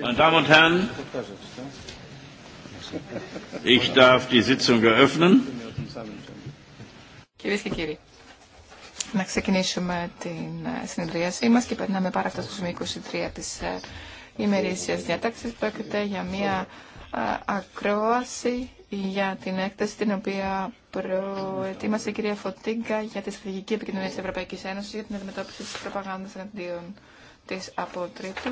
Meine και κύριοι, να ξεκινήσουμε την ε, συνεδρίασή μα και περνάμε πάρα αυτά στο σημείο 23 τη ε, ημερήσια διάταξη. Πρόκειται για μια ε, ακρόαση για την έκθεση την οποία προετοίμασε η κυρία Φωτίγκα για τη στρατηγική επικοινωνία τη Ευρωπαϊκή Ένωση για την αντιμετώπιση τη προπαγάνδα εναντίον τη από τρίτου.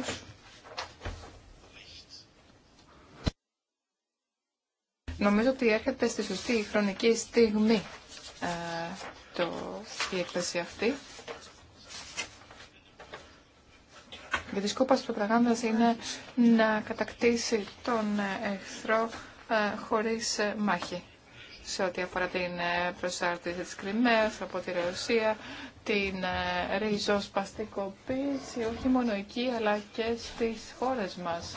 Νομίζω ότι έρχεται στη σωστή χρονική στιγμή ε, το, η έκθεση αυτή. Γιατί σκόπα τη προπαγάνδα είναι να κατακτήσει τον εχθρό ε, χωρίς μάχη. Σε ό,τι αφορά την ε, προσάρτηση της Κρυμαίας από τη Ρωσία, την ε, ριζοσπαστικοποίηση όχι μόνο εκεί αλλά και στις χώρες μας.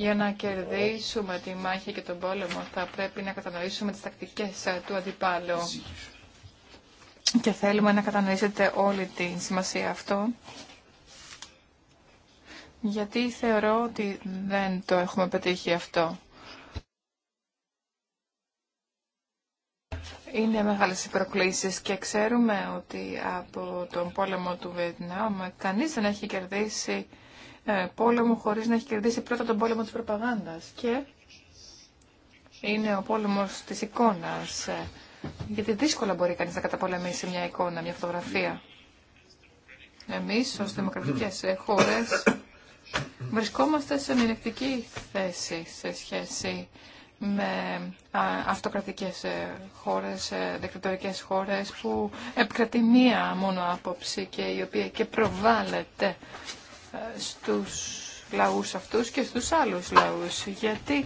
Για να κερδίσουμε τη μάχη και τον πόλεμο θα πρέπει να κατανοήσουμε τις τακτικές ε, του αντιπάλου. Και θέλουμε να κατανοήσετε όλη τη σημασία αυτό. Γιατί θεωρώ ότι δεν το έχουμε πετύχει αυτό. Είναι μεγάλες οι προκλήσεις και ξέρουμε ότι από τον πόλεμο του Βιετνάμ κανείς δεν έχει κερδίσει ε, πόλεμο χωρίς να έχει κερδίσει πρώτα τον πόλεμο της προπαγάνδας. Και είναι ο πόλεμος της εικόνας. Ε, γιατί δύσκολα μπορεί κανείς να καταπολεμήσει μια εικόνα, μια φωτογραφία. Εμείς ως δημοκρατικές ε, χώρες βρισκόμαστε σε μηνυκτική θέση σε σχέση με αυτοκρατικές χώρες, δικτατορικές χώρες που επικρατεί μία μόνο άποψη και η οποία και προβάλλεται στους λαούς αυτούς και στους άλλους λαούς. Γιατί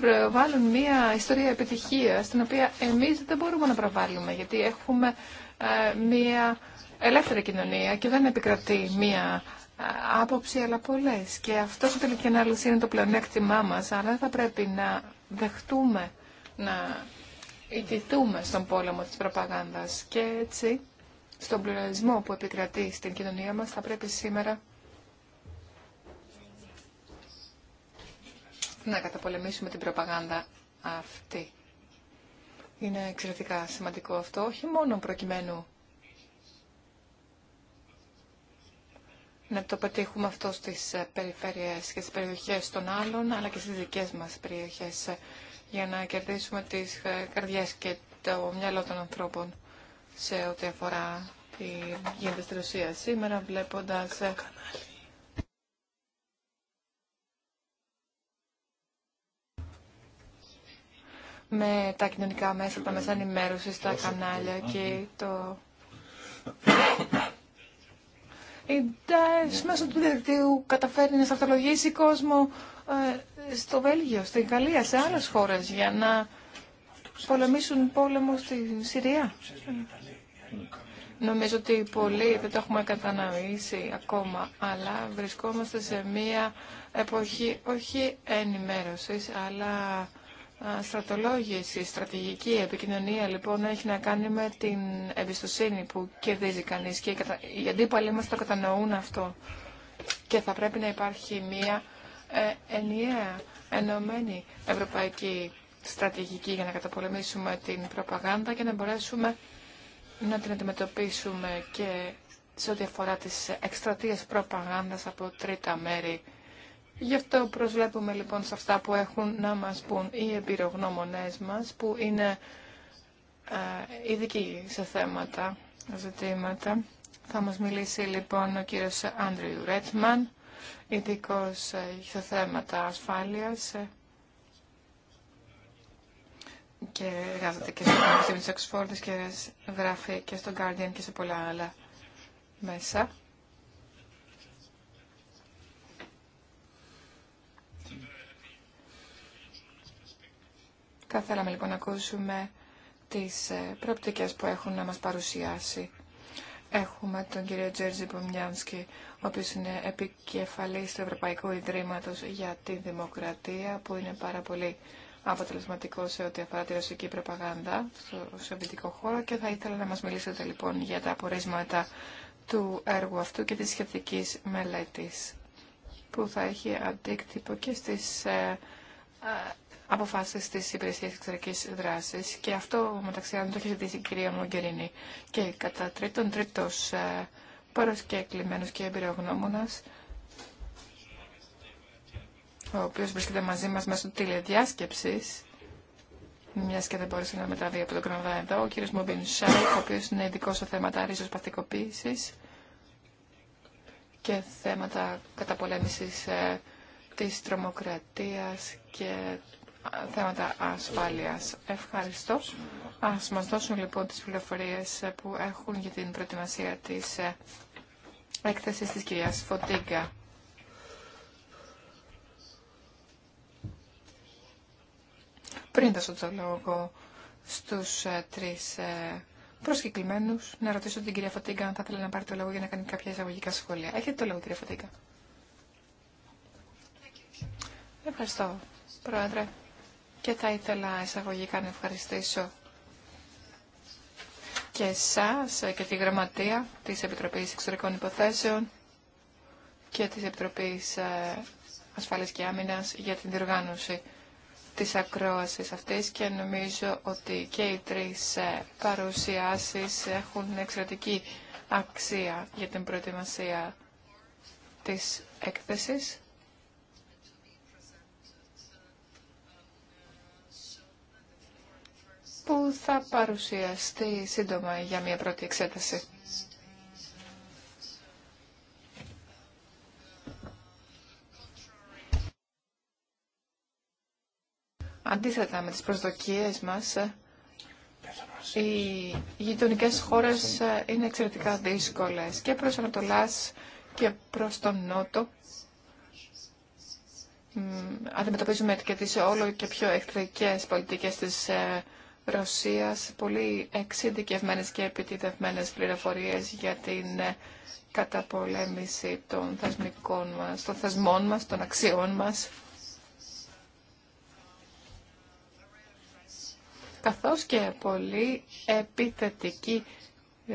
προβάλλουν μια ιστορία επιτυχία την οποία εμείς δεν μπορούμε να προβάλλουμε γιατί έχουμε ε, μια ελεύθερη κοινωνία και δεν επικρατεί μια ε, άποψη αλλά πολλές. Και αυτό ο τελική ανάλυση είναι το πλεονέκτημά μας αλλά θα πρέπει να δεχτούμε να ιτηθούμε στον πόλεμο της προπαγάνδας και έτσι στον πλουραλισμό που επικρατεί στην κοινωνία μας θα πρέπει σήμερα να καταπολεμήσουμε την προπαγάνδα αυτή. Είναι εξαιρετικά σημαντικό αυτό, όχι μόνο προκειμένου να το πετύχουμε αυτό στις ε, περιφέρειες και στις περιοχές των άλλων, αλλά και στις δικές μας περιοχές, ε, για να κερδίσουμε τις ε, καρδιές και το μυαλό των ανθρώπων σε ό,τι αφορά τη γίνεται στη Ρωσία σήμερα, βλέποντας με τα κοινωνικά μέσα, τα μέσα ενημέρωση, τα κανάλια και ναι. το... Η ΔΑΕΣ μέσω του διαδικτύου καταφέρνει να σταυτολογήσει κόσμο ε, στο Βέλγιο, στην Γαλλία, σε άλλες χώρες για να πολεμήσουν πόλεμο στη Συρία. Νομίζω ότι πολλοί δεν το έχουμε κατανοήσει ακόμα, αλλά βρισκόμαστε σε μία εποχή όχι ενημέρωσης, αλλά στρατολόγηση, στρατηγική επικοινωνία λοιπόν έχει να κάνει με την εμπιστοσύνη που κερδίζει κανείς και οι αντίπαλοι μας το κατανοούν αυτό και θα πρέπει να υπάρχει μία ε, ενιαία, ενωμένη ευρωπαϊκή στρατηγική για να καταπολεμήσουμε την προπαγάνδα και να μπορέσουμε να την αντιμετωπίσουμε και σε ό,τι αφορά τις εκστρατείες προπαγάνδας από τρίτα μέρη. Γι' αυτό προσβλέπουμε λοιπόν σε αυτά που έχουν να μας πούν οι εμπειρογνώμονές μας που είναι ε, ειδικοί σε θέματα, ζητήματα. Θα μας μιλήσει λοιπόν ο κύριος Άντριου Ρέτσμαν, ειδικό ε, σε θέματα ασφάλειας ε, και εργάζεται και στο Πανεπιστήμιο της και γράφει και στο Guardian και σε πολλά άλλα μέσα. Θα θέλαμε λοιπόν να ακούσουμε τις ε, προοπτικές που έχουν να μας παρουσιάσει. Έχουμε τον κύριο Τζέρζι Μπομιάνσκι, ο οποίος είναι επικεφαλής του Ευρωπαϊκού Ιδρύματος για τη Δημοκρατία, που είναι πάρα πολύ αποτελεσματικό σε ό,τι αφορά τη ρωσική προπαγάνδα στο σοβιτικό χώρο και θα ήθελα να μας μιλήσετε λοιπόν για τα απορίσματα του έργου αυτού και της σχετικής μελέτης που θα έχει αντίκτυπο και στις ε, ε, αποφάσει τη Υπηρεσία Εξωτερική Δράση. Και αυτό μεταξύ άλλων το έχει ζητήσει η κυρία Μογκερίνη. Και κατά τρίτον, τρίτο ε, παροσκεκλημένο και εμπειρογνώμονα, ο οποίο βρίσκεται μαζί μα μέσω τηλεδιάσκεψη, μια και δεν μπόρεσε να μεταβεί από τον Καναδά εδώ, ο κύριο Μομπίν Σάικ, ο οποίο είναι ειδικό σε θέματα ριζοσπαστικοποίηση και θέματα καταπολέμησης ε, της τρομοκρατίας και θέματα ασφάλειας. Ευχαριστώ. Ας μας δώσουν λοιπόν τις πληροφορίες ε, που έχουν για την προετοιμασία της ε, έκθεσης της κυρίας Φωτίγκα. Πριν δώσω το λόγο στους ε, τρεις προσκεκλημένους, να ρωτήσω την κυρία Φωτίγκα αν θα ήθελε να πάρει το λόγο για να κάνει κάποια εισαγωγικά σχόλια. Έχετε το λόγο κυρία Φωτίγκα. Ευχαριστώ, Πρόεδρε και θα ήθελα εισαγωγικά να ευχαριστήσω και εσάς και τη Γραμματεία της Επιτροπής Εξωτερικών Υποθέσεων και της Επιτροπής ε, Ασφάλειας και Άμυνας για την διοργάνωση της ακρόασης αυτής και νομίζω ότι και οι τρεις ε, παρουσιάσεις έχουν εξαιρετική αξία για την προετοιμασία της έκθεσης. που θα παρουσιαστεί σύντομα για μια πρώτη εξέταση. Αντίθετα με τις προσδοκίες μας, οι γειτονικέ χώρες είναι εξαιρετικά δύσκολες και προς Ανατολάς και προς τον Νότο. Αντιμετωπίζουμε και τις όλο και πιο εχθρικές πολιτικές της ε, Ρωσίας πολύ εξειδικευμένε και επιτιδευμένες πληροφορίε για την ε, καταπολέμηση των θεσμικών μας, των θεσμών μας, των αξιών μας. Καθώς και πολύ επιθετική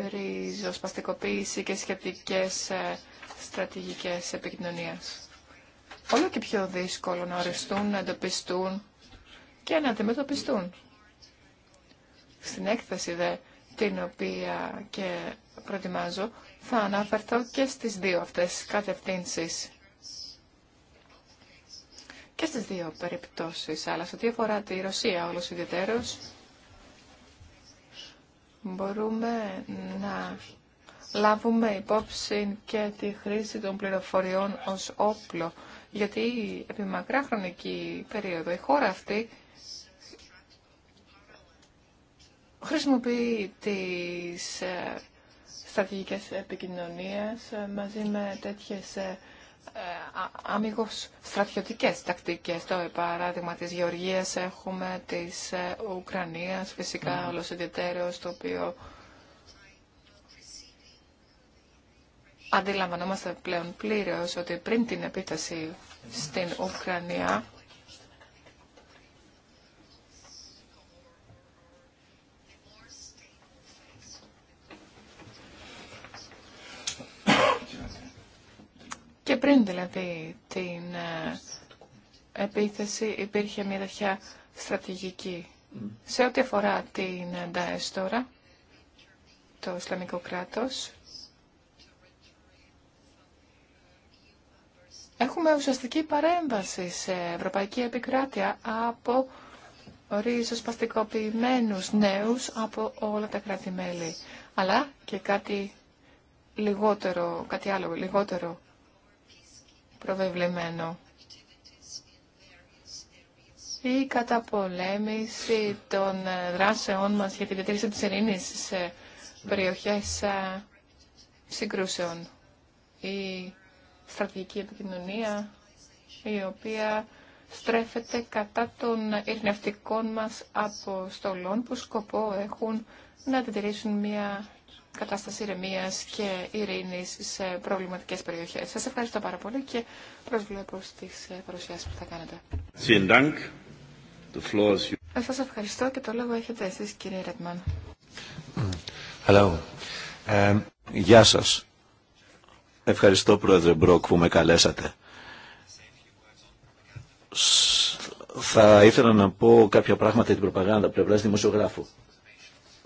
ριζοσπαστικοποίηση και σχετικές ε, στρατηγικές επικοινωνίας. Όλο και πιο δύσκολο να οριστούν, να εντοπιστούν και να αντιμετωπιστούν. Στην έκθεση δε, την οποία και προετοιμάζω, θα αναφερθώ και στις δύο αυτές κατευθύνσεις. Και στις δύο περιπτώσεις, αλλά σε ό,τι αφορά τη Ρωσία όλος ιδιαίτερος, μπορούμε να λάβουμε υπόψη και τη χρήση των πληροφοριών ως όπλο, γιατί επί μακρά χρονική περίοδο η χώρα αυτή χρησιμοποιεί τις ε, στρατηγικές επικοινωνίες ε, μαζί με τέτοιες ε, αμυγός στρατιωτικές τακτικές. Το παράδειγμα της Γεωργίας έχουμε, της Ουκρανίας, φυσικά όλος ιδιαίτερος, το οποίο αντιλαμβανόμαστε πλέον πλήρως ότι πριν την επίθεση στην Ουκρανία Και πριν δηλαδή την ε, επίθεση υπήρχε μια τέτοια στρατηγική. Σε ό,τι αφορά την ΝΤΑΕΣ τώρα, το Ισλαμικό κράτος, έχουμε ουσιαστική παρέμβαση σε ευρωπαϊκή επικράτεια από ριζοσπαστικοποιημένους νέους από όλα τα κράτη-μέλη. Αλλά και κάτι λιγότερο, κάτι άλλο λιγότερο η καταπολέμηση των ε, δράσεών μας για τη διατήρηση της ειρήνης σε περιοχές ε, συγκρούσεων. Η στρατηγική επικοινωνία η οποία στρέφεται κατά των ειρηνευτικών μας αποστολών που σκοπό έχουν να διατηρήσουν μια κατάσταση ηρεμία και ειρήνη σε προβληματικέ περιοχέ. Σα ευχαριστώ πάρα πολύ και προσβλέπω στι ε, παρουσιάσει που θα κάνετε. Ε, σα ευχαριστώ και το λόγο έχετε εσεί, κύριε Ρετμάν. γεια σα. Ευχαριστώ, Πρόεδρε Μπρόκ, που με καλέσατε. Θα ήθελα να πω κάποια πράγματα για την προπαγάνδα πλευρά δημοσιογράφου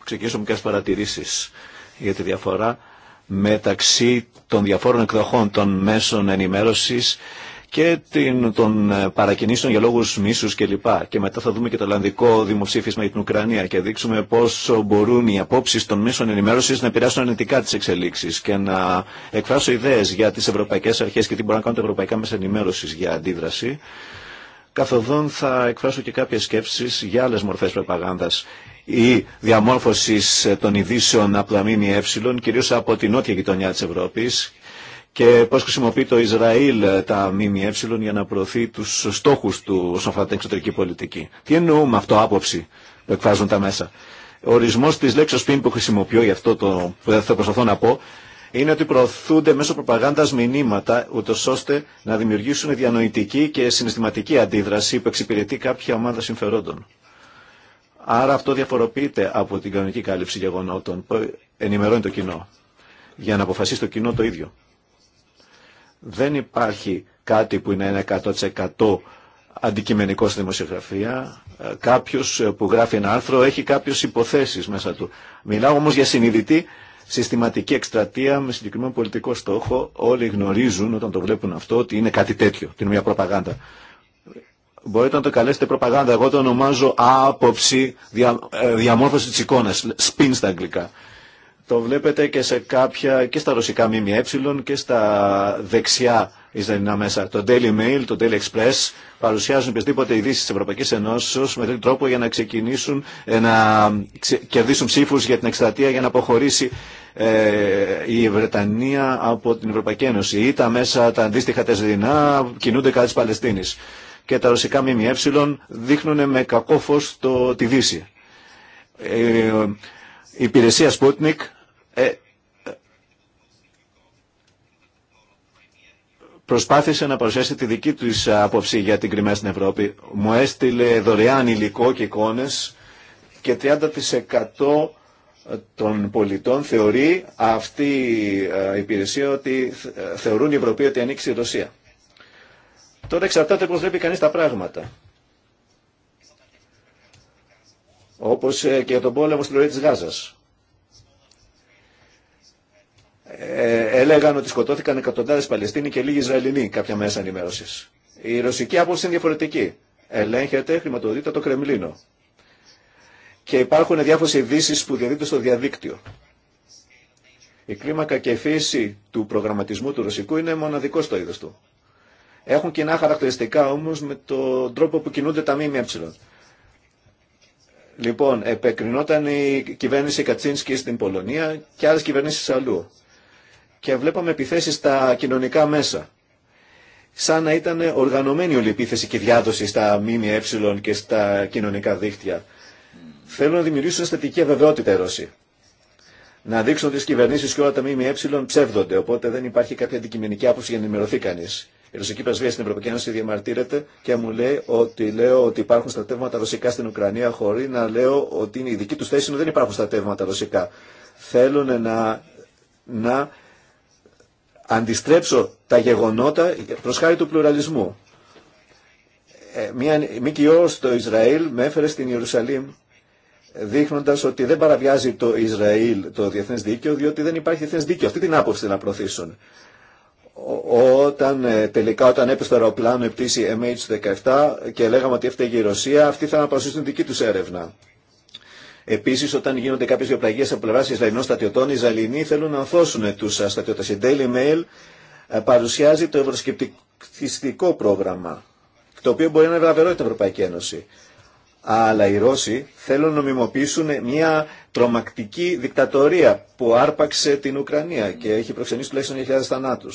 ξεκινήσω με κάποιε παρατηρήσει για τη διαφορά μεταξύ των διαφόρων εκδοχών των μέσων ενημέρωσης και την, των ε, παρακινήσεων για λόγους μίσους κλπ. Και, και μετά θα δούμε και το Ολλανδικό δημοψήφισμα για την Ουκρανία και δείξουμε πόσο μπορούν οι απόψεις των μέσων ενημέρωσης να επηρεάσουν αρνητικά τις εξελίξεις και να εκφράσω ιδέες για τις ευρωπαϊκές αρχές και τι μπορούν να κάνουν τα ευρωπαϊκά μέσα ενημέρωσης για αντίδραση. Καθοδόν θα εκφράσω και κάποιες σκέψεις για άλλες μορφές προπαγάνδας ή διαμόρφωση των ειδήσεων από τα εύσιλον, κυρίω από την νότια γειτονιά τη Ευρώπη και πώ χρησιμοποιεί το Ισραήλ τα ΜΜΕ για να προωθεί του στόχου του όσον αφορά την εξωτερική πολιτική. Τι εννοούμε αυτό άποψη που εκφράζουν τα μέσα. Ο ορισμό τη λέξη πριν που χρησιμοποιώ για αυτό το που θα προσπαθώ να πω είναι ότι προωθούνται μέσω προπαγάνδας μηνύματα ούτω ώστε να δημιουργήσουν διανοητική και συναισθηματική αντίδραση που εξυπηρετεί κάποια ομάδα συμφερόντων. Άρα αυτό διαφοροποιείται από την κανονική κάλυψη γεγονότων που ενημερώνει το κοινό για να αποφασίσει το κοινό το ίδιο. Δεν υπάρχει κάτι που είναι 100% αντικειμενικό στη δημοσιογραφία. Ε, Κάποιο ε, που γράφει ένα άρθρο έχει κάποιε υποθέσει μέσα του. Μιλάω όμω για συνειδητή συστηματική εκστρατεία με συγκεκριμένο πολιτικό στόχο. Όλοι γνωρίζουν όταν το βλέπουν αυτό ότι είναι κάτι τέτοιο, ότι είναι μια προπαγάνδα. Μπορείτε να το καλέσετε προπαγάνδα. Εγώ το ονομάζω άποψη δια, ε, διαμόρφωση τη εικόνα, spin στα αγγλικά. Το βλέπετε και, σε κάποια, και στα ρωσικά ΜΜΕ και στα δεξιά Ισραηλινά μέσα. Το Daily Mail, το Daily Express παρουσιάζουν οποιασδήποτε ειδήσει τη Ευρωπαϊκή Ενώσεω με τέτοιο τρόπο για να ξεκινήσουν ε, να κερδίσουν ψήφου για την εκστρατεία για να αποχωρήσει ε, η Βρετανία από την Ευρωπαϊκή Ένωση. Ή τα μέσα τα αντίστοιχα τεσδινά κινούνται κατά τη Παλαιστίνη και τα ρωσικά ΜΜΕ δείχνουν με κακό φως το, τη Δύση. Ε, η υπηρεσία Sputnik ε, προσπάθησε να παρουσιάσει τη δική τους άποψη για την κρυμμένη στην Ευρώπη. Μου έστειλε δωρεάν υλικό και εικόνες και 30% των πολιτών θεωρεί αυτή ε, η υπηρεσία ότι θεωρούν οι Ευρωπαίοι ότι ανοίξει η Ρωσία. Τώρα εξαρτάται πώς βλέπει κανείς τα πράγματα. Όπως ε, και τον πόλεμο στη ροή της Γάζας. Ε, έλεγαν ότι σκοτώθηκαν εκατοντάδες Παλαιστίνοι και λίγοι Ισραηλινοί κάποια μέσα ενημέρωσης. Η ρωσική άποψη είναι διαφορετική. Ελέγχεται, χρηματοδοτείται το Κρεμλίνο. Και υπάρχουν διάφορες ειδήσει που διαδίδονται στο διαδίκτυο. Η κλίμακα και η φύση του προγραμματισμού του ρωσικού είναι μοναδικό στο είδος του. Έχουν κοινά χαρακτηριστικά όμως με τον τρόπο που κινούνται τα ΜΜΕ. Λοιπόν, επεκρινόταν η κυβέρνηση Κατσίνσκι στην Πολωνία και άλλες κυβερνήσεις αλλού. Και βλέπαμε επιθέσεις στα κοινωνικά μέσα. Σαν να ήταν οργανωμένη όλη η επίθεση και η διάδοση στα ΜΜΕ και στα κοινωνικά δίκτυα. Θέλουν να δημιουργήσουν αισθητική αβεβαιότητα οι Να δείξουν ότι τι κυβερνήσει και όλα τα ΜΜΕ ψεύδονται, οπότε δεν υπάρχει κάποια αντικειμενική άποψη για να ενημερωθεί κανεί. Η ρωσική Πρασβεία στην Ευρωπαϊκή Ένωση διαμαρτύρεται και μου λέει ότι λέω ότι υπάρχουν στρατεύματα ρωσικά στην Ουκρανία χωρί να λέω ότι είναι η δική του θέση ότι δεν υπάρχουν στρατεύματα ρωσικά. Θέλουν να, να αντιστρέψω τα γεγονότα προς χάρη του πλουραλισμού. Ε, μία ΜΚΟ στο Ισραήλ με έφερε στην Ιερουσαλήμ δείχνοντας ότι δεν παραβιάζει το Ισραήλ το διεθνές δίκαιο διότι δεν υπάρχει διεθνές δίκαιο. Αυτή την άποψη να προωθήσουν όταν ε, τελικά όταν έπεσε το αεροπλάνο η πτήση MH17 και λέγαμε ότι έφταιγε η Ρωσία, αυτοί θα αναπαρουσίσουν δική του έρευνα. Επίση, όταν γίνονται κάποιε βιοπλαγίε από πλευρά Ισραηλινών στρατιωτών, οι Ισραηλινοί θέλουν να ανθώσουν του στρατιώτε. Η Daily Mail ε, παρουσιάζει το ευρωσκεπτικιστικό πρόγραμμα, το οποίο μπορεί να είναι βραβερό την Ευρωπαϊκή Ένωση. Αλλά οι Ρώσοι θέλουν να νομιμοποιήσουν μια τρομακτική δικτατορία που άρπαξε την Ουκρανία και έχει προξενήσει τουλάχιστον 1.000 θανάτου.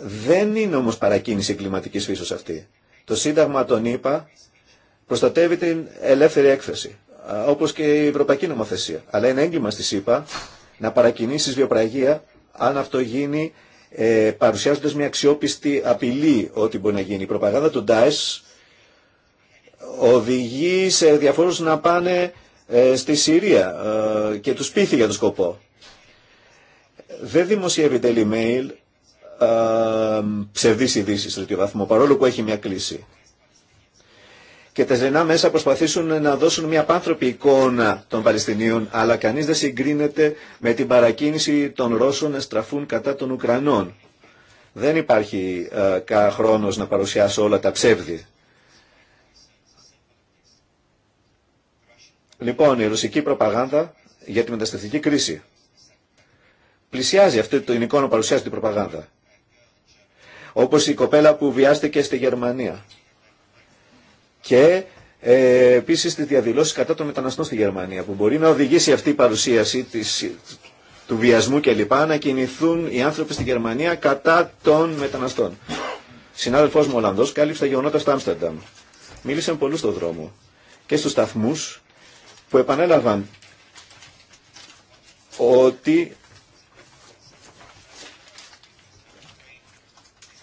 Δεν είναι όμως παρακίνηση κλιματικής φύσης αυτή. Το Σύνταγμα τον είπα προστατεύει την ελεύθερη έκφραση, όπως και η Ευρωπαϊκή Νομοθεσία. Αλλά είναι έγκλημα στη ΣΥΠΑ να παρακινήσεις βιοπραγία αν αυτό γίνει ε, παρουσιάζοντας μια αξιόπιστη απειλή ότι μπορεί να γίνει. Η προπαγάνδα του Ντάις οδηγεί σε διαφόρους να πάνε ε, στη Συρία ε, και τους πείθει για τον σκοπό. Δεν δημοσιεύεται email ψευδεί ειδήσει σε τέτοιο βαθμό, παρόλο που έχει μια κλίση. Και τα ζενά μέσα προσπαθήσουν να δώσουν μια πάνθρωπη εικόνα των Παλαιστινίων, αλλά κανείς δεν συγκρίνεται με την παρακίνηση των Ρώσων να στραφούν κατά των Ουκρανών. Δεν υπάρχει ε, κα χρόνος να παρουσιάσω όλα τα ψεύδη. Λοιπόν, η ρωσική προπαγάνδα για τη μεταστατική κρίση πλησιάζει αυτή την εικόνα παρουσιάζει την προπαγάνδα όπως η κοπέλα που βιάστηκε στη Γερμανία. Και ε, επίσης τις διαδηλώσεις κατά των μεταναστών στη Γερμανία, που μπορεί να οδηγήσει αυτή η παρουσίαση της, του βιασμού κλπ. να κινηθούν οι άνθρωποι στη Γερμανία κατά των μεταναστών. Συνάδελφός μου Ολλανδός κάλυψε τα γεγονότα στο Άμστερνταμ. Μίλησε με πολλούς στον δρόμο και στους σταθμούς που επανέλαβαν ότι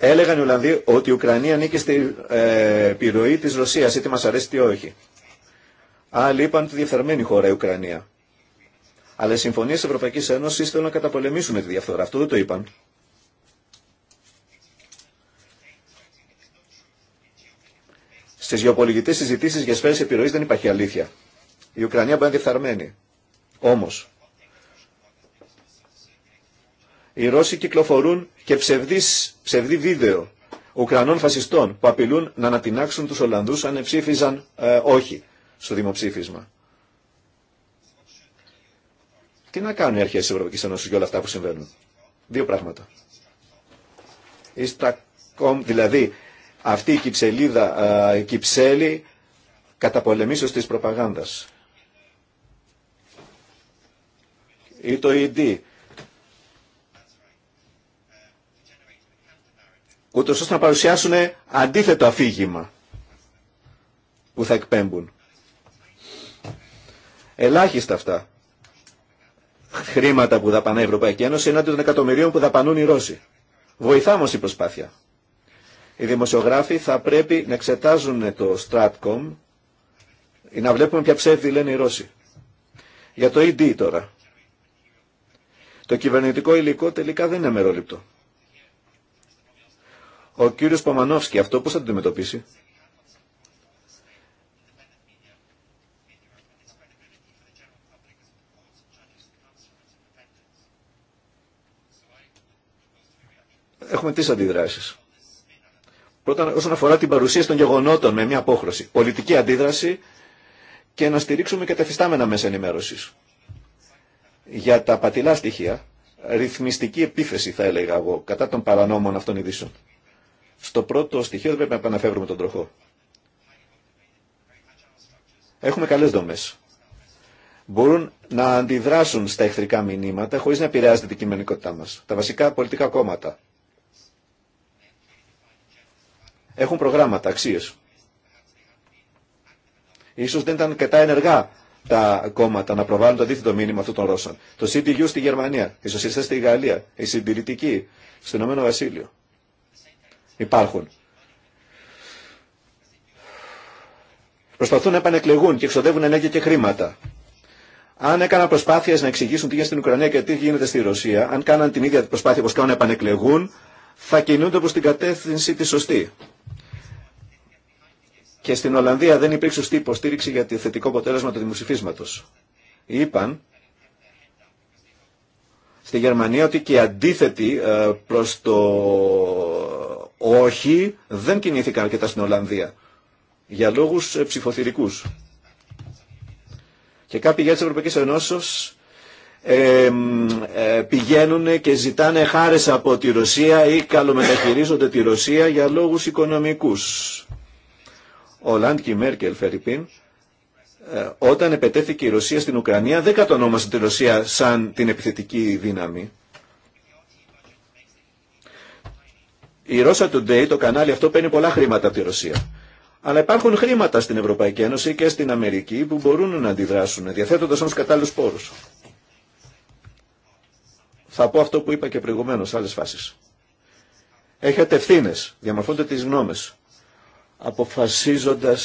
Έλεγαν οι Ολλανδοί ότι η Ουκρανία ανήκει στη ε, επιρροή τη Ρωσία, είτε μα αρέσει είτε όχι. Άλλοι είπαν ότι διεφθαρμένη χώρα η Ουκρανία. Αλλά οι συμφωνίε τη Ευρωπαϊκή Ένωση θέλουν να καταπολεμήσουν τη διαφθορά. Αυτό δεν το είπαν. Στι γεωπολιτικέ συζητήσει για σφαίρε επιρροή δεν υπάρχει αλήθεια. Η Ουκρανία μπορεί να είναι διεφθαρμένη. Όμω, οι Ρώσοι κυκλοφορούν και ψευδείς, ψευδή βίντεο Ουκρανών φασιστών που απειλούν να ανατινάξουν τους Ολλανδούς αν ε, όχι στο δημοψήφισμα. Τι να κάνουν οι αρχές της Ευρωπαϊκής Ένωσης για όλα αυτά που συμβαίνουν. Δύο πράγματα. Η δηλαδή αυτή η κυψελίδα, ε, η κυψέλη καταπολεμήσεως της προπαγάνδας. Ή το ED, ούτως ώστε να παρουσιάσουν αντίθετο αφήγημα που θα εκπέμπουν. Ελάχιστα αυτά χρήματα που δαπανά η Ευρωπαϊκή Ένωση ενάντια των εκατομμυρίων που δαπανούν οι Ρώσοι. Βοηθά όμως η προσπάθεια. Οι δημοσιογράφοι θα πρέπει να εξετάζουν το Stratcom ή να βλέπουμε ποια ψεύδι λένε οι Ρώσοι. Για το ED τώρα. Το κυβερνητικό υλικό τελικά δεν είναι μερόληπτο. Ο κύριος Παμανόφσκι, αυτό πώς θα το αντιμετωπίσει. Έχουμε τρεις αντιδράσεις. Πρώτα όσον αφορά την παρουσία των γεγονότων με μια απόχρωση. Πολιτική αντίδραση και να στηρίξουμε και τα φυστάμενα μέσα ενημέρωσης. Για τα πατηλά στοιχεία, ρυθμιστική επίθεση θα έλεγα εγώ, κατά των παρανόμων αυτών ειδήσεων. Στο πρώτο στοιχείο δεν πρέπει να επαναφεύρουμε τον τροχό. Έχουμε καλέ δομέ. Μπορούν να αντιδράσουν στα εχθρικά μηνύματα χωρί να επηρεάζεται την κοινωνικότητά μα. Τα βασικά πολιτικά κόμματα έχουν προγράμματα, αξίε. Ίσως δεν ήταν κατά ενεργά τα κόμματα να προβάλλουν το αντίθετο μήνυμα αυτών των Ρώσων. Το CDU στη Γερμανία, οι σοσιαλιστέ στη Γαλλία, οι συντηρητικοί στο Ηνωμένο Βασίλειο υπάρχουν. Προσπαθούν να επανεκλεγούν και εξοδεύουν ενέργεια και χρήματα. Αν έκαναν προσπάθειε να εξηγήσουν τι γίνεται στην Ουκρανία και τι γίνεται στη Ρωσία, αν κάναν την ίδια προσπάθεια όπω κάνουν να επανεκλεγούν, θα κινούνται προ την κατεύθυνση τη σωστή. Και στην Ολλανδία δεν υπήρξε σωστή υποστήριξη για το θετικό αποτέλεσμα του δημοψηφίσματο. Είπαν στη Γερμανία ότι και αντίθετοι ε, προς το όχι, δεν κινήθηκαν αρκετά στην Ολλανδία. Για λόγους ε, ψηφοθυρικούς. Και κάποιοι για τις Ευρωπαϊκές Ενώσεις ε, πηγαίνουν και ζητάνε χάρες από τη Ρωσία ή καλομεταχειρίζονται τη Ρωσία για λόγους οικονομικούς. Ο Λάντκι Μέρκελ Φερρυπίν ε, όταν επετέθηκε η Ρωσία στην Ουκρανία δεν κατονόμασε τη ρωσια για λογους οικονομικους ο λαντκι μερκελ φερρυπιν οταν επετεθηκε η ρωσια στην ουκρανια δεν κατονομασε τη ρωσια σαν την επιθετική δύναμη. Η του Today, το κανάλι αυτό, παίρνει πολλά χρήματα από τη Ρωσία. Αλλά υπάρχουν χρήματα στην Ευρωπαϊκή Ένωση και στην Αμερική που μπορούν να αντιδράσουν, διαθέτοντα όμω κατάλληλου πόρου. Θα πω αυτό που είπα και προηγουμένω σε άλλε φάσει. Έχετε ευθύνε, διαμορφώνετε τι γνώμε. Αποφασίζοντα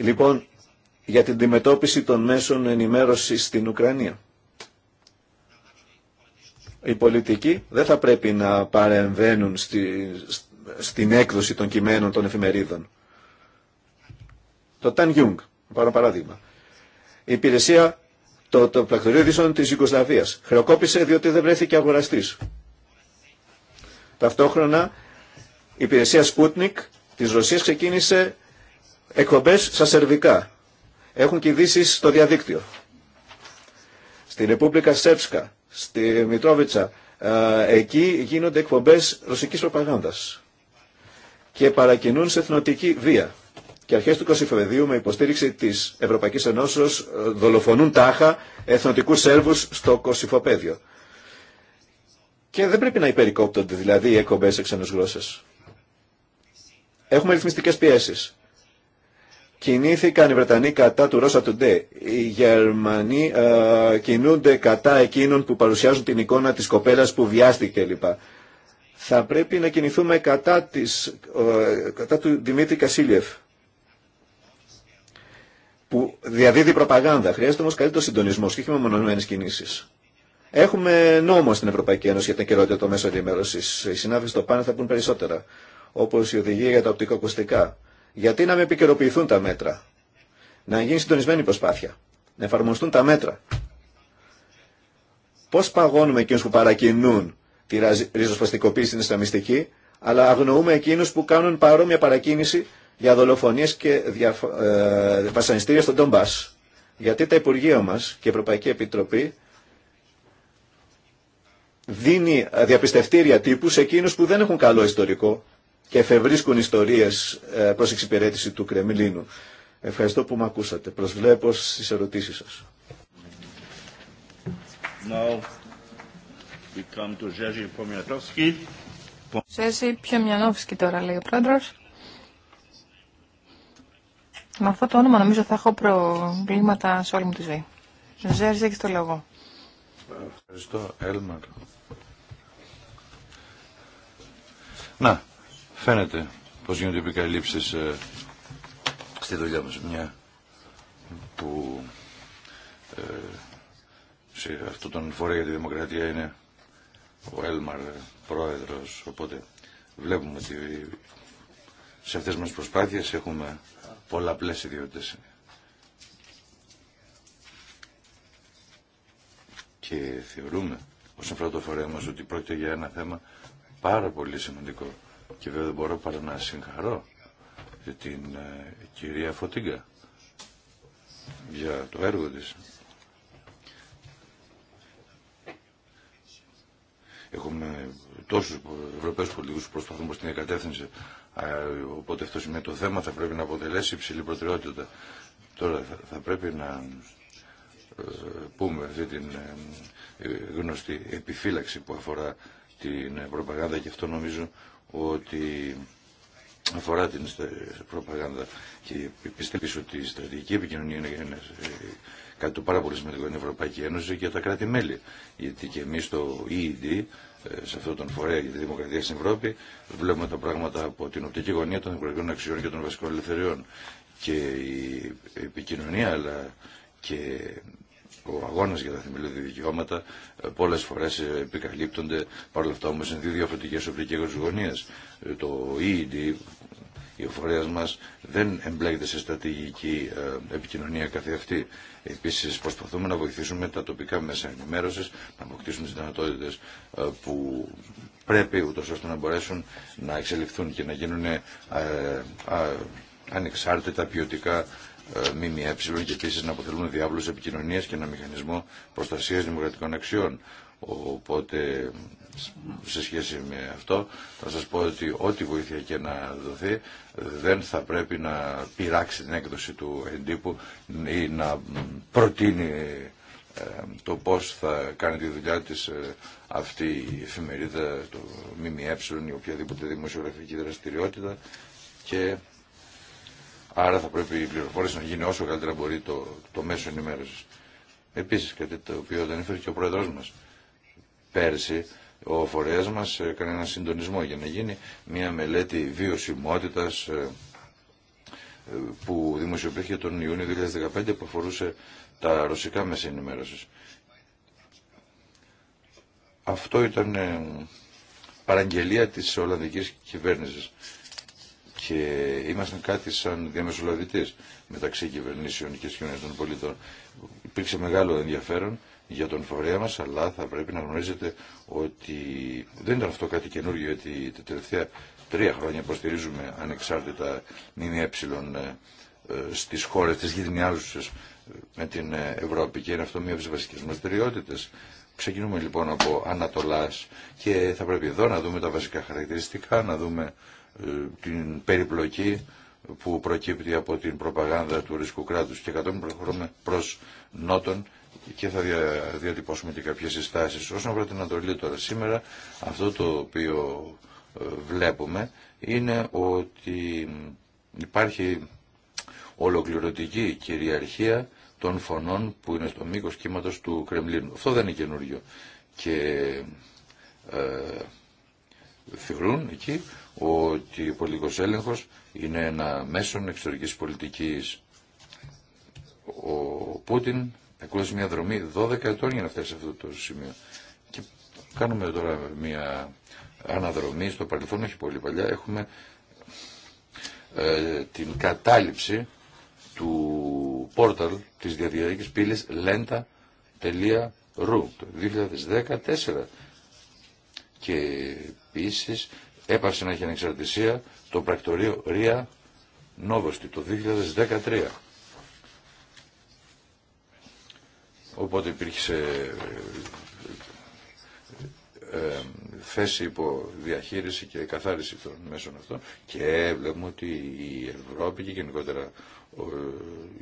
λοιπόν για την αντιμετώπιση των μέσων ενημέρωση στην Ουκρανία οι πολιτικοί δεν θα πρέπει να παρεμβαίνουν στη, στην έκδοση των κειμένων των εφημερίδων. Το Ταν Γιούγκ, πάρω παράδειγμα. Η υπηρεσία, το, το πρακτορείο ειδήσεων της Ιγκοσλαβίας χρεοκόπησε διότι δεν βρέθηκε αγοραστής. Ταυτόχρονα η υπηρεσία Σπούτνικ της Ρωσίας ξεκίνησε εκπομπές στα σερβικά. Έχουν και στο διαδίκτυο. Στην Ρεπούμπλικα Σέρψκα στη Μητρόβιτσα. Ε, εκεί γίνονται εκπομπές ρωσικής προπαγάνδας και παρακινούν σε εθνοτική βία. Και αρχές του Φεβρουαρίου με υποστήριξη της Ευρωπαϊκής Ενώσεως ε, δολοφονούν τάχα εθνοτικούς Σέρβους στο Κωσυφοπέδιο. Και δεν πρέπει να υπερικόπτονται δηλαδή οι εκπομπές σε γλώσσες. Έχουμε ρυθμιστικές πιέσεις. Κινήθηκαν οι Βρετανοί κατά του του Today. Οι Γερμανοί ε, κινούνται κατά εκείνων που παρουσιάζουν την εικόνα της κοπέλας που βιάστηκε κλπ. Θα πρέπει να κινηθούμε κατά, της, ε, κατά του Δημήτρη Κασίλιεφ που διαδίδει προπαγάνδα. Χρειάζεται όμως καλύτερο συντονισμό και όχι μεμονωμένες κινήσεις. Έχουμε νόμο στην Ευρωπαϊκή Ένωση για την καιρότητα των μέσων ενημέρωση. Οι συνάδελφοι στο πάνε θα πούν περισσότερα. Όπω η οδηγία για τα οπτικοακουστικά. Γιατί να με επικαιροποιηθούν τα μέτρα. Να γίνει συντονισμένη προσπάθεια. Να εφαρμοστούν τα μέτρα. Πώ παγώνουμε εκείνου που παρακινούν τη ριζοσπαστικοποίηση στην Ισλαμιστική, αλλά αγνοούμε εκείνου που κάνουν παρόμοια παρακίνηση για δολοφονίε και δια, ε, βασανιστήρια στον Ντομπά. Γιατί τα Υπουργεία μα και η Ευρωπαϊκή Επιτροπή δίνει διαπιστευτήρια τύπου σε εκείνου που δεν έχουν καλό ιστορικό και εφευρίσκουν ιστορίες ε, προς εξυπηρέτηση του Κρεμλίνου. Ευχαριστώ που με ακούσατε. Προσβλέπω στις ερωτήσεις σας. Now Ζέζι Πιομιανόφσκι τώρα λέει ο πρόεδρος. Με αυτό το όνομα νομίζω θα έχω προβλήματα σε όλη μου τη ζωή. Ζέζι έχεις το λόγο. Ευχαριστώ Έλμαρ. Να, φαίνεται πως γίνονται επικαλύψεις ε, στη δουλειά μας. Μια που ε, σε αυτόν τον φορέα για τη δημοκρατία είναι ο Έλμαρ ε, πρόεδρος, οπότε βλέπουμε ότι σε αυτές μας προσπάθειες έχουμε πολλαπλές ιδιότητες. Και θεωρούμε, όσον αφορά το φορέα μας, ότι πρόκειται για ένα θέμα πάρα πολύ σημαντικό. Και βέβαια δεν μπορώ παρά να συγχαρώ την ε, κυρία Φωτίγκα για το έργο της. Έχουμε τόσους Ευρωπαίους πολιτικούς που προσπαθούν προς την κατεύθυνση, οπότε αυτό σημαίνει το θέμα θα πρέπει να αποτελέσει υψηλή προτεραιότητα. Τώρα θα πρέπει να ε, πούμε αυτή την ε, γνωστή επιφύλαξη που αφορά την προπαγάνδα και αυτό νομίζω ότι αφορά την προπαγάνδα και πιστεύεις ότι η στρατηγική επικοινωνία είναι κάτι το πάρα πολύ σημαντικό η Ευρωπαϊκή Ένωση και τα κράτη-μέλη. Γιατί και εμείς το EED, ε, σε αυτόν τον φορέα για τη δημοκρατία στην Ευρώπη, βλέπουμε τα πράγματα από την οπτική γωνία των δημοκρατικών αξιών και των βασικών ελευθεριών. Και η επικοινωνία αλλά και ο αγώνα για τα θεμελιώδη δικαιώματα ε, Πολλέ φορέ ε, επικαλύπτονται, παρόλα αυτά όμω είναι δύο διαφορετικέ γωνίες. Ε, το EED, η οφορία μα δεν εμπλέκεται σε στρατηγική επικοινωνία καθεαυτή. Επίση, προσπαθούμε να βοηθήσουμε τα τοπικά μέσα ενημέρωση, να αποκτήσουν τι δυνατότητε που πρέπει ούτω ώστε να μπορέσουν να εξελιχθούν και να γίνουν ανεξάρτητα ποιοτικά ΜΜΕ και επίση να αποτελούν διάβλου επικοινωνία και ένα μηχανισμό προστασία δημοκρατικών αξιών. Οπότε σε σχέση με αυτό θα σας πω ότι ό,τι βοήθεια και να δοθεί δεν θα πρέπει να πειράξει την έκδοση του εντύπου ή να προτείνει ε, το πώς θα κάνει τη δουλειά της ε, αυτή η εφημερίδα, το ΜΜΕ ή οποιαδήποτε δημοσιογραφική δραστηριότητα και Άρα θα πρέπει η πληροφορία να γίνει όσο καλύτερα μπορεί το, το μέσο ενημέρωση. Επίσης κάτι το οποίο δεν έφερε και ο πρόεδρο μα Πέρσι ο φορέας μας έκανε ένα συντονισμό για να γίνει μια μελέτη βιωσιμότητα ε, ε, που δημοσιοποιήθηκε τον Ιούνιο 2015 που αφορούσε τα ρωσικά μέσα ενημέρωσης. Αυτό ήταν ε, παραγγελία της Ολλανδικής κυβέρνησης και ήμασταν κάτι σαν διαμεσολαβητή μεταξύ κυβερνήσεων και σχεδόν των πολιτών. Υπήρξε μεγάλο ενδιαφέρον για τον φορέα μα, αλλά θα πρέπει να γνωρίζετε ότι δεν ήταν αυτό κάτι καινούργιο, γιατί τα τελευταία τρία χρόνια υποστηρίζουμε ανεξάρτητα ΜΜΕ στι χώρε, της γυρνιάζουσε με την ε, Ευρώπη και είναι αυτό μία από τι βασικέ μα δραστηριότητε. Ξεκινούμε λοιπόν από Ανατολά και θα πρέπει εδώ να δούμε τα βασικά χαρακτηριστικά, να δούμε ε, την περιπλοκή που προκύπτει από την προπαγάνδα του ρίσκου κράτους και κατόπιν προχωρούμε προς νότον και θα διατυπώσουμε και κάποιες συστάσεις. Όσον αφορά την Ανατολή τώρα σήμερα, αυτό το οποίο ε, βλέπουμε είναι ότι υπάρχει ολοκληρωτική κυριαρχία των φωνών που είναι στο μήκος κύματος του Κρεμλίνου. Αυτό δεν είναι καινούριο. Και ε, θεωρούν εκεί ότι ο πολιτικός έλεγχος είναι ένα μέσο εξωτερικής πολιτικής. Ο Πούτιν ακούσε μια δρομή 12 ετών για να φτάσει σε αυτό το σημείο. Και κάνουμε τώρα μια αναδρομή στο παρελθόν, όχι πολύ παλιά, έχουμε ε, την κατάληψη του πόρταλ της διαδικτυακής πύλης lenta.ru το 2014 και επίσης έπαψε να έχει ανεξαρτησία το πρακτορείο Ρία Νόβοστη το 2013. Οπότε υπήρχε ε, ε, θέση υπό διαχείριση και καθάριση των μέσων αυτών και βλέπουμε ότι η Ευρώπη και γενικότερα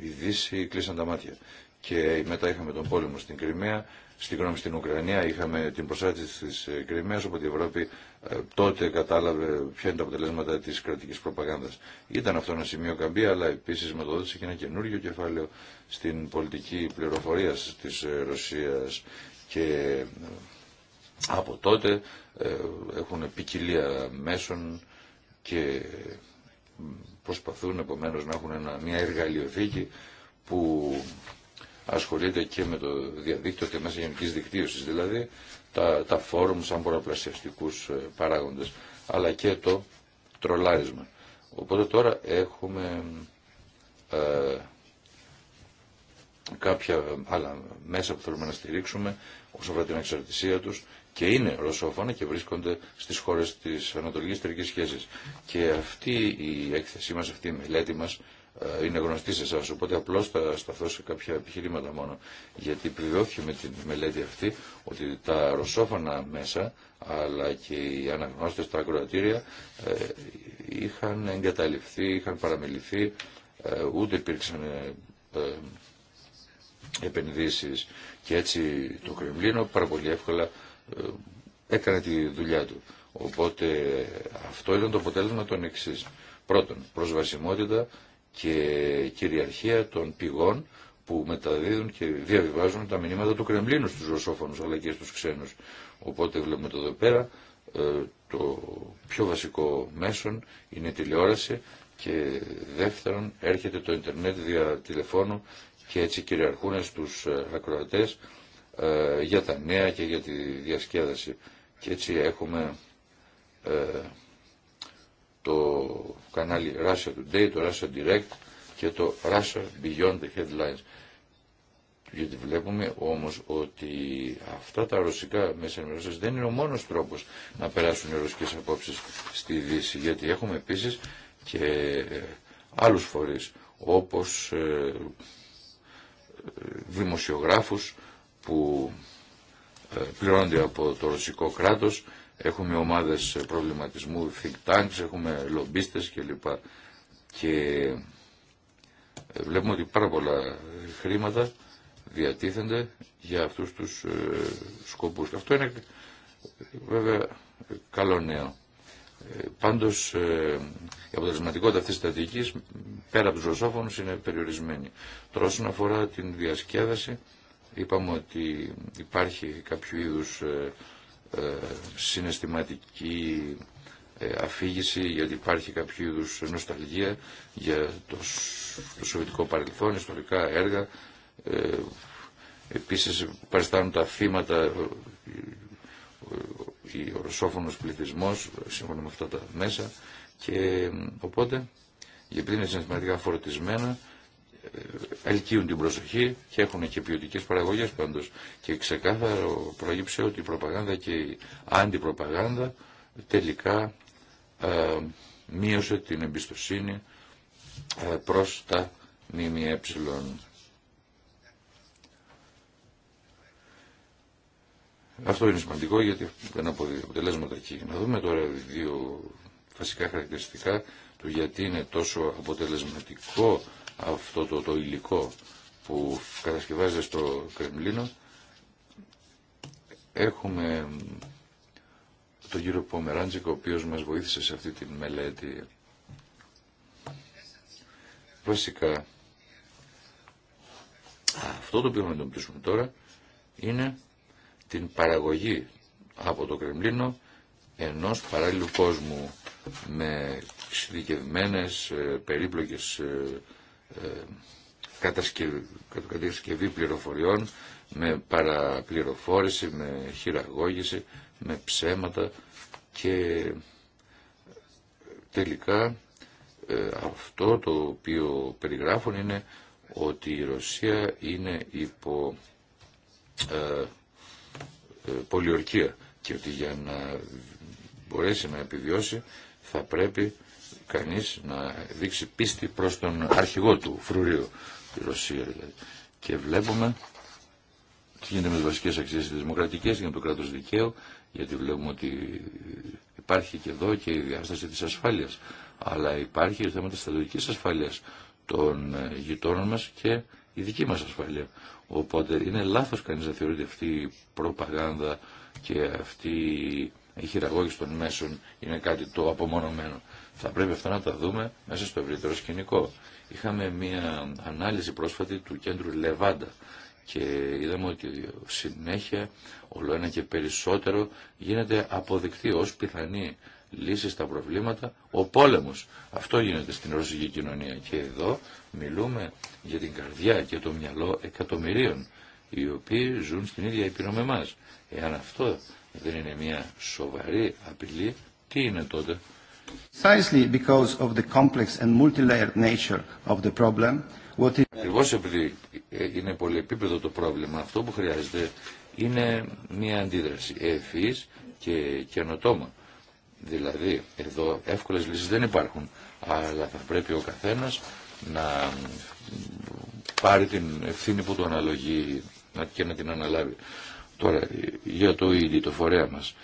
η Δύση κλείσαν τα μάτια. Και μετά είχαμε τον πόλεμο στην Κρυμαία στην στην Ουκρανία, είχαμε την προσάρτηση της ε, Κρυμαίας, οπότε η Ευρώπη ε, τότε κατάλαβε ποια είναι τα αποτελέσματα της κρατικής προπαγάνδας. Ήταν αυτό ένα σημείο καμπή, αλλά επίσης με το και ένα καινούριο κεφάλαιο στην πολιτική πληροφορία της ε, Ρωσίας και από τότε έχουν ποικιλία μέσων και προσπαθούν επομένως να έχουν μια εργαλειοθήκη που ασχολείται και με το διαδίκτυο και μέσα γενικής δικτύωσης, δηλαδή τα, τα φόρουμ σαν πολλαπλασιαστικούς ε, παράγοντες, αλλά και το τρολάρισμα. Οπότε τώρα έχουμε ε, κάποια άλλα μέσα που θέλουμε να στηρίξουμε όσο αφορά την εξαρτησία τους και είναι ρωσόφωνα και βρίσκονται στις χώρες της Ανατολικής Τερικής Σχέσης. Και αυτή η έκθεσή μας, αυτή η μελέτη μας ε, είναι γνωστή σε εσά. Οπότε απλώ θα σταθώ σε κάποια επιχειρήματα μόνο. Γιατί επιβεβαιώθηκε με τη μελέτη αυτή ότι τα ρωσόφωνα μέσα αλλά και οι αναγνώστε στα ακροατήρια ε, είχαν εγκαταλειφθεί, είχαν παραμεληθεί, ε, ούτε υπήρξαν επενδύσεις και έτσι το Κρεμλίνο πάρα πολύ εύκολα έκανε τη δουλειά του. Οπότε αυτό ήταν το αποτέλεσμα των εξή. Πρώτον, προσβασιμότητα και κυριαρχία των πηγών που μεταδίδουν και διαβιβάζουν τα μηνύματα του Κρεμλίνου στους ρωσόφωνους αλλά και στους ξένους. Οπότε βλέπουμε το εδώ πέρα ε, το πιο βασικό μέσον είναι η τηλεόραση και δεύτερον έρχεται το ίντερνετ δια τηλεφώνου και έτσι κυριαρχούν στους ε, ακροατές ε, για τα νέα και για τη διασκέδαση. Και έτσι έχουμε το κανάλι Russia Today, το Russia Direct και το Russia Beyond the Headlines. Γιατί βλέπουμε όμως ότι αυτά τα ρωσικά μέσα ενημέρωσης δεν είναι ο μόνος τρόπος να περάσουν οι ρωσικές απόψεις στη Δύση. Γιατί έχουμε επίσης και άλλους φορείς όπως ε, δημοσιογράφους που ε, πληρώνονται από το ρωσικό κράτος Έχουμε ομάδες προβληματισμού, think tanks, έχουμε λομπίστες κλπ. Και ε, βλέπουμε ότι πάρα πολλά χρήματα διατίθενται για αυτούς τους ε, σκοπούς. Αυτό είναι βέβαια καλό νέο. Ε, πάντως η αποτελεσματικότητα αυτής της στρατηγικής πέρα από τους ρωσόφωνους είναι περιορισμένη. Τώρα αφορά την διασκέδαση είπαμε ότι υπάρχει κάποιο είδους ε, συναισθηματική ε, αφήγηση γιατί υπάρχει κάποιο είδου νοσταλγία για το, το παρελθόν, ιστορικά έργα. Ε, επίσης παριστάνουν τα θύματα ε, ο ρωσόφωνος πληθυσμός σύμφωνα με αυτά τα μέσα και οπότε επειδή είναι συναισθηματικά φορτισμένα ελκύουν την προσοχή και έχουν και ποιοτικέ παραγωγές πάντως. Και ξεκάθαρο προήψε ότι η προπαγάνδα και η αντιπροπαγάνδα τελικά ε, μείωσε την εμπιστοσύνη ε, προς τα ΜΜΕ. Αυτό είναι σημαντικό γιατί δεν αποδίδει αποτελέσματα εκεί. Να δούμε τώρα δύο βασικά χαρακτηριστικά του γιατί είναι τόσο αποτελεσματικό αυτό το, το υλικό που κατασκευάζεται στο Κρεμλίνο έχουμε τον κύριο Πομεράντζικ ο οποίος μας βοήθησε σε αυτή τη μελέτη βασικά αυτό το οποίο θα εντοπίσουμε τώρα είναι την παραγωγή από το Κρεμλίνο ενός παράλληλου κόσμου με εξειδικευμένες ε, περίπλοκες ε, ε, κατασκευή, κατασκευή πληροφοριών, με παραπληροφόρηση, με χειραγώγηση, με ψέματα και τελικά ε, αυτό το οποίο περιγράφουν είναι ότι η Ρωσία είναι υπό ε, ε πολιορκία και ότι για να μπορέσει να επιβιώσει θα πρέπει κανείς να δείξει πίστη προς τον αρχηγό του φρουρίου, τη Ρωσία δηλαδή. Και βλέπουμε τι γίνεται με τις βασικές αξίες της δημοκρατικές, για το κράτος δικαίου, γιατί βλέπουμε ότι υπάρχει και εδώ και η διάσταση της ασφάλειας, αλλά υπάρχει και θέμα της στρατιωτικής ασφάλειας των ε, γειτόνων μας και η δική μας ασφάλεια. Οπότε είναι λάθος κανείς να θεωρείται αυτή η προπαγάνδα και αυτή η χειραγώγηση των μέσων είναι κάτι το απομονωμένο. Θα πρέπει αυτά να τα δούμε μέσα στο ευρύτερο σκηνικό. Είχαμε μια ανάλυση πρόσφατη του κέντρου Λεβάντα και είδαμε ότι συνέχεια όλο ένα και περισσότερο γίνεται αποδεκτή ως πιθανή λύση στα προβλήματα ο πόλεμος. Αυτό γίνεται στην ρωσική κοινωνία και εδώ μιλούμε για την καρδιά και το μυαλό εκατομμυρίων οι οποίοι ζουν στην ίδια ήπειρο με εμάς. Εάν αυτό δεν είναι μια σοβαρή απειλή, τι είναι τότε. Precisely the επειδή είναι πολυεπίπεδο το πρόβλημα, αυτό που χρειάζεται είναι μια αντίδραση ευφύης και καινοτόμα. Δηλαδή, εδώ εύκολες λύσεις δεν υπάρχουν, αλλά θα πρέπει ο καθένας να πάρει την ευθύνη που του αναλογεί και να την αναλάβει. Τώρα, για το ίδιο το φορέα μας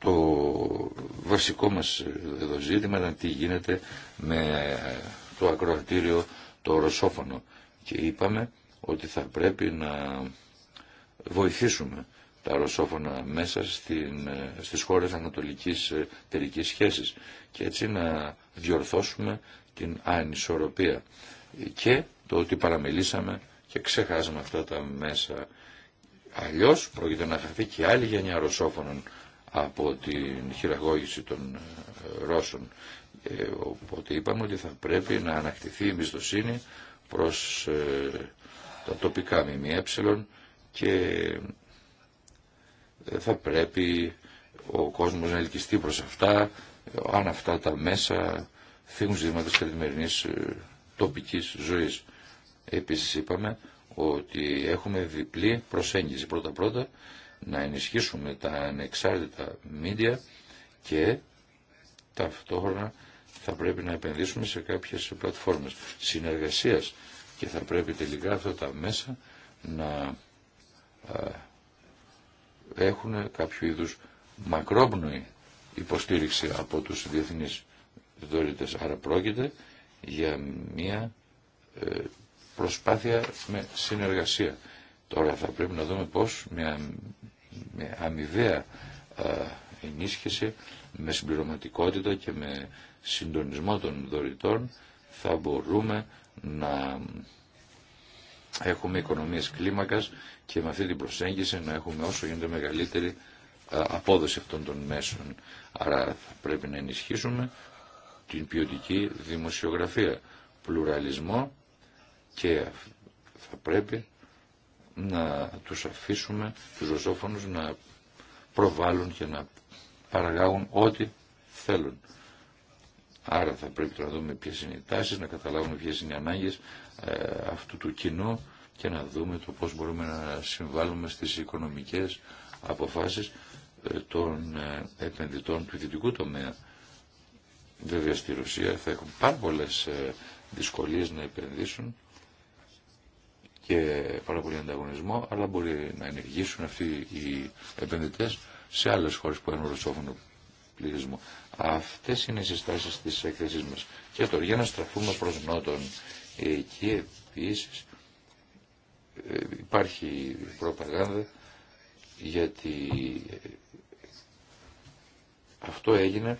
το βασικό μας ζήτημα ήταν τι γίνεται με το ακροατήριο το ρωσόφωνο και είπαμε ότι θα πρέπει να βοηθήσουμε τα ρωσόφωνα μέσα στην, στις χώρες ανατολικής τερικής σχέσης και έτσι να διορθώσουμε την ανισορροπία και το ότι παραμελήσαμε και ξεχάσαμε αυτά τα μέσα. Αλλιώς πρόκειται να χαθεί και άλλη γενιά ρωσόφωνων από την χειραγώγηση των ε, Ρώσων. Ε, οπότε είπαμε ότι θα πρέπει να ανακτηθεί η μισθοσύνη προς ε, τα τοπικά ΜΜΕ και ε, θα πρέπει ο κόσμος να ελκυστεί προς αυτά αν αυτά τα μέσα θίγουν ζητήματα της καθημερινής τοπικής ζωής. Επίσης είπαμε ότι έχουμε διπλή προσέγγιση πρώτα-πρώτα να ενισχύσουμε τα ανεξάρτητα μίντια και ταυτόχρονα θα πρέπει να επενδύσουμε σε κάποιες πλατφόρμες συνεργασίας και θα πρέπει τελικά αυτά τα μέσα να έχουν κάποιο είδους μακρόπνοη υποστήριξη από τους διεθνείς δωρητές. Άρα πρόκειται για μια ε, προσπάθεια με συνεργασία. Τώρα θα πρέπει να δούμε πώς μια με αμοιβαία ε, ενίσχυση, με συμπληρωματικότητα και με συντονισμό των δωρητών θα μπορούμε να έχουμε οικονομίες κλίμακας και με αυτή την προσέγγιση να έχουμε όσο γίνεται μεγαλύτερη ε, απόδοση αυτών των μέσων. Άρα θα πρέπει να ενισχύσουμε την ποιοτική δημοσιογραφία, πλουραλισμό και θα πρέπει να τους αφήσουμε, τους ρωσόφωνους, να προβάλλουν και να παραγάγουν ό,τι θέλουν. Άρα θα πρέπει να δούμε ποιες είναι οι τάσεις, να καταλάβουμε ποιες είναι οι ανάγκες ε, αυτού του κοινού και να δούμε το πώς μπορούμε να συμβάλλουμε στις οικονομικές αποφάσεις ε, των ε, επενδυτών του ιδιωτικού τομέα. Βέβαια στη Ρωσία θα έχουν πάρα πολλές δυσκολίες να επενδύσουν και πάρα πολύ ανταγωνισμό, αλλά μπορεί να ενεργήσουν αυτοί οι επενδυτέ σε άλλε χώρε που έχουν ρωσόφωνο πληθυσμό. Αυτέ είναι οι συστάσει τη έκθεσή μα. Και τώρα για να στραφούμε προ Νότον, εκεί επίση ε, υπάρχει προπαγάνδα γιατί αυτό έγινε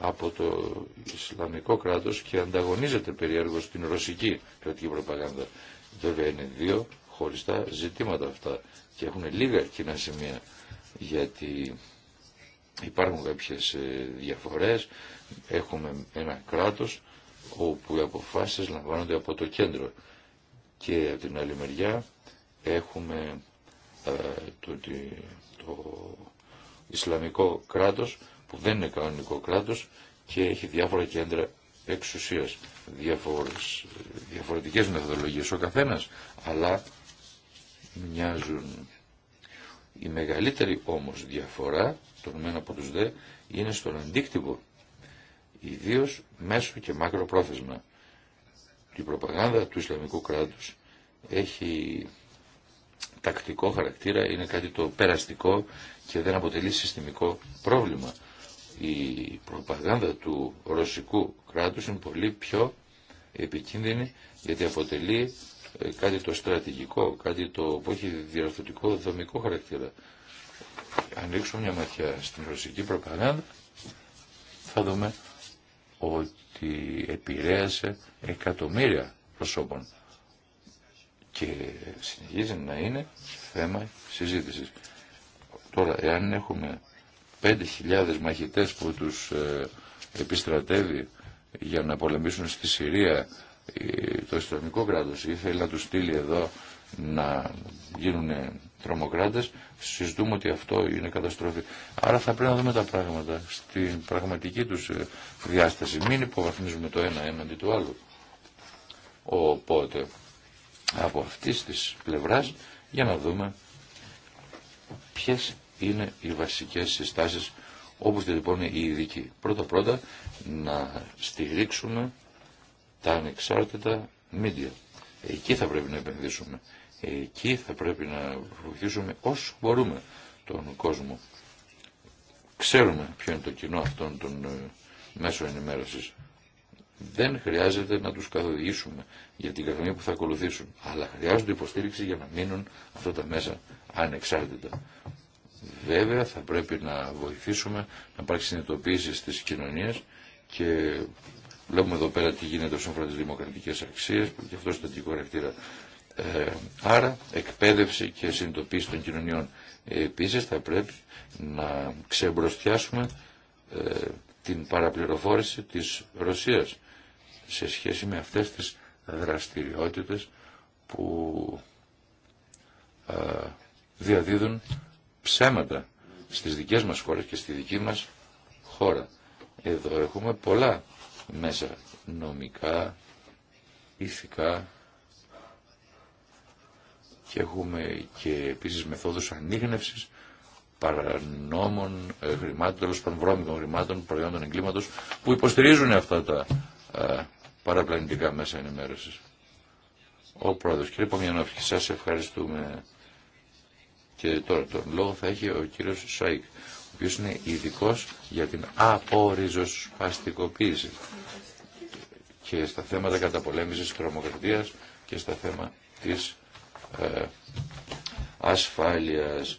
από το Ισλαμικό κράτος και ανταγωνίζεται περίεργως την ρωσική κρατική προπαγάνδα. Βέβαια είναι δύο χωριστά ζητήματα αυτά και έχουν λίγα κοινά σημεία γιατί υπάρχουν κάποιες ε, διαφορές, έχουμε ένα κράτος όπου οι αποφάσεις λαμβάνονται από το κέντρο και από την άλλη μεριά έχουμε ε, το, το, το Ισλαμικό κράτος που δεν είναι κανονικό κράτος και έχει διάφορα κέντρα εξουσίας. διαφορετικές μεθοδολογίες ο καθένας, αλλά μοιάζουν. Η μεγαλύτερη όμως διαφορά των μεν από τους δε είναι στον αντίκτυπο, ιδίω μέσω και μακροπρόθεσμα. Η προπαγάνδα του Ισλαμικού κράτους έχει τακτικό χαρακτήρα, είναι κάτι το περαστικό και δεν αποτελεί συστημικό πρόβλημα η προπαγάνδα του ρωσικού κράτους είναι πολύ πιο επικίνδυνη γιατί αποτελεί ε, κάτι το στρατηγικό, κάτι το που έχει διαρθωτικό δομικό χαρακτήρα. Ανοίξουμε μια ματιά στην ρωσική προπαγάνδα θα δούμε ότι επηρέασε εκατομμύρια προσώπων και συνεχίζει να είναι θέμα συζήτησης. Τώρα, εάν έχουμε 5.000 μαχητές που τους ε, επιστρατεύει για να πολεμήσουν στη Συρία ε, το ιστορικό κράτος ή θέλει να τους στείλει εδώ να γίνουν τρομοκράτες, συζητούμε ότι αυτό είναι καταστροφή. Άρα θα πρέπει να δούμε τα πράγματα στην πραγματική τους ε, διάσταση. Μην υποβαθμίζουμε το ένα έναντι του άλλου. Οπότε, από αυτής της πλευράς, για να δούμε ποιες είναι οι βασικές συστάσεις όπως λοιπόν οι ειδικοί. Πρώτα-πρώτα να στηρίξουμε τα ανεξάρτητα μίντια. Εκεί θα πρέπει να επενδύσουμε. Εκεί θα πρέπει να βοηθήσουμε όσο μπορούμε τον κόσμο. Ξέρουμε ποιο είναι το κοινό αυτών των ε, μέσων ενημέρωσης. Δεν χρειάζεται να τους καθοδηγήσουμε για την καθημερινή που θα ακολουθήσουν. Αλλά χρειάζονται υποστήριξη για να μείνουν αυτά τα μέσα ανεξάρτητα. Βέβαια θα πρέπει να βοηθήσουμε να υπάρξει συνειδητοποίηση στις κοινωνίες και βλέπουμε εδώ πέρα τι γίνεται όσον αφορά τις δημοκρατικές αξίες και αυτό το ε, άρα εκπαίδευση και συνειδητοποίηση των κοινωνιών. Ε, επίσης θα πρέπει να ξεμπροστιάσουμε ε, την παραπληροφόρηση της Ρωσίας σε σχέση με αυτές τις δραστηριότητες που ε, διαδίδουν ψέματα στις δικές μας χώρες και στη δική μας χώρα. Εδώ έχουμε πολλά μέσα νομικά, ηθικά και έχουμε και επίσης μεθόδους ανείγνευσης παρανόμων χρημάτων, τέλος των βρώμικων χρημάτων, προϊόντων εγκλήματος που υποστηρίζουν αυτά τα παραπλανητικά μέσα ενημέρωσης. Ο πρόεδρος, κύριε Πομιανόφη, σας ευχαριστούμε. Και τώρα τον λόγο θα έχει ο κύριος Σάικ, ο οποίος είναι ειδικό για την απορριζοσπαστικοποίηση και στα θέματα καταπολέμησης τρομοκρατίας και στα θέματα της ε, ασφάλειας.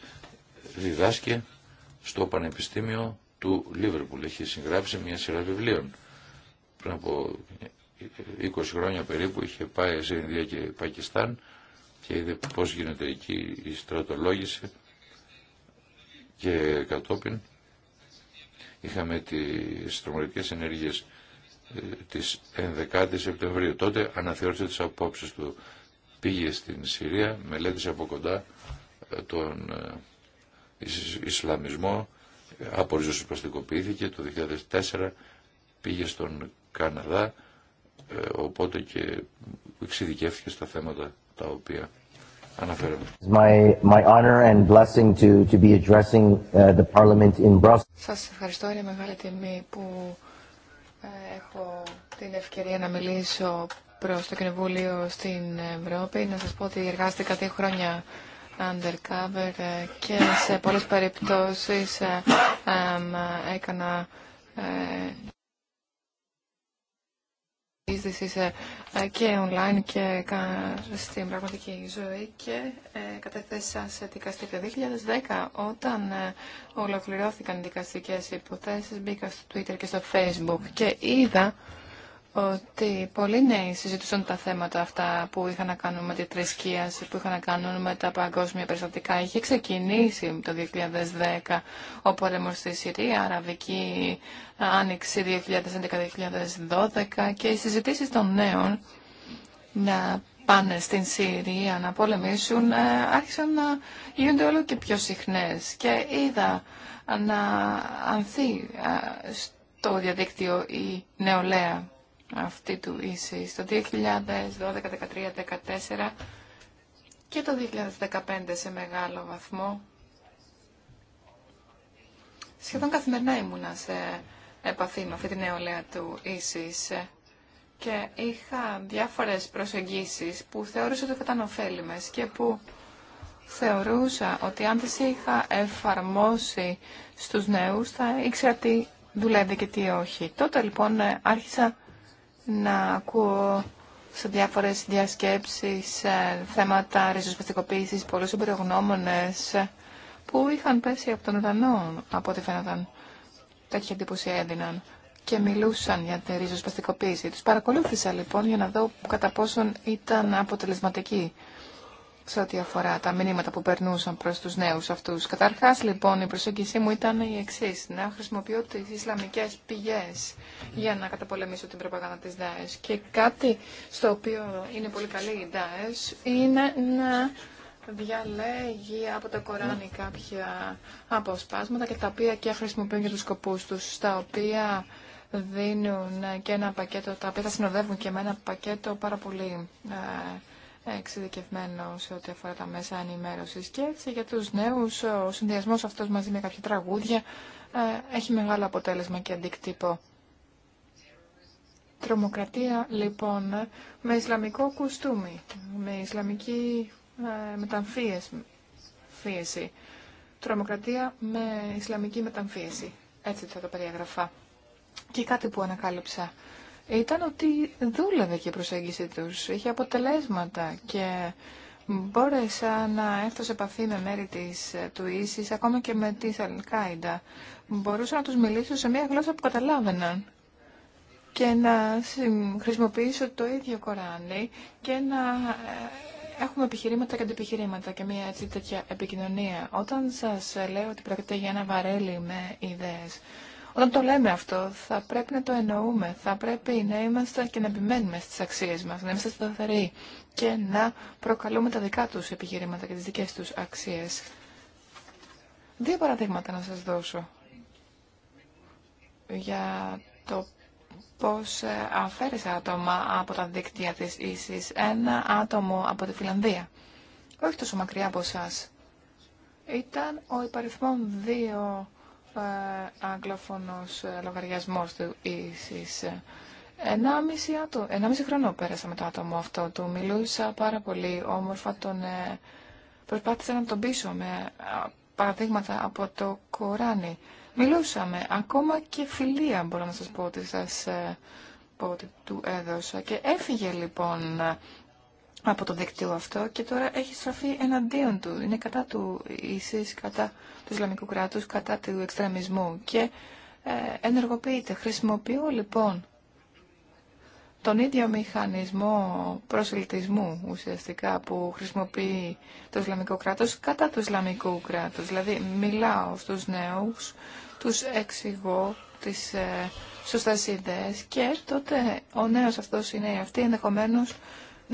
Διδάσκει στο Πανεπιστήμιο του Λίβερπουλ. Έχει συγγράψει μια σειρά βιβλίων. Πριν από 20 χρόνια περίπου είχε πάει σε Ινδία και Πακιστάν και είδε πώς γίνεται εκεί η στρατολόγηση και κατόπιν είχαμε τις τρομοκρατικές ενέργειες ε, της 11 η Σεπτεμβρίου. Τότε αναθεώρησε τις απόψεις του. Πήγε στην Συρία, μελέτησε από κοντά ε, τον ε, Ισλαμισμό, απορριζοσπαστικοποιήθηκε το 2004, πήγε στον Καναδά, οπότε και εξειδικεύθηκε στα θέματα τα οποία My, my and blessing to, to be addressing uh, the parliament in Brussels. Σας ευχαριστώ, είναι μεγάλη τιμή που ε, έχω την ευκαιρία να μιλήσω προς το Κοινοβούλιο στην Ευρώπη. Να σας πω ότι εργάστηκα δύο χρόνια undercover ε, και σε πολλές περιπτώσεις ε, έκανα ε, και online και στην πραγματική ζωή και ε, κατέθεσα σε δικαστήριο. 2010 όταν ε, ολοκληρώθηκαν οι δικαστικές υποθέσεις μπήκα στο Twitter και στο Facebook και είδα ότι πολλοί νέοι συζητούσαν τα θέματα αυτά που είχαν να κάνουν με τη θρησκεία, που είχαν να κάνουν με τα παγκόσμια περιστατικά. Είχε ξεκινήσει το 2010 ο πόλεμο στη Συρία, Αραβική Άνοιξη 2011-2012 και οι συζητήσει των νέων να πάνε στην Συρία να πολεμήσουν ε, άρχισαν να γίνονται όλο και πιο συχνές και είδα να ανθεί ε, στο διαδίκτυο η νεολαία αυτή του ίσης το 2012, 2013, 2014 και το 2015 σε μεγάλο βαθμό. Σχεδόν καθημερινά ήμουνα σε επαφή με αυτή την νεολαία του ίσης και είχα διάφορες προσεγγίσεις που θεωρούσα ότι ήταν ωφέλιμες και που θεωρούσα ότι αν τις είχα εφαρμόσει στους νέους θα ήξερα τι δουλεύει και τι όχι. Τότε λοιπόν άρχισα να ακούω σε διάφορες διασκέψεις ε, θέματα ριζοσπαστικοποίησης πολλού συμπεριογνώμονες ε, που είχαν πέσει από τον ουρανό, από ό,τι φαίνονταν τέτοια εντύπωση έδιναν και μιλούσαν για τη ριζοσπαστικοποίηση. Τους παρακολούθησα λοιπόν για να δω κατά πόσον ήταν αποτελεσματική σε ό,τι αφορά τα μηνύματα που περνούσαν προς τους νέους αυτούς. Καταρχάς, λοιπόν, η προσέγγιση μου ήταν η εξή. να χρησιμοποιώ τις Ισλαμικές πηγές για να καταπολεμήσω την προπαγάνδα της ΔΑΕΣ. Και κάτι στο οποίο είναι πολύ καλή η ΔΑΕΣ είναι να διαλέγει από το Κοράνι κάποια αποσπάσματα και τα οποία και χρησιμοποιούν για τους σκοπούς τους, τα οποία δίνουν και ένα πακέτο, τα οποία θα συνοδεύουν και με ένα πακέτο πάρα πολύ ε, εξειδικευμένο σε ό,τι αφορά τα μέσα ενημέρωση και έτσι για τους νέους ο συνδυασμός αυτό μαζί με κάποια τραγούδια ε, έχει μεγάλο αποτέλεσμα και αντικτύπο. Τρομοκρατία λοιπόν με ισλαμικό κουστούμι, με ισλαμική ε, μεταμφίεση. Τρομοκρατία με ισλαμική μεταμφίεση. Έτσι θα το περιγράφα. Και κάτι που ανακάλυψα ήταν ότι δούλευε και η τους, είχε αποτελέσματα και μπόρεσα να έρθω σε επαφή με μέρη της, ε, του Ίσης, ακόμα και με τη Αλκάιντα. Μπορούσα να τους μιλήσω σε μια γλώσσα που καταλάβαιναν και να χρησιμοποιήσω το ίδιο Κοράνι και να ε, έχουμε επιχειρήματα και αντιπιχειρήματα και μια έτσι τέτοια επικοινωνία. Όταν σας λέω ότι πρόκειται για ένα βαρέλι με ιδέες, όταν το λέμε αυτό, θα πρέπει να το εννοούμε. Θα πρέπει να είμαστε και να επιμένουμε στις αξίες μας, να είμαστε σταθεροί και να προκαλούμε τα δικά τους επιχειρήματα και τις δικές τους αξίες. Δύο παραδείγματα να σας δώσω για το πώς ε, αφαίρεσε άτομα από τα δίκτυα της ίσης ένα άτομο από τη Φιλανδία. Όχι τόσο μακριά από εσά. Ήταν ο υπαριθμόν 2 άγγλοφωνος ε, λογαριασμός του ίσης. Ενάμιση, άτο... χρόνο πέρασα με το άτομο αυτό του. Μιλούσα πάρα πολύ όμορφα. Τον, ε, προσπάθησα να τον πείσω με παραδείγματα από το Κοράνι. Μιλούσαμε. Ακόμα και φιλία μπορώ να σας πω ότι σας ε, πω ότι του έδωσα. Και έφυγε λοιπόν από το δίκτυο αυτό και τώρα έχει στραφεί εναντίον του. Είναι κατά του ίσης, κατά του Ισλαμικού κράτους, κατά του εξτρεμισμού και ε, ενεργοποιείται. Χρησιμοποιώ λοιπόν τον ίδιο μηχανισμό προσελτισμού ουσιαστικά που χρησιμοποιεί το Ισλαμικό κράτος κατά του Ισλαμικού κράτους. Δηλαδή μιλάω στους νέους, τους εξηγώ τις ε, και τότε ο νέος αυτός είναι αυτή ενδεχομένως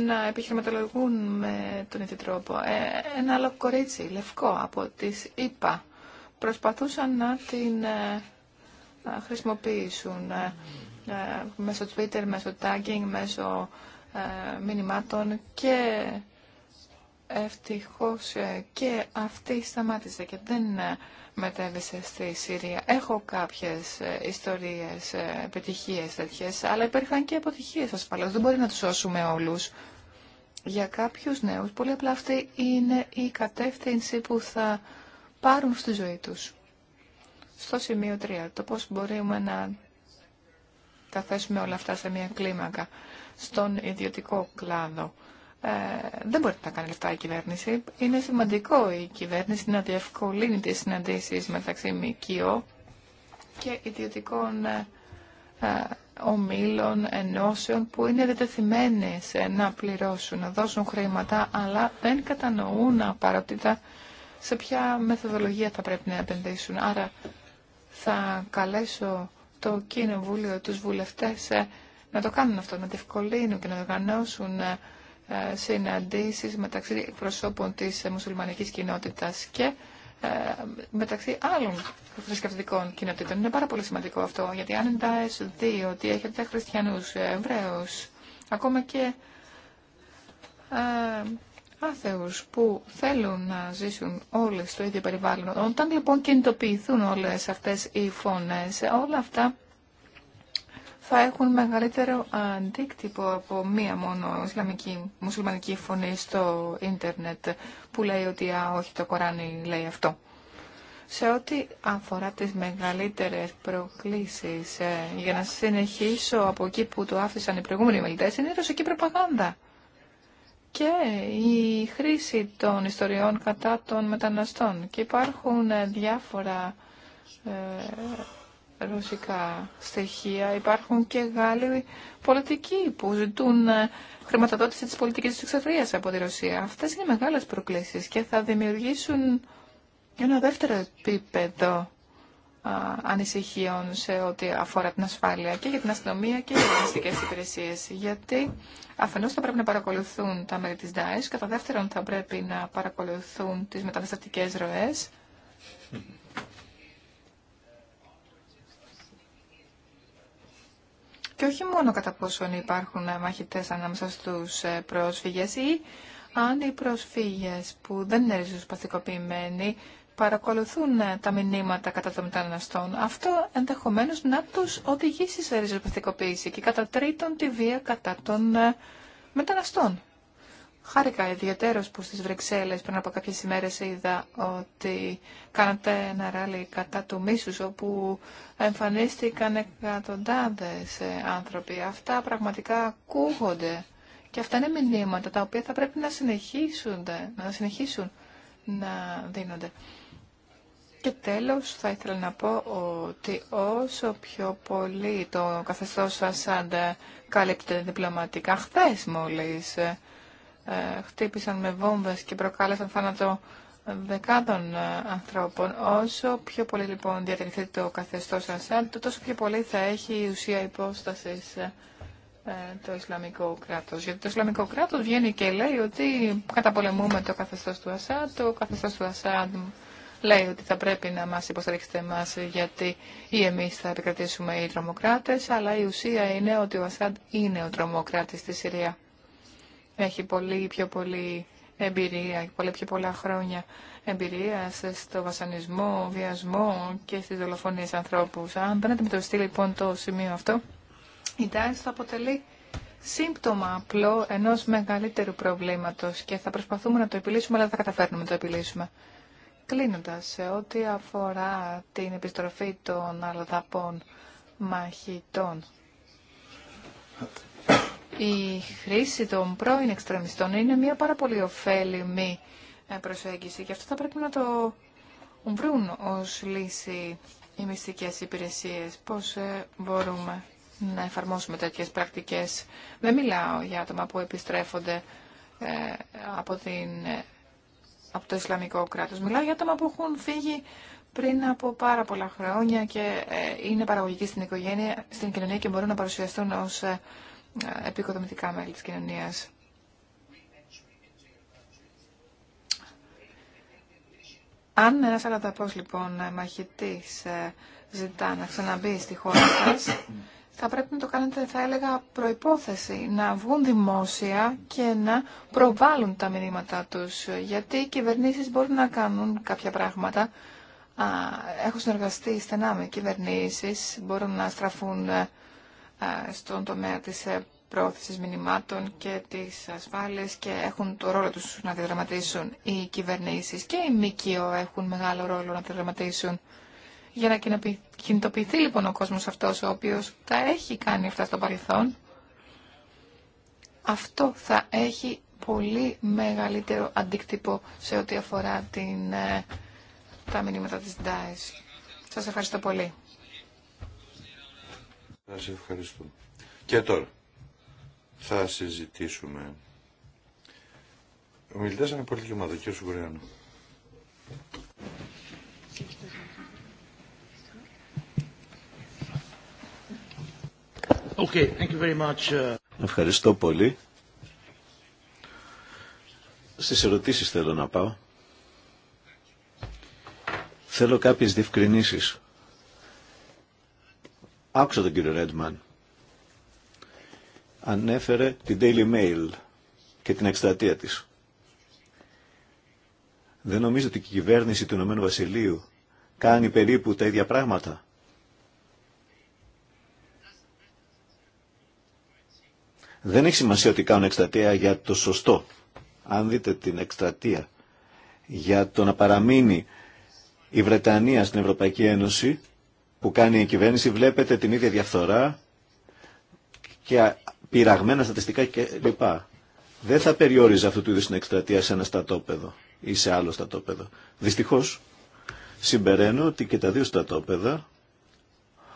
να επιχειρηματολογούν με τον ίδιο τρόπο. Ε, ένα άλλο κορίτσι, λευκό, από τις ΙΠΑ, προσπαθούσαν να την ε, να χρησιμοποιήσουν ε, μέσω Twitter, μέσω tagging, μέσω μηνυμάτων και ευτυχώς και αυτή σταμάτησε και δεν μετέβησε στη Συρία. Έχω κάποιες ε, ιστορίες, ε, επιτυχίες τέτοιες, αλλά υπήρχαν και αποτυχίες ασφαλώς. Δεν μπορεί να τους σώσουμε όλους. Για κάποιους νέους, πολύ απλά αυτή είναι η κατεύθυνση που θα πάρουν στη ζωή τους. Στο σημείο 3, το πώς μπορούμε να τα θέσουμε όλα αυτά σε μια κλίμακα, στον ιδιωτικό κλάδο ε, δεν μπορεί να κάνει λεφτά η κυβέρνηση. Είναι σημαντικό η κυβέρνηση να διευκολύνει τις συναντήσεις μεταξύ ΜΚΙΟ και ιδιωτικών ε, ε, ομίλων, ενώσεων που είναι δεδεθειμένες ε, να πληρώσουν, να δώσουν χρήματα, αλλά δεν κατανοούν απαραίτητα σε ποια μεθοδολογία θα πρέπει να επενδύσουν. Άρα θα καλέσω το Κοινοβούλιο, τους βουλευτές, ε, να το κάνουν αυτό, να διευκολύνουν και να οργανώσουν ε, συναντήσεις μεταξύ προσώπων της ε, μουσουλμανικής κοινότητας και ε, μεταξύ άλλων θρησκευτικών κοινοτήτων. Είναι πάρα πολύ σημαντικό αυτό, γιατί αν εντάξει δει ότι έχετε χριστιανούς, Εβραίους, ακόμα και ε, άθεους που θέλουν να ζήσουν όλοι στο ίδιο περιβάλλον, όταν λοιπόν κινητοποιηθούν όλες αυτές οι φωνές, όλα αυτά θα έχουν μεγαλύτερο αντίκτυπο από μία μόνο Ισλαμική, μουσουλμανική φωνή στο ίντερνετ που λέει ότι όχι το Κοράνι λέει αυτό. Σε ό,τι αφορά τις μεγαλύτερες προκλήσεις, ε, για να συνεχίσω από εκεί που το άφησαν οι προηγούμενοι μελητές, είναι η ρωσική προπαγάνδα και η χρήση των ιστοριών κατά των μεταναστών. Και υπάρχουν ε, διάφορα ε, ρωσικά στοιχεία. Υπάρχουν και Γάλλοι πολιτικοί που ζητούν ε, χρηματοδότηση της πολιτικής της εξωτερίας από τη Ρωσία. Αυτές είναι μεγάλες προκλήσεις και θα δημιουργήσουν ένα δεύτερο επίπεδο ανησυχίων σε ό,τι αφορά την ασφάλεια και για την αστυνομία και για τις δικές υπηρεσίες. Γιατί αφενός θα πρέπει να παρακολουθούν τα μέλη της ΔΑΕΣ, κατά δεύτερον θα πρέπει να παρακολουθούν τις μεταναστευτικές ροές Και όχι μόνο κατά πόσον υπάρχουν ε, μαχητές ανάμεσα στους ε, πρόσφυγες ή αν οι πρόσφυγες που δεν είναι ριζοσπαθικοποιημένοι παρακολουθούν ε, τα μηνύματα κατά των μεταναστών, αυτό ενδεχομένως να τους οδηγήσει σε ριζοσπαθικοποίηση και κατά τρίτον τη βία κατά των μεταναστών. Χάρηκα ιδιαίτερω που στις Βρυξέλλες πριν από κάποιες ημέρε είδα ότι κάνατε ένα ράλι κατά του μίσου όπου εμφανίστηκαν εκατοντάδε ε, άνθρωποι. Αυτά πραγματικά ακούγονται και αυτά είναι μηνύματα τα οποία θα πρέπει να συνεχίσουν, να συνεχίσουν να δίνονται. Και τέλος θα ήθελα να πω ότι όσο πιο πολύ το καθεστώς σα κάλυπτε διπλωματικά χθες μόλις ε, ε, χτύπησαν με βόμβες και προκάλεσαν θάνατο δεκάδων ε, ανθρώπων. Όσο πιο πολύ λοιπόν διατηρηθεί το καθεστώς Ασάντ, τόσο πιο πολύ θα έχει η ουσία υπόσταση ε, το Ισλαμικό κράτος. Γιατί το Ισλαμικό κράτος βγαίνει και λέει ότι καταπολεμούμε το καθεστώς του Ασάντ, το καθεστώς του Ασάντ λέει ότι θα πρέπει να μας υποστηρίξετε εμά γιατί ή εμείς θα επικρατήσουμε οι τρομοκράτες, αλλά η ουσία είναι ότι ο Ασάντ είναι ο τρομοκράτης στη Συρία έχει πολύ πιο πολύ εμπειρία, πολύ πιο πολλά χρόνια εμπειρία στο βασανισμό, βιασμό και στις δολοφονίες ανθρώπους. Αν δεν αντιμετωπιστεί λοιπόν το σημείο αυτό, η τάση θα αποτελεί σύμπτωμα απλό ενός μεγαλύτερου προβλήματος και θα προσπαθούμε να το επιλύσουμε, αλλά δεν θα καταφέρνουμε να το επιλύσουμε. Κλείνοντας, σε ό,τι αφορά την επιστροφή των αλλαδαπών μαχητών, η χρήση των πρώην εξτρεμιστών είναι μια πάρα πολύ ωφέλιμη ε, προσέγγιση και αυτό θα πρέπει να το βρουν ως λύση οι μυστικές υπηρεσίες. Πώς ε, μπορούμε να εφαρμόσουμε τέτοιες πρακτικές. Δεν μιλάω για άτομα που επιστρέφονται ε, από, την, από το Ισλαμικό κράτος. Μιλάω για άτομα που έχουν φύγει πριν από πάρα πολλά χρόνια και είναι παραγωγικοί στην οικογένεια, στην κοινωνία και μπορούν να παρουσιαστούν ως επικοδομητικά μέλη της κοινωνίας. Αν ένας αγαταπός λοιπόν μαχητής ε, ζητά να ξαναμπεί στη χώρα σας, θα πρέπει να το κάνετε, θα έλεγα, προϋπόθεση να βγουν δημόσια και να προβάλλουν τα μηνύματά τους. Γιατί οι κυβερνήσεις μπορούν να κάνουν κάποια πράγματα. έχω συνεργαστεί στενά με κυβερνήσεις, μπορούν να στραφούν ε, στον τομέα της ε, πρόθεσης μηνυμάτων και της ασφάλειας και έχουν το ρόλο τους να διαδραματίσουν οι κυβερνήσεις και οι ΜΚΟ έχουν μεγάλο ρόλο να διαδραματίσουν για να κινητοποιηθεί λοιπόν ο κόσμος αυτός ο οποίος τα έχει κάνει αυτά στο παρελθόν αυτό θα έχει πολύ μεγαλύτερο αντίκτυπο σε ό,τι αφορά την, ε, τα μηνύματα της ΝΤΑΕΣ. Σας ευχαριστώ πολύ σε ευχαριστώ. Και τώρα θα συζητήσουμε. Ο μιλητέ είναι πολύ ομάδα, Κύριε Σουγκουριάνο. Okay, thank you very much. Uh, ευχαριστώ πολύ. Στις ερωτήσεις θέλω να πάω. Θέλω κάποιες διευκρινήσεις Άκουσα τον κύριο Ρέντμαν. Ανέφερε την Daily Mail και την εκστρατεία της. Δεν νομίζω ότι η κυβέρνηση του Ηνωμένου Βασιλείου κάνει περίπου τα ίδια πράγματα. Δεν έχει σημασία ότι κάνουν εκστρατεία για το σωστό. Αν δείτε την εκστρατεία για το να παραμείνει η Βρετανία στην Ευρωπαϊκή Ένωση, που κάνει η κυβέρνηση βλέπετε την ίδια διαφθορά και πειραγμένα στατιστικά κλπ. Δεν θα περιόριζε αυτού του είδου την εκστρατεία σε ένα στατόπεδο ή σε άλλο στατόπεδο. Δυστυχώ, συμπεραίνω ότι και τα δύο στατόπεδα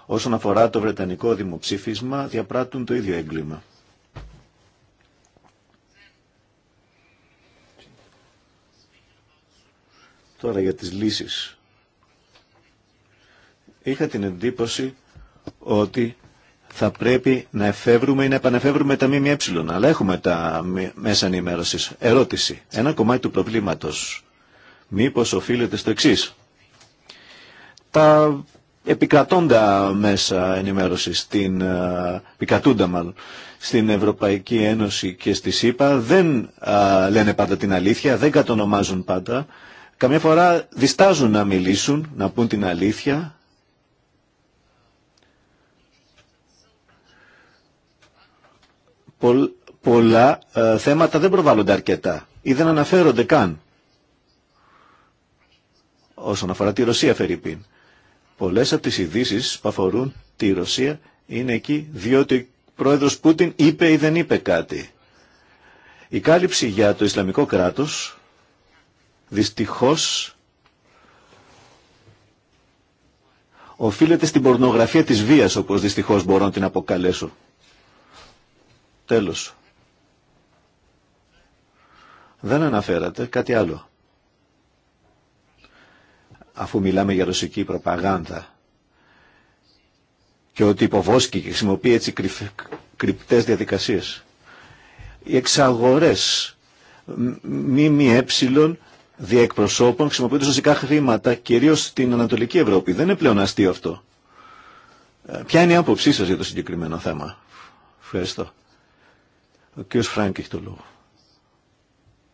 όσον αφορά το βρετανικό δημοψήφισμα διαπράττουν το ίδιο έγκλημα. Τώρα για τις λύσεις είχα την εντύπωση ότι θα πρέπει να εφεύρουμε ή να επανεφεύρουμε τα ΜΜΕ, αλλά έχουμε τα μέσα ενημέρωση. Ερώτηση. Ένα κομμάτι του προβλήματος Μήπω οφείλεται στο εξή. Τα επικρατώντα μέσα ενημέρωσης, την, ε, μάλλον, στην Ευρωπαϊκή Ένωση και στη ΣΥΠΑ δεν ε, λένε πάντα την αλήθεια, δεν κατονομάζουν πάντα. Καμιά φορά διστάζουν να μιλήσουν, να πούν την αλήθεια, πολλά ε, θέματα δεν προβάλλονται αρκετά ή δεν αναφέρονται καν. Όσον αφορά τη Ρωσία, Φερρυπίν. Πολλές από τις ειδήσει που αφορούν τη Ρωσία είναι εκεί διότι ο πρόεδρος Πούτιν είπε ή δεν είπε κάτι. Η κάλυψη για το Ισλαμικό κράτος δυστυχώς οφείλεται στην πορνογραφία της βίας όπως δυστυχώς μπορώ να την αποκαλέσω. Τέλος. Δεν αναφέρατε κάτι άλλο. Αφού μιλάμε για ρωσική προπαγάνδα και ότι υποβόσκει και χρησιμοποιεί έτσι κρυπτές διαδικασίες. Οι εξαγορές μη μη έψιλον διεκπροσώπων χρησιμοποιούνται ρωσικά χρήματα κυρίως στην Ανατολική Ευρώπη. Δεν είναι πλέον αστείο αυτό. Ε, ποια είναι η άποψή σας για το συγκεκριμένο θέμα. Ευχαριστώ. Ο κ. Φράνκ έχει το λόγο.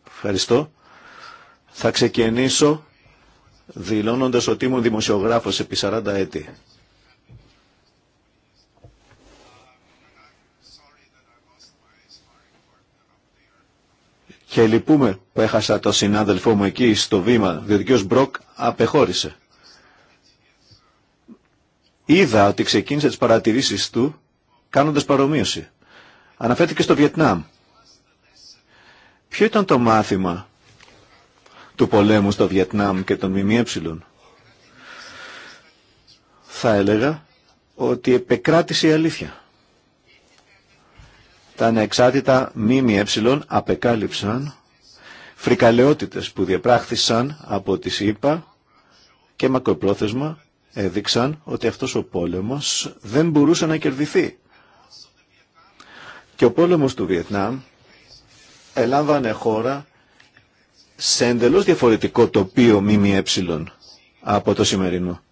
Ευχαριστώ. Θα ξεκινήσω δηλώνοντας ότι ήμουν δημοσιογράφος επί 40 έτη. Και λυπούμε που έχασα τον συνάδελφό μου εκεί στο βήμα, διότι ο Μπροκ απεχώρησε. Είδα ότι ξεκίνησε τις παρατηρήσεις του κάνοντας παρομοίωση. Αναφέρθηκε στο Βιετνάμ. Ποιο ήταν το μάθημα του πολέμου στο Βιετνάμ και των ΜΜΕ. Θα έλεγα ότι επεκράτησε η αλήθεια. Τα ανεξάρτητα ΜΜΕ απεκάλυψαν φρικαλαιότητες που διαπράχθησαν από τις ΗΠΑ και μακροπρόθεσμα έδειξαν ότι αυτός ο πόλεμος δεν μπορούσε να κερδιθεί και ο πόλεμος του Βιετνάμ ελάμβανε χώρα σε εντελώς διαφορετικό τοπίο ΜΜΕ από το σημερινό.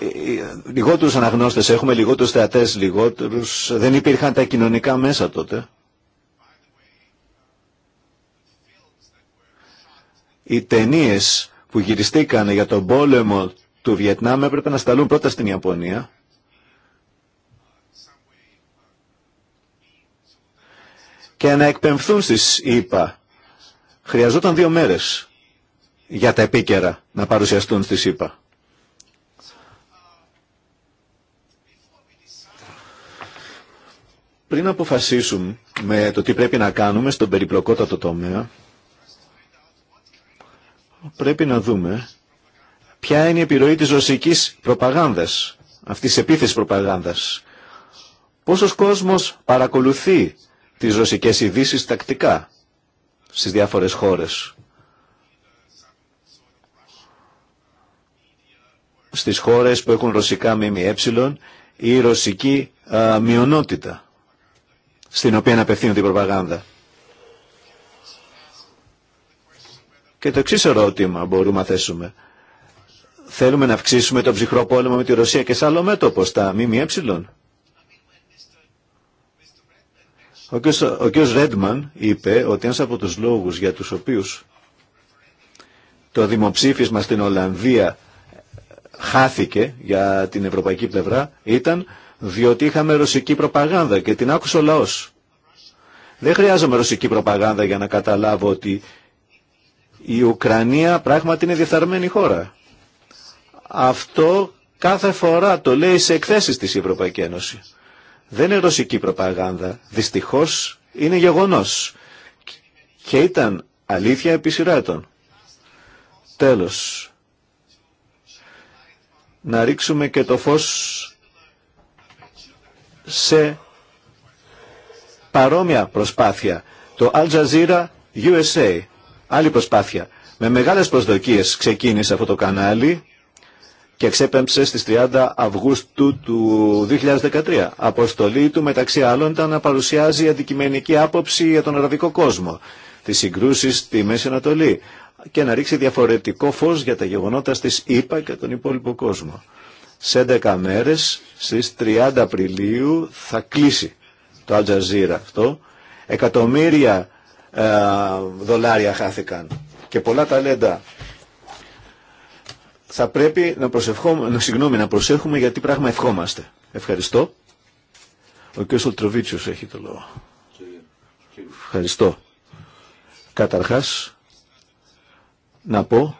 Ε, ε, λιγότερους αναγνώστες έχουμε, λιγότερους θεατές, λιγότερους... Δεν υπήρχαν τα κοινωνικά μέσα τότε. Οι ταινίες που γυριστήκαν για τον πόλεμο του Βιετνάμ έπρεπε να σταλούν πρώτα στην Ιαπωνία και να εκπαιμφθούν στις ΗΠΑ. Χρειαζόταν δύο μέρες για τα επίκαιρα να παρουσιαστούν στις ΗΠΑ. Πριν αποφασίσουμε με το τι πρέπει να κάνουμε στον περιπλοκότατο τομέα, πρέπει να δούμε ποια είναι η επιρροή της ρωσικής προπαγάνδας, αυτής της επίθεσης προπαγάνδας. Πόσος κόσμος παρακολουθεί τις ρωσικές ειδήσει τακτικά στις διάφορες χώρες. Στις χώρες που έχουν ρωσικά ΜΜΕ ή ρωσική α, μειονότητα στην οποία απευθύνονται την προπαγάνδα. Και το εξή ερώτημα μπορούμε να θέσουμε. Θέλουμε να αυξήσουμε τον ψυχρό πόλεμο με τη Ρωσία και σε άλλο μέτωπο, στα ΜΜΕ. Ο κ. Ρέντμαν είπε ότι ένας από τους λόγους για τους οποίους το δημοψήφισμα στην Ολλανδία χάθηκε για την ευρωπαϊκή πλευρά ήταν διότι είχαμε ρωσική προπαγάνδα και την άκουσε ο λαός. Δεν χρειάζομαι ρωσική προπαγάνδα για να καταλάβω ότι η Ουκρανία πράγματι είναι διεφθαρμένη χώρα. Αυτό κάθε φορά το λέει σε εκθέσεις της Ευρωπαϊκή Ένωση. Δεν είναι ρωσική προπαγάνδα. Δυστυχώς είναι γεγονός. Και ήταν αλήθεια επί σειρά Τέλος. Να ρίξουμε και το φως σε παρόμοια προσπάθεια. Το Al Jazeera USA. Άλλη προσπάθεια. Με μεγάλες προσδοκίες ξεκίνησε αυτό το κανάλι και ξέπεμψε στις 30 Αυγούστου του 2013. Αποστολή του μεταξύ άλλων ήταν να παρουσιάζει αντικειμενική άποψη για τον αραβικό κόσμο, τις συγκρούσεις στη Μέση Ανατολή και να ρίξει διαφορετικό φως για τα γεγονότα στις ΗΠΑ και τον υπόλοιπο κόσμο. Σε 11 μέρες, στις 30 Απριλίου, θα κλείσει το Αλτζαζίρα αυτό. Εκατομμύρια ε, δολάρια χάθηκαν και πολλά ταλέντα θα πρέπει να, να συγγνώμη, να προσέχουμε γιατί πράγμα ευχόμαστε. Ευχαριστώ. Ο κ. Ολτροβίτσιος έχει το λόγο. Ευχαριστώ. Καταρχάς, να πω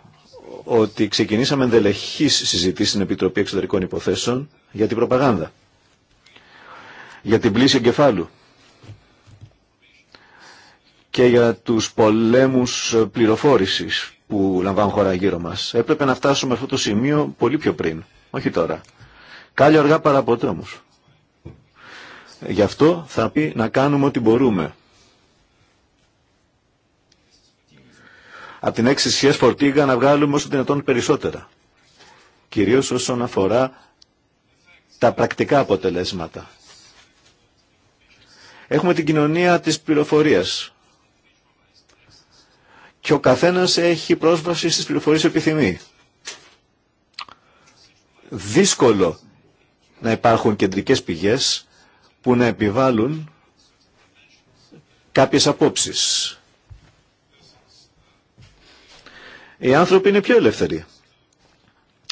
ότι ξεκινήσαμε ενδελεχείς συζητήσεις στην Επιτροπή Εξωτερικών Υποθέσεων για την προπαγάνδα, για την πλήση εγκεφάλου και για τους πολέμους πληροφόρησης που λαμβάνουν χώρα γύρω μας. Έπρεπε να φτάσουμε αυτό το σημείο πολύ πιο πριν, όχι τώρα. Κάλλιο αργά παρά ποτέ Γι' αυτό θα πει να κάνουμε ό,τι μπορούμε. Από την έξι σχέση φορτίγα να βγάλουμε όσο δυνατόν περισσότερα. Κυρίως όσον αφορά τα πρακτικά αποτελέσματα. Έχουμε την κοινωνία της πληροφορίας και ο καθένας έχει πρόσβαση στις πληροφορίες επιθυμεί. Δύσκολο να υπάρχουν κεντρικές πηγές που να επιβάλλουν κάποιες απόψεις. Οι άνθρωποι είναι πιο ελεύθεροι.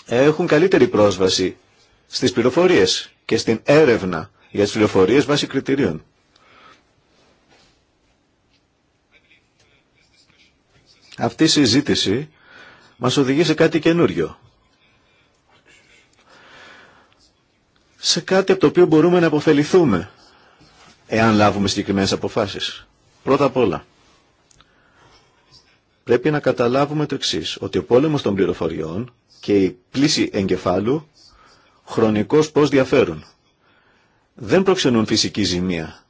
Έχουν καλύτερη πρόσβαση στις πληροφορίες και στην έρευνα για τις πληροφορίες βάσει κριτηρίων. Αυτή η συζήτηση μας οδηγεί σε κάτι καινούριο. Σε κάτι από το οποίο μπορούμε να αποφεληθούμε, εάν λάβουμε συγκεκριμένες αποφάσεις. Πρώτα απ' όλα, πρέπει να καταλάβουμε το εξή ότι ο πόλεμος των πληροφοριών και η πλήση εγκεφάλου χρονικώς πώς διαφέρουν. Δεν προξενούν φυσική ζημία.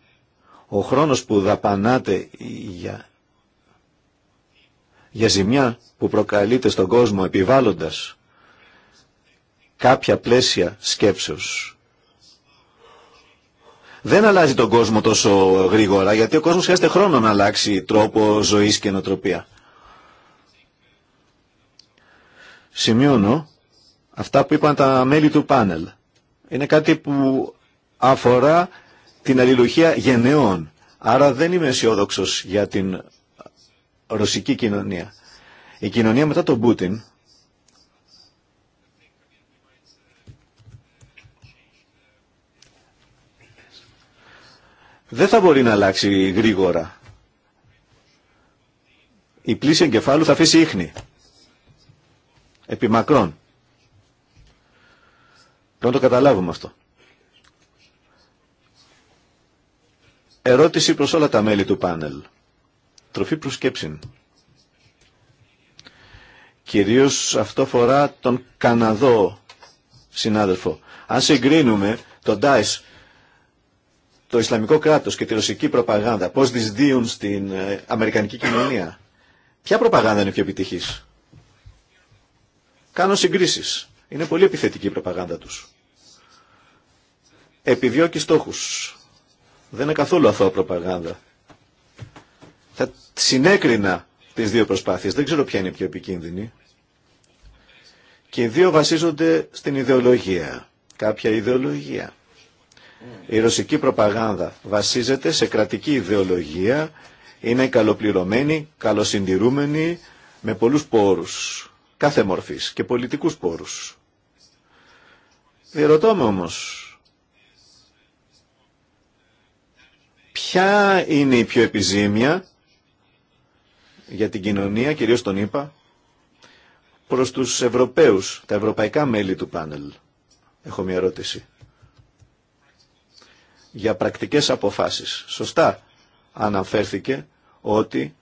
Ο χρόνος που δαπανάτε για για ζημιά που προκαλείται στον κόσμο επιβάλλοντας κάποια πλαίσια σκέψεως. Δεν αλλάζει τον κόσμο τόσο γρήγορα, γιατί ο κόσμος χρειάζεται χρόνο να αλλάξει τρόπο ζωής και νοτροπία. Σημειώνω αυτά που είπαν τα μέλη του πάνελ. Είναι κάτι που αφορά την αλληλουχία γενναιών, Άρα δεν είμαι αισιόδοξο για την ρωσική κοινωνία. Η κοινωνία μετά τον Πούτιν δεν θα μπορεί να αλλάξει γρήγορα. Η πλήση εγκεφάλου θα αφήσει ίχνη. μακρόν. Πρέπει να το καταλάβουμε αυτό. Ερώτηση προς όλα τα μέλη του πάνελ τροφή προς σκέψη. Κυρίως αυτό φορά τον Καναδό συνάδελφο. Αν συγκρίνουμε τον Τάις, το Ισλαμικό κράτος και τη ρωσική προπαγάνδα, πώς δυσδύουν στην ε, Αμερικανική κοινωνία, ποια προπαγάνδα είναι πιο επιτυχής. Κάνω συγκρίσεις. Είναι πολύ επιθετική η προπαγάνδα τους. Επιδιώκει στόχους. Δεν είναι καθόλου αθώα προπαγάνδα. Θα συνέκρινα τις δύο προσπάθειες. Δεν ξέρω ποια είναι η πιο επικίνδυνη. Και οι δύο βασίζονται στην ιδεολογία. Κάποια ιδεολογία. Η ρωσική προπαγάνδα βασίζεται σε κρατική ιδεολογία. Είναι καλοπληρωμένη, καλοσυντηρούμενη, με πολλούς πόρους κάθε μορφής και πολιτικούς πόρους. Διερωτώ με όμως, ποια είναι η πιο επιζήμια για την κοινωνία, κυρίως τον είπα, προς τους Ευρωπαίους, τα ευρωπαϊκά μέλη του πάνελ. Έχω μια ερώτηση. Για πρακτικές αποφάσεις. Σωστά αναφέρθηκε ότι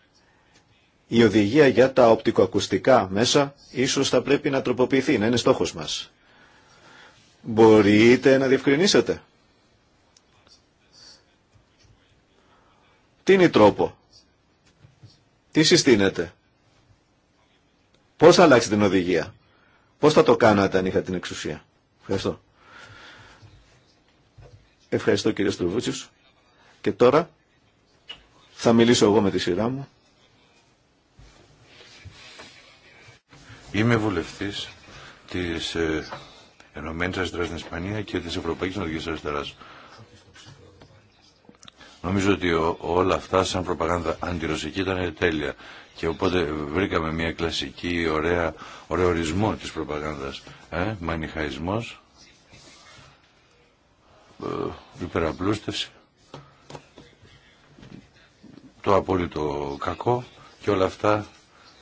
η οδηγία για τα οπτικοακουστικά μέσα ίσως θα πρέπει να τροποποιηθεί, να είναι στόχος μας. Μπορείτε να διευκρινίσετε. Τι είναι η τρόπο τι συστήνετε. Πώς θα αλλάξει την οδηγία. Πώς θα το κάνατε αν είχα την εξουσία. Ευχαριστώ. Ευχαριστώ κύριε Στουρβούτσιος. Και τώρα θα μιλήσω εγώ με τη σειρά μου. Είμαι βουλευτής της ε, Ενωμένης Αριστεράς στην Ισπανία και της Ευρωπαϊκής Οδηγίας Αριστεράς. Νομίζω ότι όλα αυτά σαν προπαγάνδα αντιρωσική ήταν τέλεια και οπότε βρήκαμε μια κλασική ωραία, ωραίο ορισμό της προπαγάνδας. Ε, μανιχαϊσμός, ε, υπεραπλούστευση, το απόλυτο κακό και όλα αυτά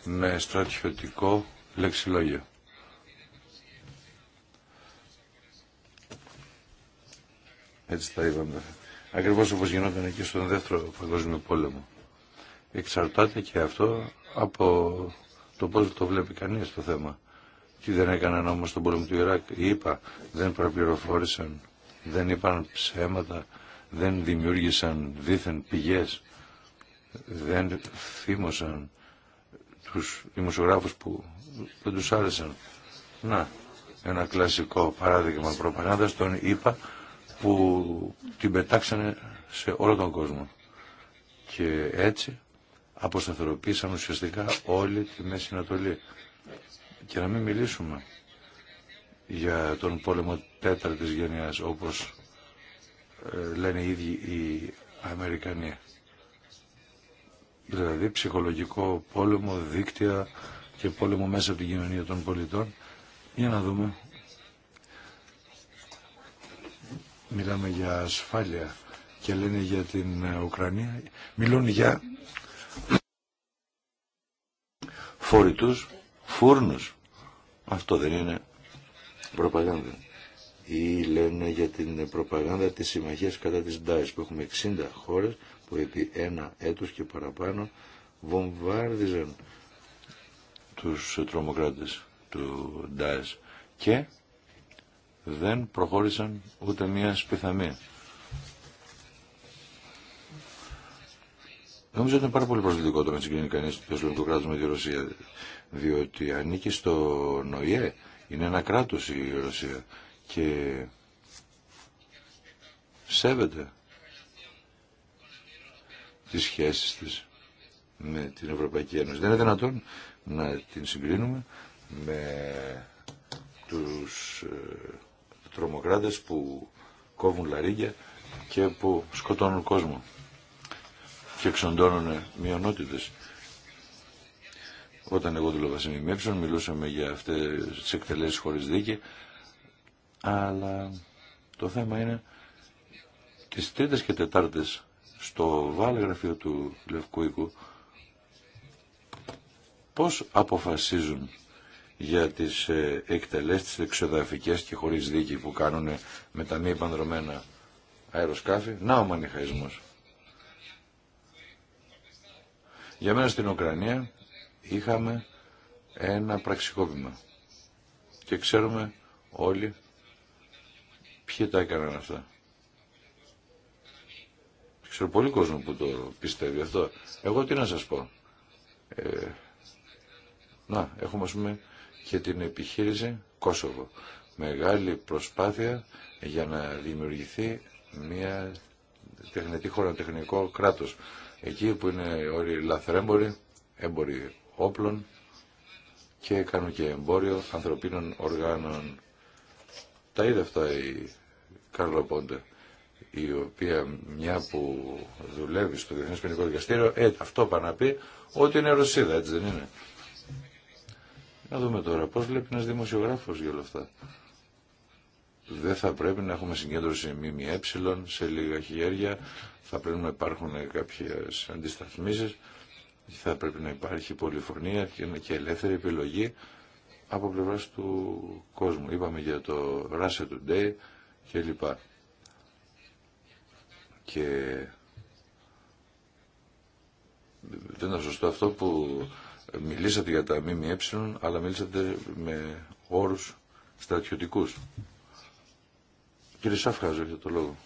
με στρατιωτικό λεξιλόγιο. Έτσι τα είπαμε. Ακριβώ όπω γινόταν και στον δεύτερο παγκόσμιο πόλεμο. Εξαρτάται και αυτό από το πώ το βλέπει κανείς το θέμα. Τι δεν έκαναν όμω τον πόλεμο του Ιράκ, είπα, δεν παραπληροφόρησαν, δεν είπαν ψέματα, δεν δημιούργησαν δίθεν πηγές, δεν θύμωσαν τους δημοσιογράφου που δεν τους άρεσαν. Να, ένα κλασικό παράδειγμα προπαγάνδας, τον είπα που την πετάξανε σε όλο τον κόσμο. Και έτσι αποσταθεροποίησαν ουσιαστικά όλη τη Μέση Ανατολή. Και να μην μιλήσουμε για τον πόλεμο τέταρτης γενιάς όπως ε, λένε οι ίδιοι οι Αμερικανοί. Δηλαδή ψυχολογικό πόλεμο, δίκτυα και πόλεμο μέσα από την κοινωνία των πολιτών. Για να δούμε μιλάμε για ασφάλεια και λένε για την ε, Ουκρανία, μιλούν για φορητούς φούρνους. Αυτό δεν είναι προπαγάνδα. Ή λένε για την προπαγάνδα της συμμαχίας κατά της Ντάις που έχουμε 60 χώρες που επί ένα έτος και παραπάνω βομβάρδιζαν τους τρομοκράτες του Ντάις και δεν προχώρησαν ούτε μία σπιθαμία. Νομίζω ότι είναι πάρα πολύ προσβλητικό το να συγκρίνει κανεί το Ισλαμικό κράτο με τη Ρωσία. Διότι ανήκει στο ΝΟΙΕ, είναι ένα κράτο η Ρωσία και σέβεται τι σχέσει τη με την Ευρωπαϊκή Ένωση. Δεν είναι δυνατόν να την συγκρίνουμε με τους ε, τρομοκράτες που κόβουν λαρίγια και που σκοτώνουν κόσμο και εξοντώνουν μειονότητες. Όταν εγώ δουλεύα σε μιλούσαμε για αυτές τις εκτελέσεις χωρίς δίκη αλλά το θέμα είναι τις τρίτες και τετάρτες στο βάλε γραφείο του Λευκού Οίκου πώς αποφασίζουν για τις ε, εκτελέσεις τις εξοδαφικές και χωρίς δίκη που κάνουν με τα μη επανδρομένα αεροσκάφη. Να ο μανιχαϊσμός. Για μένα στην Ουκρανία είχαμε ένα πραξικόπημα και ξέρουμε όλοι ποιοι τα έκαναν αυτά. Ξέρω πολύ κόσμο που το πιστεύει αυτό. Εγώ τι να σας πω. Ε, να, έχουμε ας πούμε και την επιχείρηση Κόσοβο. Μεγάλη προσπάθεια για να δημιουργηθεί μια τεχνητή χώρα, τεχνικό κράτος. Εκεί που είναι όλοι λαθρέμποροι, έμποροι όπλων και κάνουν και εμπόριο ανθρωπίνων οργάνων. Τα είδε αυτά η Κάρλο Πόντε, η οποία μια που δουλεύει στο Διεθνές Ποινικό Δικαστήριο, ε, αυτό πάνε να πει ότι είναι Ρωσίδα, έτσι δεν είναι. Να δούμε τώρα πώς βλέπει ένας δημοσιογράφος για όλα αυτά. Δεν θα πρέπει να έχουμε συγκέντρωση ΜΜΕ σε λίγα χέρια, θα πρέπει να υπάρχουν κάποιες αντισταθμίσεις, θα πρέπει να υπάρχει πολυφωνία και ελεύθερη επιλογή από πλευρά του κόσμου. Είπαμε για το Russia Today και Και δεν είναι σωστό αυτό που μιλήσατε για τα ΜΜΕ, αλλά μιλήσατε με όρου στρατιωτικού. Κύριε Σάφχα, ζωήτε το λόγο.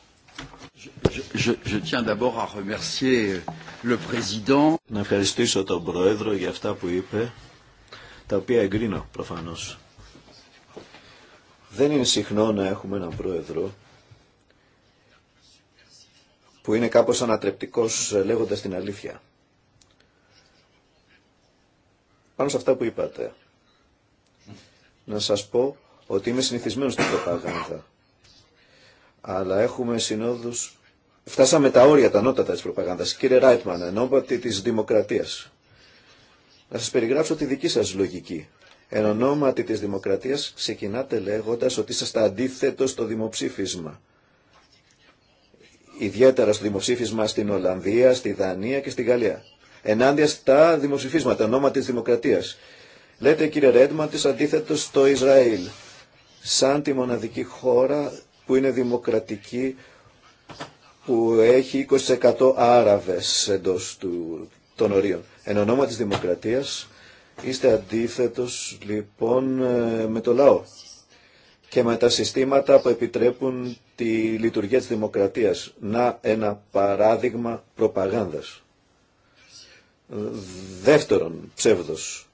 Να ευχαριστήσω τον Πρόεδρο για αυτά που είπε, τα οποία εγκρίνω προφανώ. Δεν είναι συχνό να έχουμε έναν Πρόεδρο που είναι κάπως ανατρεπτικός ε, λέγοντας την αλήθεια. Πάνω σε αυτά που είπατε, να σας πω ότι είμαι συνηθισμένος στην προπαγάνδα. Αλλά έχουμε συνόδους... Φτάσαμε τα όρια, τα νότατα της προπαγάνδας. Κύριε Ράιτμαν, ενώπατη της δημοκρατίας. Να σας περιγράψω τη δική σας λογική. Εν ονόματι της δημοκρατίας ξεκινάτε λέγοντας ότι είσαστε αντίθετο στο δημοψήφισμα. Ιδιαίτερα στο δημοψήφισμα στην Ολλανδία, στη Δανία και στη Γαλλία ενάντια στα δημοσιοφίσματα, ονόμα της δημοκρατίας. Λέτε κύριε Ρέντμαν της αντίθετο στο Ισραήλ, σαν τη μοναδική χώρα που είναι δημοκρατική, που έχει 20% Άραβες εντός του, των ορίων. Εν ονόμα της δημοκρατίας είστε αντίθετος λοιπόν ε, με το λαό και με τα συστήματα που επιτρέπουν τη λειτουργία της δημοκρατίας. Να ένα παράδειγμα προπαγάνδας. Δεύτερον, ψεύδος.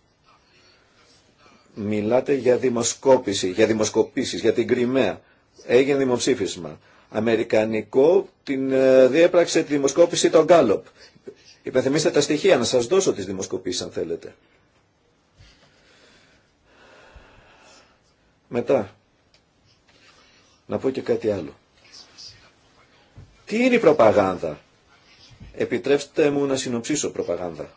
Μιλάτε για δημοσκόπηση, για δημοσκοπήσεις, για την Κρυμαία. Έγινε δημοψήφισμα. Αμερικανικό την ε, διέπραξε τη δημοσκόπηση των Γκάλοπ. Υπενθυμίστε τα στοιχεία, να σας δώσω τις δημοσκοπήσεις αν θέλετε. Μετά, να πω και κάτι άλλο. Τι είναι η προπαγάνδα Επιτρέψτε μου να συνοψίσω προπαγάνδα.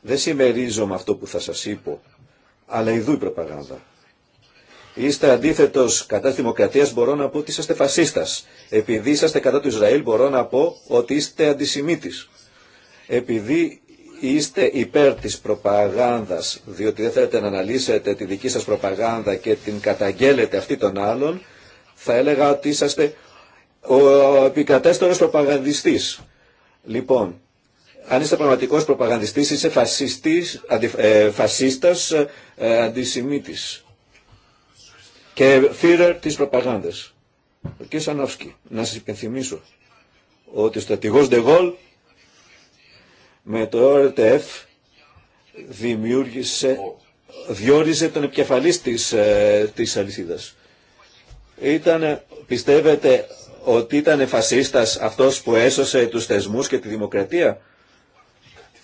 Δεν συμμερίζομαι αυτό που θα σας είπω, αλλά ειδού η προπαγάνδα. Είστε αντίθετο κατά τη δημοκρατία, μπορώ να πω ότι είστε φασίστα. Επειδή είσαστε κατά του Ισραήλ, μπορώ να πω ότι είστε αντισημίτης. Επειδή είστε υπέρ της προπαγάνδας, διότι δεν θέλετε να αναλύσετε τη δική σας προπαγάνδα και την καταγγέλλετε αυτή των άλλων, θα έλεγα ότι είσαστε ο επικατέστορος προπαγανδιστής. Λοιπόν, αν είστε πραγματικός προπαγανδιστής, είσαι φασίστης, αντι, ε, φασίστας, ε, αντισημίτης. Και φύρερ της προπαγάνδας. Ο κ. Σανόφσκι, να σας υπενθυμίσω ότι ο στρατηγός Ντεγόλ με το ΟΡΤΕΦ δημιούργησε, διόριζε τον επικεφαλής της, ε, της αλυσίδας. Ήταν, πιστεύετε, ότι ήταν φασίστας αυτός που έσωσε τους θεσμούς και τη δημοκρατία.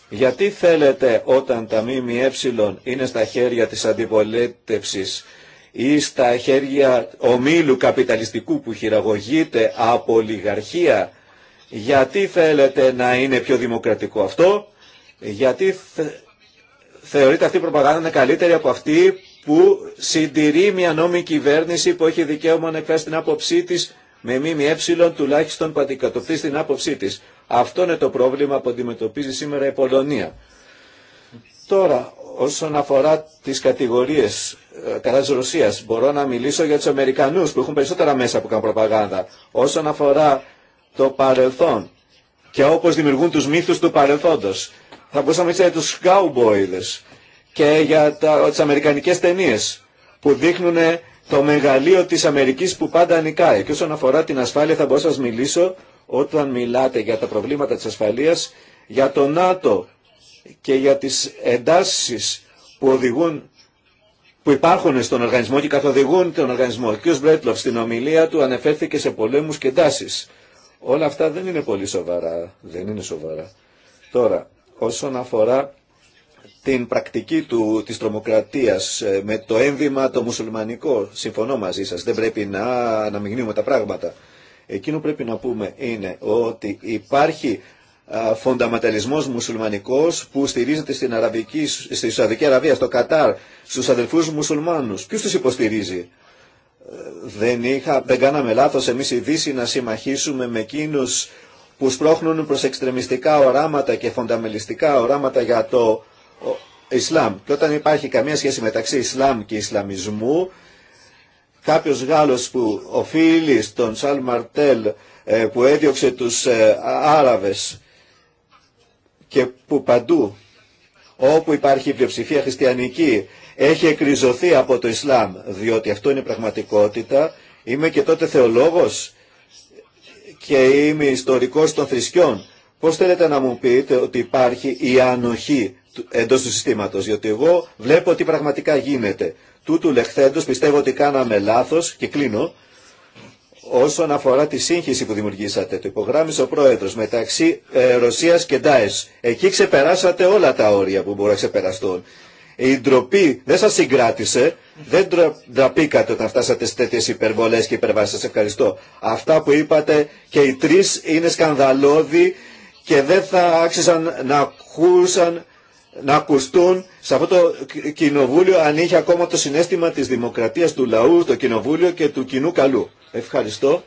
Γιατί θέλετε όταν τα ΜΜΕ είναι στα χέρια της αντιπολίτευσης ή στα χέρια ομίλου καπιταλιστικού που χειραγωγείται από ολιγαρχία, γιατί θέλετε να είναι πιο δημοκρατικό αυτό, γιατί θε... θεωρείται αυτή η προπαγάνδα είναι καλύτερη από αυτή που συντηρεί μια νόμη κυβέρνηση που έχει δικαίωμα να ειναι πιο δημοκρατικο αυτο γιατι θεωρειται αυτη η προπαγανδα ειναι καλυτερη απο αυτη που συντηρει μια νομιμη κυβερνηση που εχει δικαιωμα να εκφρασει την άποψή της με εψιλον τουλάχιστον που αντικατοπτεί στην άποψή τη. Αυτό είναι το πρόβλημα που αντιμετωπίζει σήμερα η Πολωνία. Τώρα, όσον αφορά τις κατηγορίες ε, κατά της Ρωσίας, μπορώ να μιλήσω για του Αμερικανού που έχουν περισσότερα μέσα που κάνουν προπαγάνδα. Όσον αφορά το παρελθόν και όπω δημιουργούν του μύθου του παρελθόντο. Θα μπορούσαμε να για τους cowboys και για τι αμερικανικέ ταινίε που δείχνουν το μεγαλείο της Αμερικής που πάντα νικάει. Και όσον αφορά την ασφάλεια θα μπορούσα να σας μιλήσω όταν μιλάτε για τα προβλήματα της ασφαλείας, για το ΝΑΤΟ και για τις εντάσεις που οδηγούν που υπάρχουν στον οργανισμό και καθοδηγούν τον οργανισμό. Ο κ. Μπρέτλοφ στην ομιλία του ανεφέρθηκε σε πολέμους και τάσει. Όλα αυτά δεν είναι πολύ σοβαρά. Δεν είναι σοβαρά. Τώρα, όσον αφορά την πρακτική του, της τρομοκρατίας ε, με το έμβημα το μουσουλμανικό. Συμφωνώ μαζί σας, δεν πρέπει να αναμειγνύουμε τα πράγματα. Εκείνο πρέπει να πούμε είναι ότι υπάρχει φονταματαλισμός μουσουλμανικός που στηρίζεται στην Αραβική, στη Σαουδική Αραβία, στο Κατάρ, στους αδελφούς μουσουλμάνους. Ποιος τους υποστηρίζει. Ε, δεν, είχα, δεν κάναμε λάθος εμείς οι Δύσοι να συμμαχίσουμε με εκείνους που σπρώχνουν προς εξτρεμιστικά οράματα και φονταμελιστικά οράματα για το Ισλάμ. Και όταν υπάρχει καμία σχέση μεταξύ Ισλάμ και Ισλαμισμού, κάποιος Γάλλος που οφείλει στον Σαλ Μαρτέλ ε, που έδιωξε τους ε, Άραβες και που παντού όπου υπάρχει πλειοψηφία χριστιανική έχει εκριζωθεί από το Ισλάμ διότι αυτό είναι πραγματικότητα είμαι και τότε θεολόγος και είμαι ιστορικός των θρησκειών πώς θέλετε να μου πείτε ότι υπάρχει η ανοχή εντός του συστήματος, διότι εγώ βλέπω ότι πραγματικά γίνεται. Τούτου λεχθέντος πιστεύω ότι κάναμε λάθος και κλείνω όσον αφορά τη σύγχυση που δημιουργήσατε. Το υπογράμμισε ο πρόεδρος μεταξύ ε, Ρωσίας και Ντάες. Εκεί ξεπεράσατε όλα τα όρια που μπορούν να ξεπεραστούν. Η ντροπή δεν σας συγκράτησε, δεν ντραπήκατε όταν φτάσατε σε τέτοιες υπερβολές και υπερβάσεις. Σας ευχαριστώ. Αυτά που είπατε και οι τρεις είναι σκανδαλώδη και δεν θα άξιζαν να ακούσαν να ακουστούν σε αυτό το κοινοβούλιο αν είχε ακόμα το συνέστημα της δημοκρατίας του λαού, το κοινοβούλιο και του κοινού καλού. Ευχαριστώ.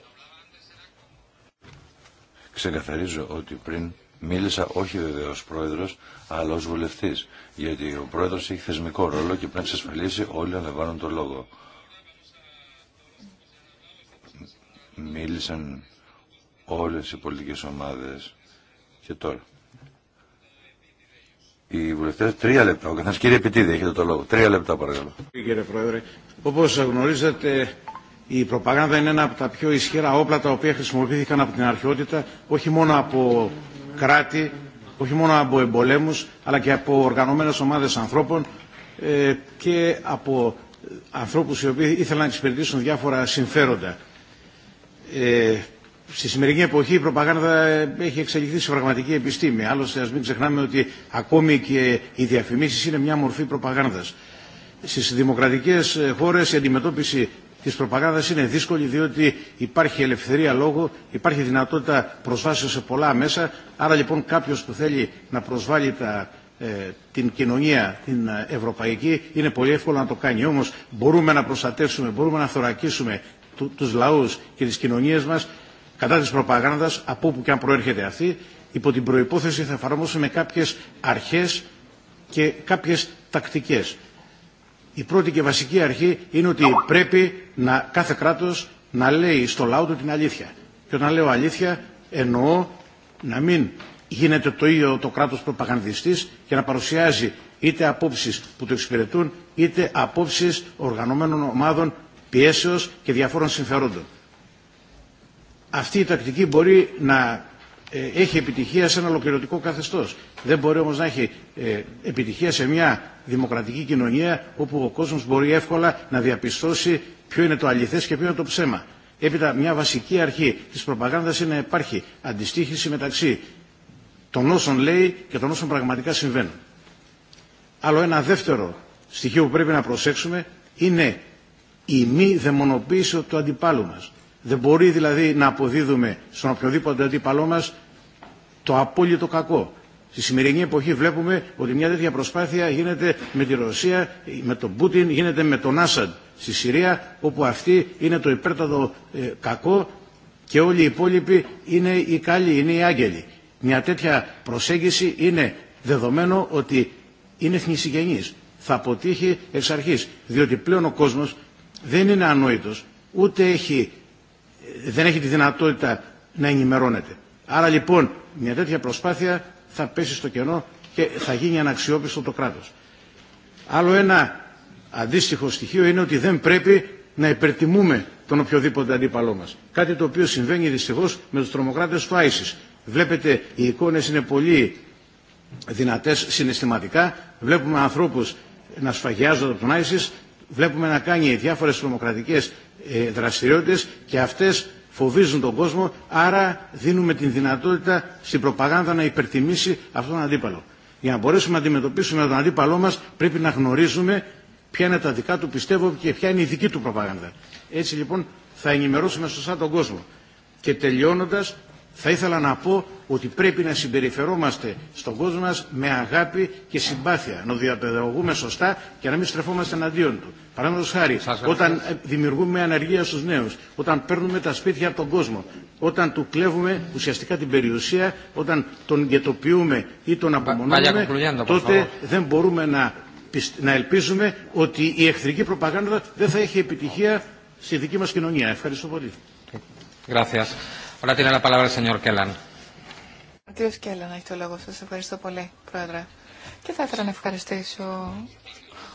Ξεκαθαρίζω ότι πριν μίλησα όχι βεβαίω ως πρόεδρος, αλλά ως βουλευτής, γιατί ο πρόεδρος έχει θεσμικό ρόλο και πρέπει να εξασφαλίσει όλοι να λαμβάνουν το λόγο. Μίλησαν όλες οι πολιτικές ομάδες και τώρα οι βουλευτέ τρία λεπτά. Ο καθένα κύριε Πιτίδη, έχετε το λόγο. Τρία λεπτά παρακαλώ. Κύριε Πρόεδρε, όπω γνωρίζετε, η προπαγάνδα είναι ένα από τα πιο ισχυρά όπλα τα οποία χρησιμοποιήθηκαν από την αρχαιότητα, όχι μόνο από κράτη, όχι μόνο από εμπολέμου, αλλά και από οργανωμένε ομάδε ανθρώπων ε, και από ανθρώπου οι οποίοι ήθελαν να εξυπηρετήσουν διάφορα συμφέροντα. Ε, στη σημερινή εποχή η προπαγάνδα ε, έχει εξελιχθεί σε πραγματική επιστήμη. Άλλωστε, α μην ξεχνάμε ότι ακόμη και οι διαφημίσει είναι μια μορφή προπαγάνδα. Στι δημοκρατικέ ε, χώρε η αντιμετώπιση τη προπαγάνδα είναι δύσκολη διότι υπάρχει ελευθερία λόγου, υπάρχει δυνατότητα προσβάσεω σε πολλά μέσα. Άρα λοιπόν κάποιο που θέλει να προσβάλλει τα, ε, την κοινωνία την ευρωπαϊκή είναι πολύ εύκολο να το κάνει. Όμω μπορούμε να προστατεύσουμε, μπορούμε να θωρακίσουμε του λαού και τι κοινωνίε μα κατά της προπαγάνδας από όπου και αν προέρχεται αυτή υπό την προϋπόθεση θα εφαρμόσουμε κάποιες αρχές και κάποιες τακτικές. Η πρώτη και βασική αρχή είναι ότι πρέπει να, κάθε κράτος να λέει στο λαό του την αλήθεια. Και όταν λέω αλήθεια εννοώ να μην γίνεται το ίδιο το κράτος προπαγανδιστής και να παρουσιάζει είτε απόψεις που το εξυπηρετούν είτε απόψεις οργανωμένων ομάδων πιέσεως και διαφόρων συμφερόντων αυτή η τακτική μπορεί να ε, έχει επιτυχία σε ένα ολοκληρωτικό καθεστώς. Δεν μπορεί όμως να έχει ε, επιτυχία σε μια δημοκρατική κοινωνία όπου ο κόσμος μπορεί εύκολα να διαπιστώσει ποιο είναι το αληθές και ποιο είναι το ψέμα. Έπειτα μια βασική αρχή της προπαγάνδας είναι να υπάρχει αντιστοίχηση μεταξύ των όσων λέει και των όσων πραγματικά συμβαίνουν. Άλλο ένα δεύτερο στοιχείο που πρέπει να προσέξουμε είναι η μη δαιμονοποίηση του αντιπάλου μας. Δεν μπορεί δηλαδή να αποδίδουμε στον οποιοδήποτε αντίπαλό μα το απόλυτο κακό. Στη σημερινή εποχή βλέπουμε ότι μια τέτοια προσπάθεια γίνεται με τη Ρωσία, με τον Πούτιν, γίνεται με τον Άσαντ στη Συρία, όπου αυτή είναι το υπέρτατο ε, κακό και όλοι οι υπόλοιποι είναι οι καλοί, είναι οι άγγελοι. Μια τέτοια προσέγγιση είναι δεδομένο ότι είναι θνησιγενής. Θα αποτύχει εξ αρχής, διότι πλέον ο κόσμος δεν είναι ανόητο, ούτε έχει δεν έχει τη δυνατότητα να ενημερώνεται. Άρα λοιπόν μια τέτοια προσπάθεια θα πέσει στο κενό και θα γίνει αναξιόπιστο το κράτος. Άλλο ένα αντίστοιχο στοιχείο είναι ότι δεν πρέπει να υπερτιμούμε τον οποιοδήποτε αντίπαλό μας. Κάτι το οποίο συμβαίνει δυστυχώς με τους τρομοκράτες του ISIS. Βλέπετε οι εικόνες είναι πολύ δυνατές συναισθηματικά. Βλέπουμε ανθρώπους να σφαγιάζονται από τον ISIS βλέπουμε να κάνει διάφορες τρομοκρατικές ε, δραστηριότητες και αυτές φοβίζουν τον κόσμο, άρα δίνουμε την δυνατότητα στην προπαγάνδα να υπερτιμήσει αυτόν τον αντίπαλο. Για να μπορέσουμε να αντιμετωπίσουμε τον αντίπαλό μας πρέπει να γνωρίζουμε ποια είναι τα δικά του πιστεύω και ποια είναι η δική του προπαγάνδα. Έτσι λοιπόν θα ενημερώσουμε σωστά τον κόσμο. Και τελειώνοντας θα ήθελα να πω ότι πρέπει να συμπεριφερόμαστε στον κόσμο μας με αγάπη και συμπάθεια, να διαπαιδαγωγούμε σωστά και να μην στρεφόμαστε εναντίον του. Παράδειγμα χάρη, όταν δημιουργούμε ανεργία στους νέους, όταν παίρνουμε τα σπίτια από τον κόσμο, όταν του κλέβουμε ουσιαστικά την περιουσία, όταν τον γετοποιούμε ή τον απομονώνουμε, τότε δεν μπορούμε να, να ελπίζουμε ότι η εχθρική προπαγάνδα δεν θα έχει επιτυχία στη δική μας κοινωνία. Ευχαριστώ πολύ. Gracias. Όλα την έχει το λόγο. σα ευχαριστώ πολύ, Πρόεδρε. Και θα ήθελα να ευχαριστήσω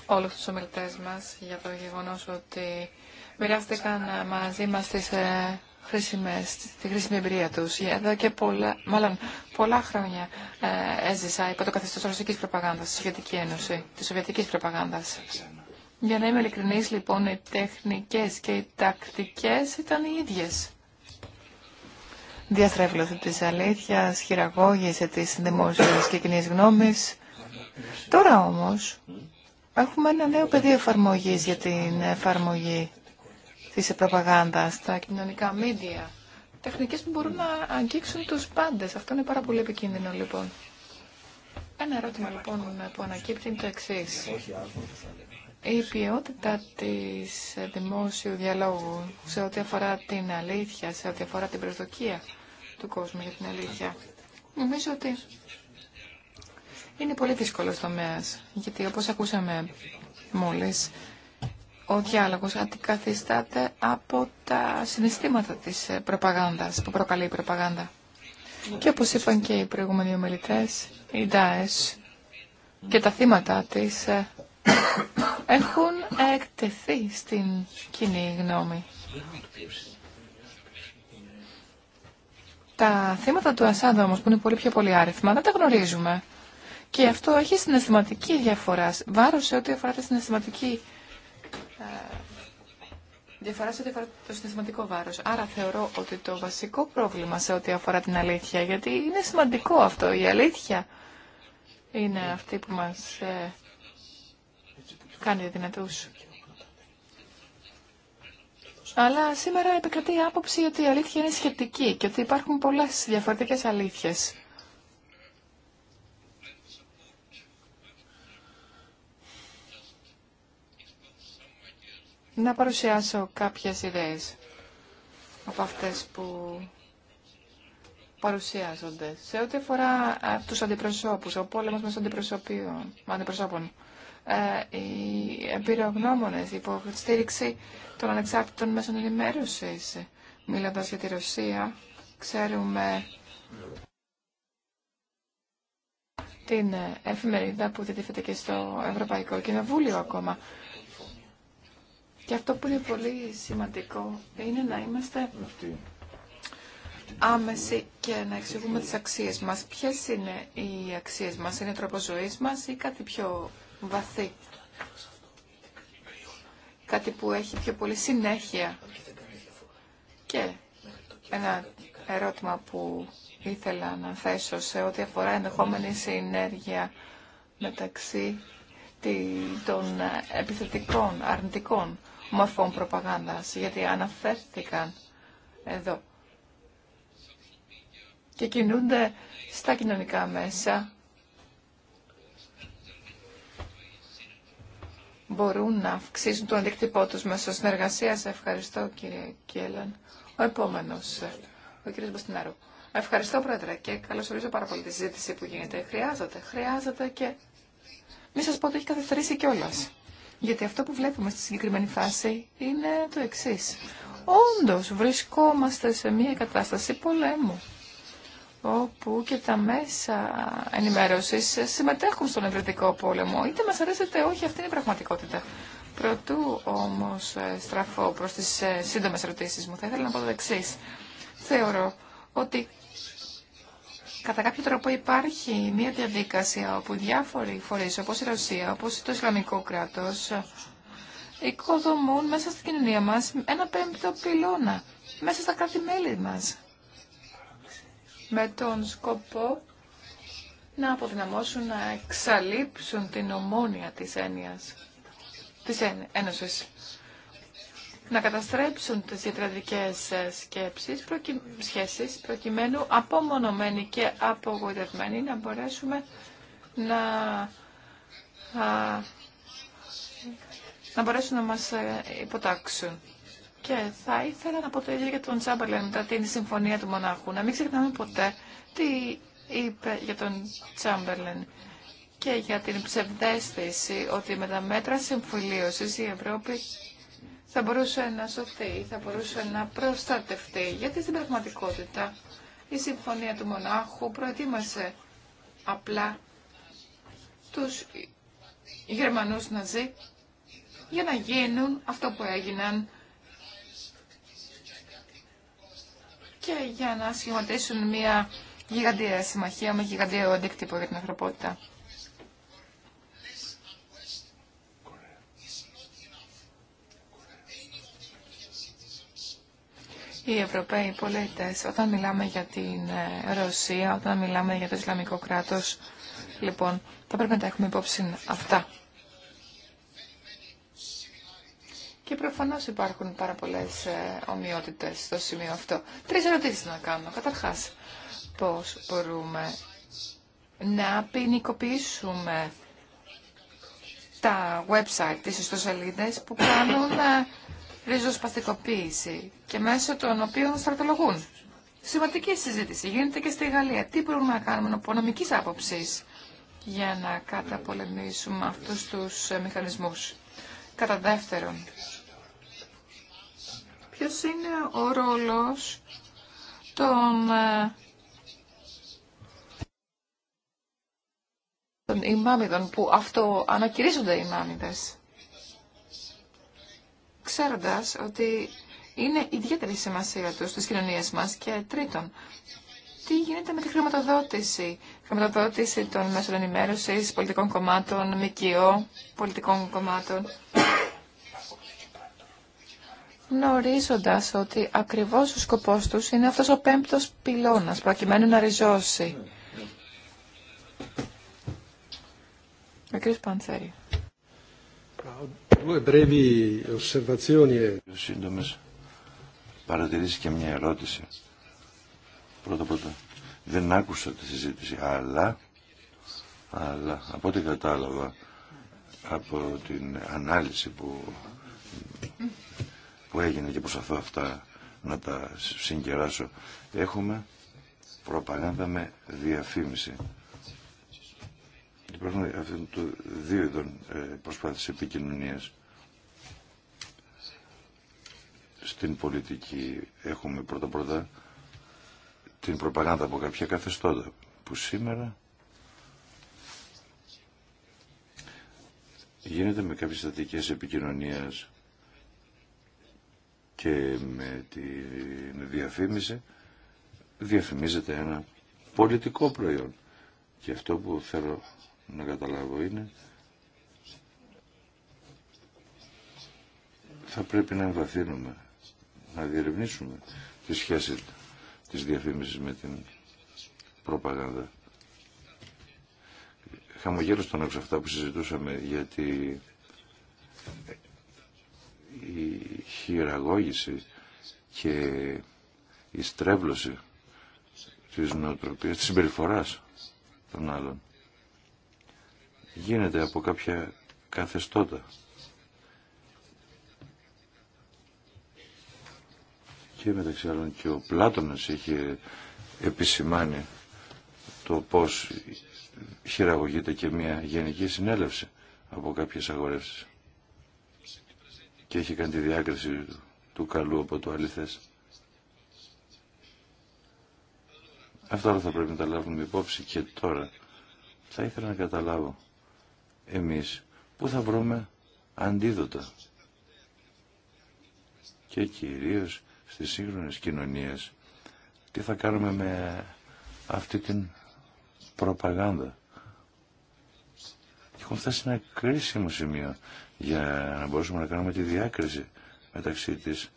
όλου του ομιλητέ μα για το γεγονό ότι μοιράστηκαν μαζί μα τις ε, χρήσιμες, τη χρήσιμη εμπειρία του, Εδώ και πολλά, μάλλον πολλά χρόνια ε, έζησα υπό το καθεστώς ρωσική προπαγάνδα, στη Σοβιετική Ένωση, τη Σοβιετική Προπαγάνδα. Για να είμαι ειλικρινή, λοιπόν, οι τεχνικέ και οι τακτικέ ήταν οι ίδιε διαστρέβλωση της αλήθειας, χειραγώγηση της δημόσιας και κοινής γνώμης. Τώρα όμως έχουμε ένα νέο πεδίο εφαρμογή για την εφαρμογή της προπαγάνδας στα κοινωνικά μίντια. Τεχνικές που μπορούν να αγγίξουν τους πάντες. Αυτό είναι πάρα πολύ επικίνδυνο λοιπόν. Ένα ερώτημα λοιπόν που ανακύπτει είναι το εξή. Η ποιότητα της δημόσιου διαλόγου σε ό,τι αφορά την αλήθεια, σε ό,τι αφορά την προσδοκία του κόσμου για την αλήθεια. Νομίζω ότι είναι πολύ δύσκολο τομέα. Γιατί όπως ακούσαμε μόλις, ο διάλογος αντικαθιστάται από τα συναισθήματα της ε, προπαγάνδας, που προκαλεί η προπαγάνδα. Και όπως είπαν και οι προηγούμενοι ομιλητέ, οι Ντάε και τα θύματα της ε, έχουν εκτεθεί στην κοινή γνώμη. Τα θέματα του Ασάντα όμως που είναι πολύ πιο πολύ άριθμα δεν τα γνωρίζουμε. Και αυτό έχει συναισθηματική διαφορά, Βάρο σε ό,τι αφορά τη συναισθηματική ε, διαφορά σε ό,τι αφορά το συναισθηματικό βάρος. Άρα θεωρώ ότι το βασικό πρόβλημα σε ό,τι αφορά την αλήθεια, γιατί είναι σημαντικό αυτό, η αλήθεια είναι αυτή που μας ε, κάνει δυνατού. Αλλά σήμερα επικρατεί η άποψη ότι η αλήθεια είναι σχετική και ότι υπάρχουν πολλές διαφορετικές αλήθειες. Να παρουσιάσω κάποιες ιδέες από αυτές που παρουσιάζονται. Σε ό,τι αφορά τους αντιπροσώπους, ο πόλεμος με τους αντιπροσώπων. Ε, οι εμπειρογνώμονες, η στήριξη των ανεξάρτητων μέσων ενημέρωσης. Μιλώντας για τη Ρωσία, ξέρουμε την εφημερίδα που διατίθεται και στο Ευρωπαϊκό Κοινοβούλιο ακόμα. Και αυτό που είναι πολύ σημαντικό είναι να είμαστε άμεση και να εξηγούμε τις αξίες μας. Ποιες είναι οι αξίες μας, είναι τρόπο ζωής μας ή κάτι πιο βαθύ. Κάτι που έχει πιο πολύ συνέχεια. Και ένα ερώτημα που ήθελα να θέσω σε ό,τι αφορά ενδεχόμενη συνέργεια μεταξύ των επιθετικών, αρνητικών μορφών προπαγάνδας, γιατί αναφέρθηκαν εδώ και κινούνται στα κοινωνικά μέσα μπορούν να αυξήσουν τον αντίκτυπό τους μέσω συνεργασία. Ευχαριστώ κύριε Κέλλαν. Ο επόμενος, ο κύριος Μποστινάρου. Ευχαριστώ πρόεδρε και καλωσορίζω πάρα πολύ τη συζήτηση που γίνεται. Χρειάζεται, χρειάζεται και μη σας πω ότι έχει καθυστερήσει κιόλα. Γιατί αυτό που βλέπουμε στη συγκεκριμένη φάση είναι το εξή. Όντω βρισκόμαστε σε μια κατάσταση πολέμου όπου και τα μέσα ενημέρωση συμμετέχουν στον ευρετικό πόλεμο. Είτε μα αρέσει είτε όχι, αυτή είναι η πραγματικότητα. Πρωτού όμως ε, στραφώ προ τι ε, σύντομε ερωτήσει μου, θα ήθελα να πω το εξή. Θεωρώ ότι κατά κάποιο τρόπο υπάρχει μια διαδικασία όπου διάφοροι φορεί, όπω η Ρωσία, όπω το Ισλαμικό κράτο, οικοδομούν μέσα στην κοινωνία μας ένα πέμπτο πυλώνα, μέσα στα κράτη-μέλη μας με τον σκοπό να αποδυναμώσουν, να εξαλείψουν την ομόνια της έννοιας, της ένωσης. Να καταστρέψουν τις ιατρατικές ε, σκέψεις, σχέσεις, προκειμένου απομονωμένοι και απογοητευμένοι να μπορέσουμε να, να μπορέσουν να μας ε, υποτάξουν. Και θα ήθελα να πω το ίδιο για τον Τσάμπερλεν μετά την συμφωνία του Μονάχου. Να μην ξεχνάμε ποτέ τι είπε για τον Τσάμπερλεν και για την ψευδέστηση ότι με τα μέτρα συμφιλίωση η Ευρώπη θα μπορούσε να σωθεί, θα μπορούσε να προστατευτεί. Γιατί στην πραγματικότητα η συμφωνία του Μονάχου προετοίμασε απλά τους Γερμανούς Ναζί για να γίνουν αυτό που έγιναν και για να σχηματίσουν μια γιγαντία συμμαχία με γιγαντιαίο αντίκτυπο για την ανθρωπότητα. Οι Ευρωπαίοι πολίτες, όταν μιλάμε για την ε, Ρωσία, όταν μιλάμε για το Ισλαμικό κράτος, λοιπόν, θα πρέπει να τα έχουμε υπόψη αυτά. Και προφανώς υπάρχουν πάρα πολλές ε, ομοιότητες στο σημείο αυτό. Τρει ερωτήσει να κάνω. Καταρχάς, πώς μπορούμε να ποινικοποιήσουμε τα website, τις ιστοσελίδες που κάνουν ε, ριζοσπαστικοποίηση και μέσω των οποίων στρατολογούν. Σημαντική συζήτηση γίνεται και στη Γαλλία. Τι μπορούμε να κάνουμε από νομικής άποψης για να καταπολεμήσουμε αυτούς τους ε, μηχανισμούς. Κατά δεύτερον, ποιος είναι ο ρόλος των ε, των ημάμιδων που αυτό ανακηρύσσονται οι ημάμιδες ξέροντας ότι είναι ιδιαίτερη σημασία τους στις κοινωνίες μας και τρίτον τι γίνεται με τη χρηματοδότηση χρηματοδότηση των μέσων ενημέρωση, πολιτικών κομμάτων, ΜΚΟ, πολιτικών κομμάτων Γνωρίζοντα ότι ακριβώ ο σκοπό του είναι αυτό ο πέμπτος πυλώνας, προκειμένου να ριζώσει. Ο κ. Πανθέρη. Δύο σύντομες παρατηρήσεις και μια ερώτηση. Πρώτα όλα Δεν άκουσα τη συζήτηση, αλλά, αλλά από ό,τι κατάλαβα από την ανάλυση που που έγινε και προσπαθώ αυτά να τα συγκεράσω. Έχουμε προπαγάνδα με διαφήμιση. Υπάρχουν αυτών του δύο ειδών ε, προσπάθειες επικοινωνίας. Στην πολιτική έχουμε πρώτα πρώτα την προπαγάνδα από κάποια καθεστώτα που σήμερα γίνεται με κάποιες στατικές επικοινωνίας και με τη διαφήμιση διαφημίζεται ένα πολιτικό προϊόν. Και αυτό που θέλω να καταλάβω είναι θα πρέπει να εμβαθύνουμε, να διερευνήσουμε τη σχέση της διαφήμισης με την προπαγάνδα. Χαμογέλος τον έξω αυτά που συζητούσαμε γιατί η χειραγώγηση και η στρέβλωση της νοοτροπίας, της συμπεριφοράς των άλλων γίνεται από κάποια καθεστώτα και μεταξύ άλλων και ο Πλάτωνας είχε επισημάνει το πώς χειραγωγείται και μια γενική συνέλευση από κάποιες αγορεύσεις και έχει κάνει τη διάκριση του καλού από το αληθές. Αυτά όλα θα πρέπει να τα λάβουμε υπόψη και τώρα. Θα ήθελα να καταλάβω εμείς πού θα βρούμε αντίδοτα και κυρίως στις σύγχρονες κοινωνίες τι θα κάνουμε με αυτή την προπαγάνδα. Έχουν φτάσει σε ένα κρίσιμο σημείο για να μπορούσαμε να κάνουμε τη διάκριση μεταξύ της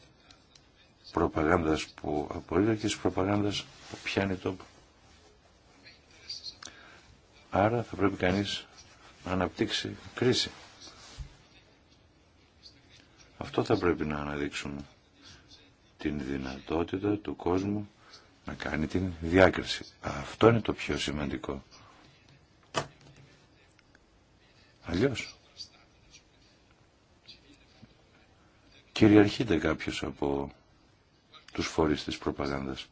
προπαγάνδας που απολύτω και της προπαγάνδας που πιάνει τόπο. Άρα θα πρέπει κανείς να αναπτύξει κρίση. Αυτό θα πρέπει να αναδείξουμε. Την δυνατότητα του κόσμου να κάνει την διάκριση. Αυτό είναι το πιο σημαντικό. Αλλιώς κυριαρχείται κάποιος από τους φορείς της προπαγάνδας.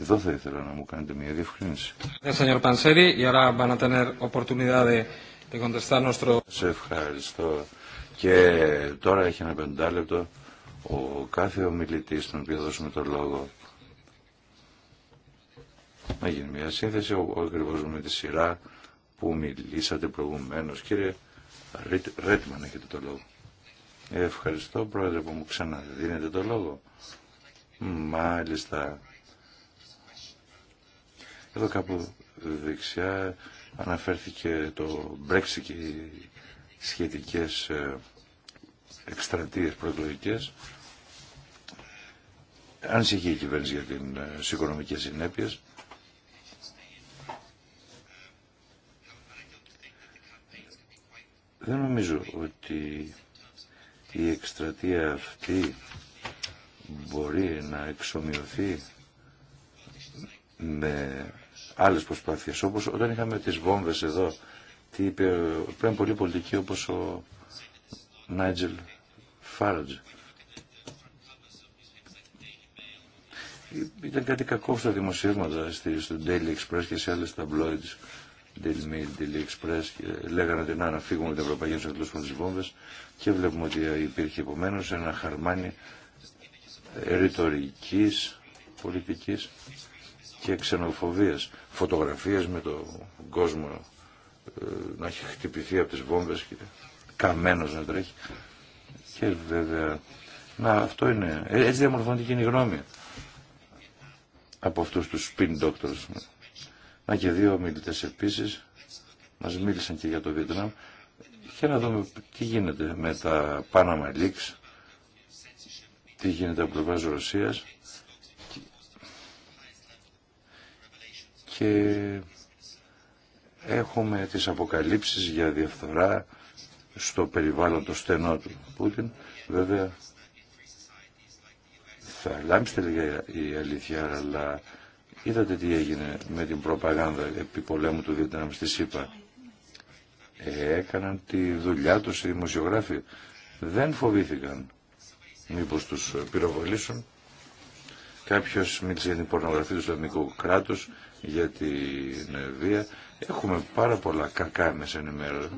Εδώ θα ήθελα να μου κάνετε μια διευκρίνηση. Σε ευχαριστώ. Και τώρα έχει ένα πεντάλεπτο ο κάθε ομιλητή τον οποίο δώσουμε το λόγο να γίνει μια σύνθεση ακριβώ με τη σειρά που μιλήσατε προηγουμένως. Κύριε Ρέτμαν έχετε το λόγο. Ευχαριστώ πρόεδρε που μου ξαναδίνετε το λόγο. Μάλιστα. Εδώ κάπου δεξιά αναφέρθηκε το Brexit και οι σχετικές ε, εκστρατείες προεκλογικές. Ανησυχεί η κυβέρνηση για ε, τις οικονομικές συνέπειες. Δεν νομίζω ότι η εκστρατεία αυτή μπορεί να εξομοιωθεί με άλλες προσπάθειες όπως όταν είχαμε τις βόμβες εδώ τι είπε πριν πολύ πολιτική όπως ο Νάιτζελ Φάρατζ ήταν κάτι κακό στα δημοσίευματα στο Daily Express και σε άλλες ταμπλόιτς Daily λέγανε ότι να, να την Ευρωπαϊκή Ένωση να τις βόμβες και βλέπουμε ότι υπήρχε επομένω ένα χαρμάνι ρητορική πολιτικής και ξενοφοβίας. Φωτογραφίες με τον κόσμο ε, να έχει χτυπηθεί από τις βόμβες και καμένος να τρέχει. Και βέβαια, να αυτό είναι, έτσι διαμορφώνεται η γνώμη από αυτούς τους spin doctors. Αν και δύο ομιλητέ επίση μα μίλησαν και για το Βιετνάμ. Και να δούμε τι γίνεται με τα Panama Leaks, τι γίνεται από πλευρά Ρωσία. Και έχουμε τις αποκαλύψεις για διαφθορά στο περιβάλλον το στενό του Πούτιν. Βέβαια θα λάμψει τελικά η αλήθεια, αλλά Είδατε τι έγινε με την προπαγάνδα επί πολέμου του Βιετνάμ στη ΣΥΠΑ. Ε, έκαναν τη δουλειά τους οι δημοσιογράφοι. Δεν φοβήθηκαν μήπως τους πυροβολήσουν. Κάποιος μίλησε για την πορνογραφία του Ισλαμικού κράτους, για την βία. Έχουμε πάρα πολλά κακά μέσα ενημέρωση.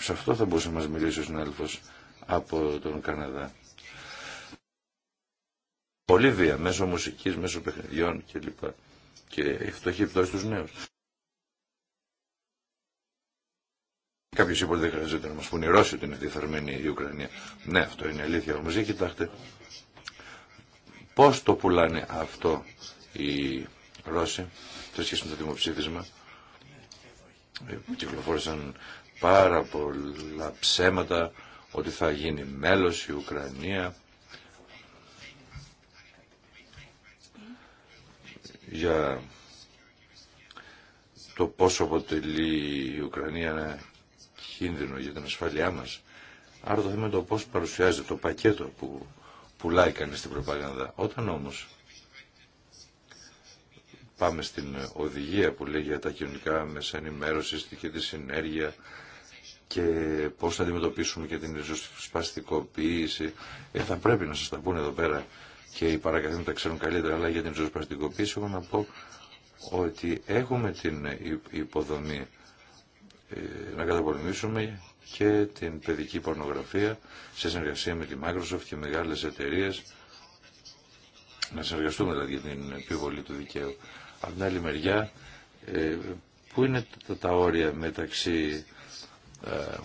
Σε αυτό θα μπορούσε να μας μιλήσει ο συνάδελφος από τον Καναδά. Πολύ βία μέσω μουσικής, μέσω παιχνιδιών κλπ. Και αυτό έχει επιπτώσει στους νέους. Κάποιο είπε ότι δεν χρειάζεται να μα πούνε οι Ρώσοι ότι είναι η Ουκρανία. Ναι, αυτό είναι αλήθεια. Όμω για κοιτάξτε πώ το πουλάνε αυτό οι Ρώσοι σε σχέση με το δημοψήφισμα. Ε, κυκλοφόρησαν πάρα πολλά ψέματα ότι θα γίνει μέλος η Ουκρανία για το πόσο αποτελεί η Ουκρανία ένα κίνδυνο για την ασφάλειά μας. Άρα το θέμα είναι το πώς παρουσιάζεται το πακέτο που πουλάει κανείς την προπαγάνδα. Όταν όμως πάμε στην οδηγία που λέει για τα κοινωνικά μέσα ενημέρωση και τη συνέργεια και πώς θα αντιμετωπίσουμε και την ριζοσπαστικοποίηση, ε, θα πρέπει να σας τα πούνε εδώ πέρα και οι παρακαθέντε τα ξέρουν καλύτερα, αλλά για την ζωσπαστικοποίηση έχω να πω ότι έχουμε την υποδομή ε, να καταπολεμήσουμε και την παιδική πορνογραφία σε συνεργασία με τη Microsoft και μεγάλες εταιρείες να συνεργαστούμε δηλαδή για την επιβολή του δικαίου. Από την άλλη μεριά, ε, πού είναι τα, όρια μεταξύ ε,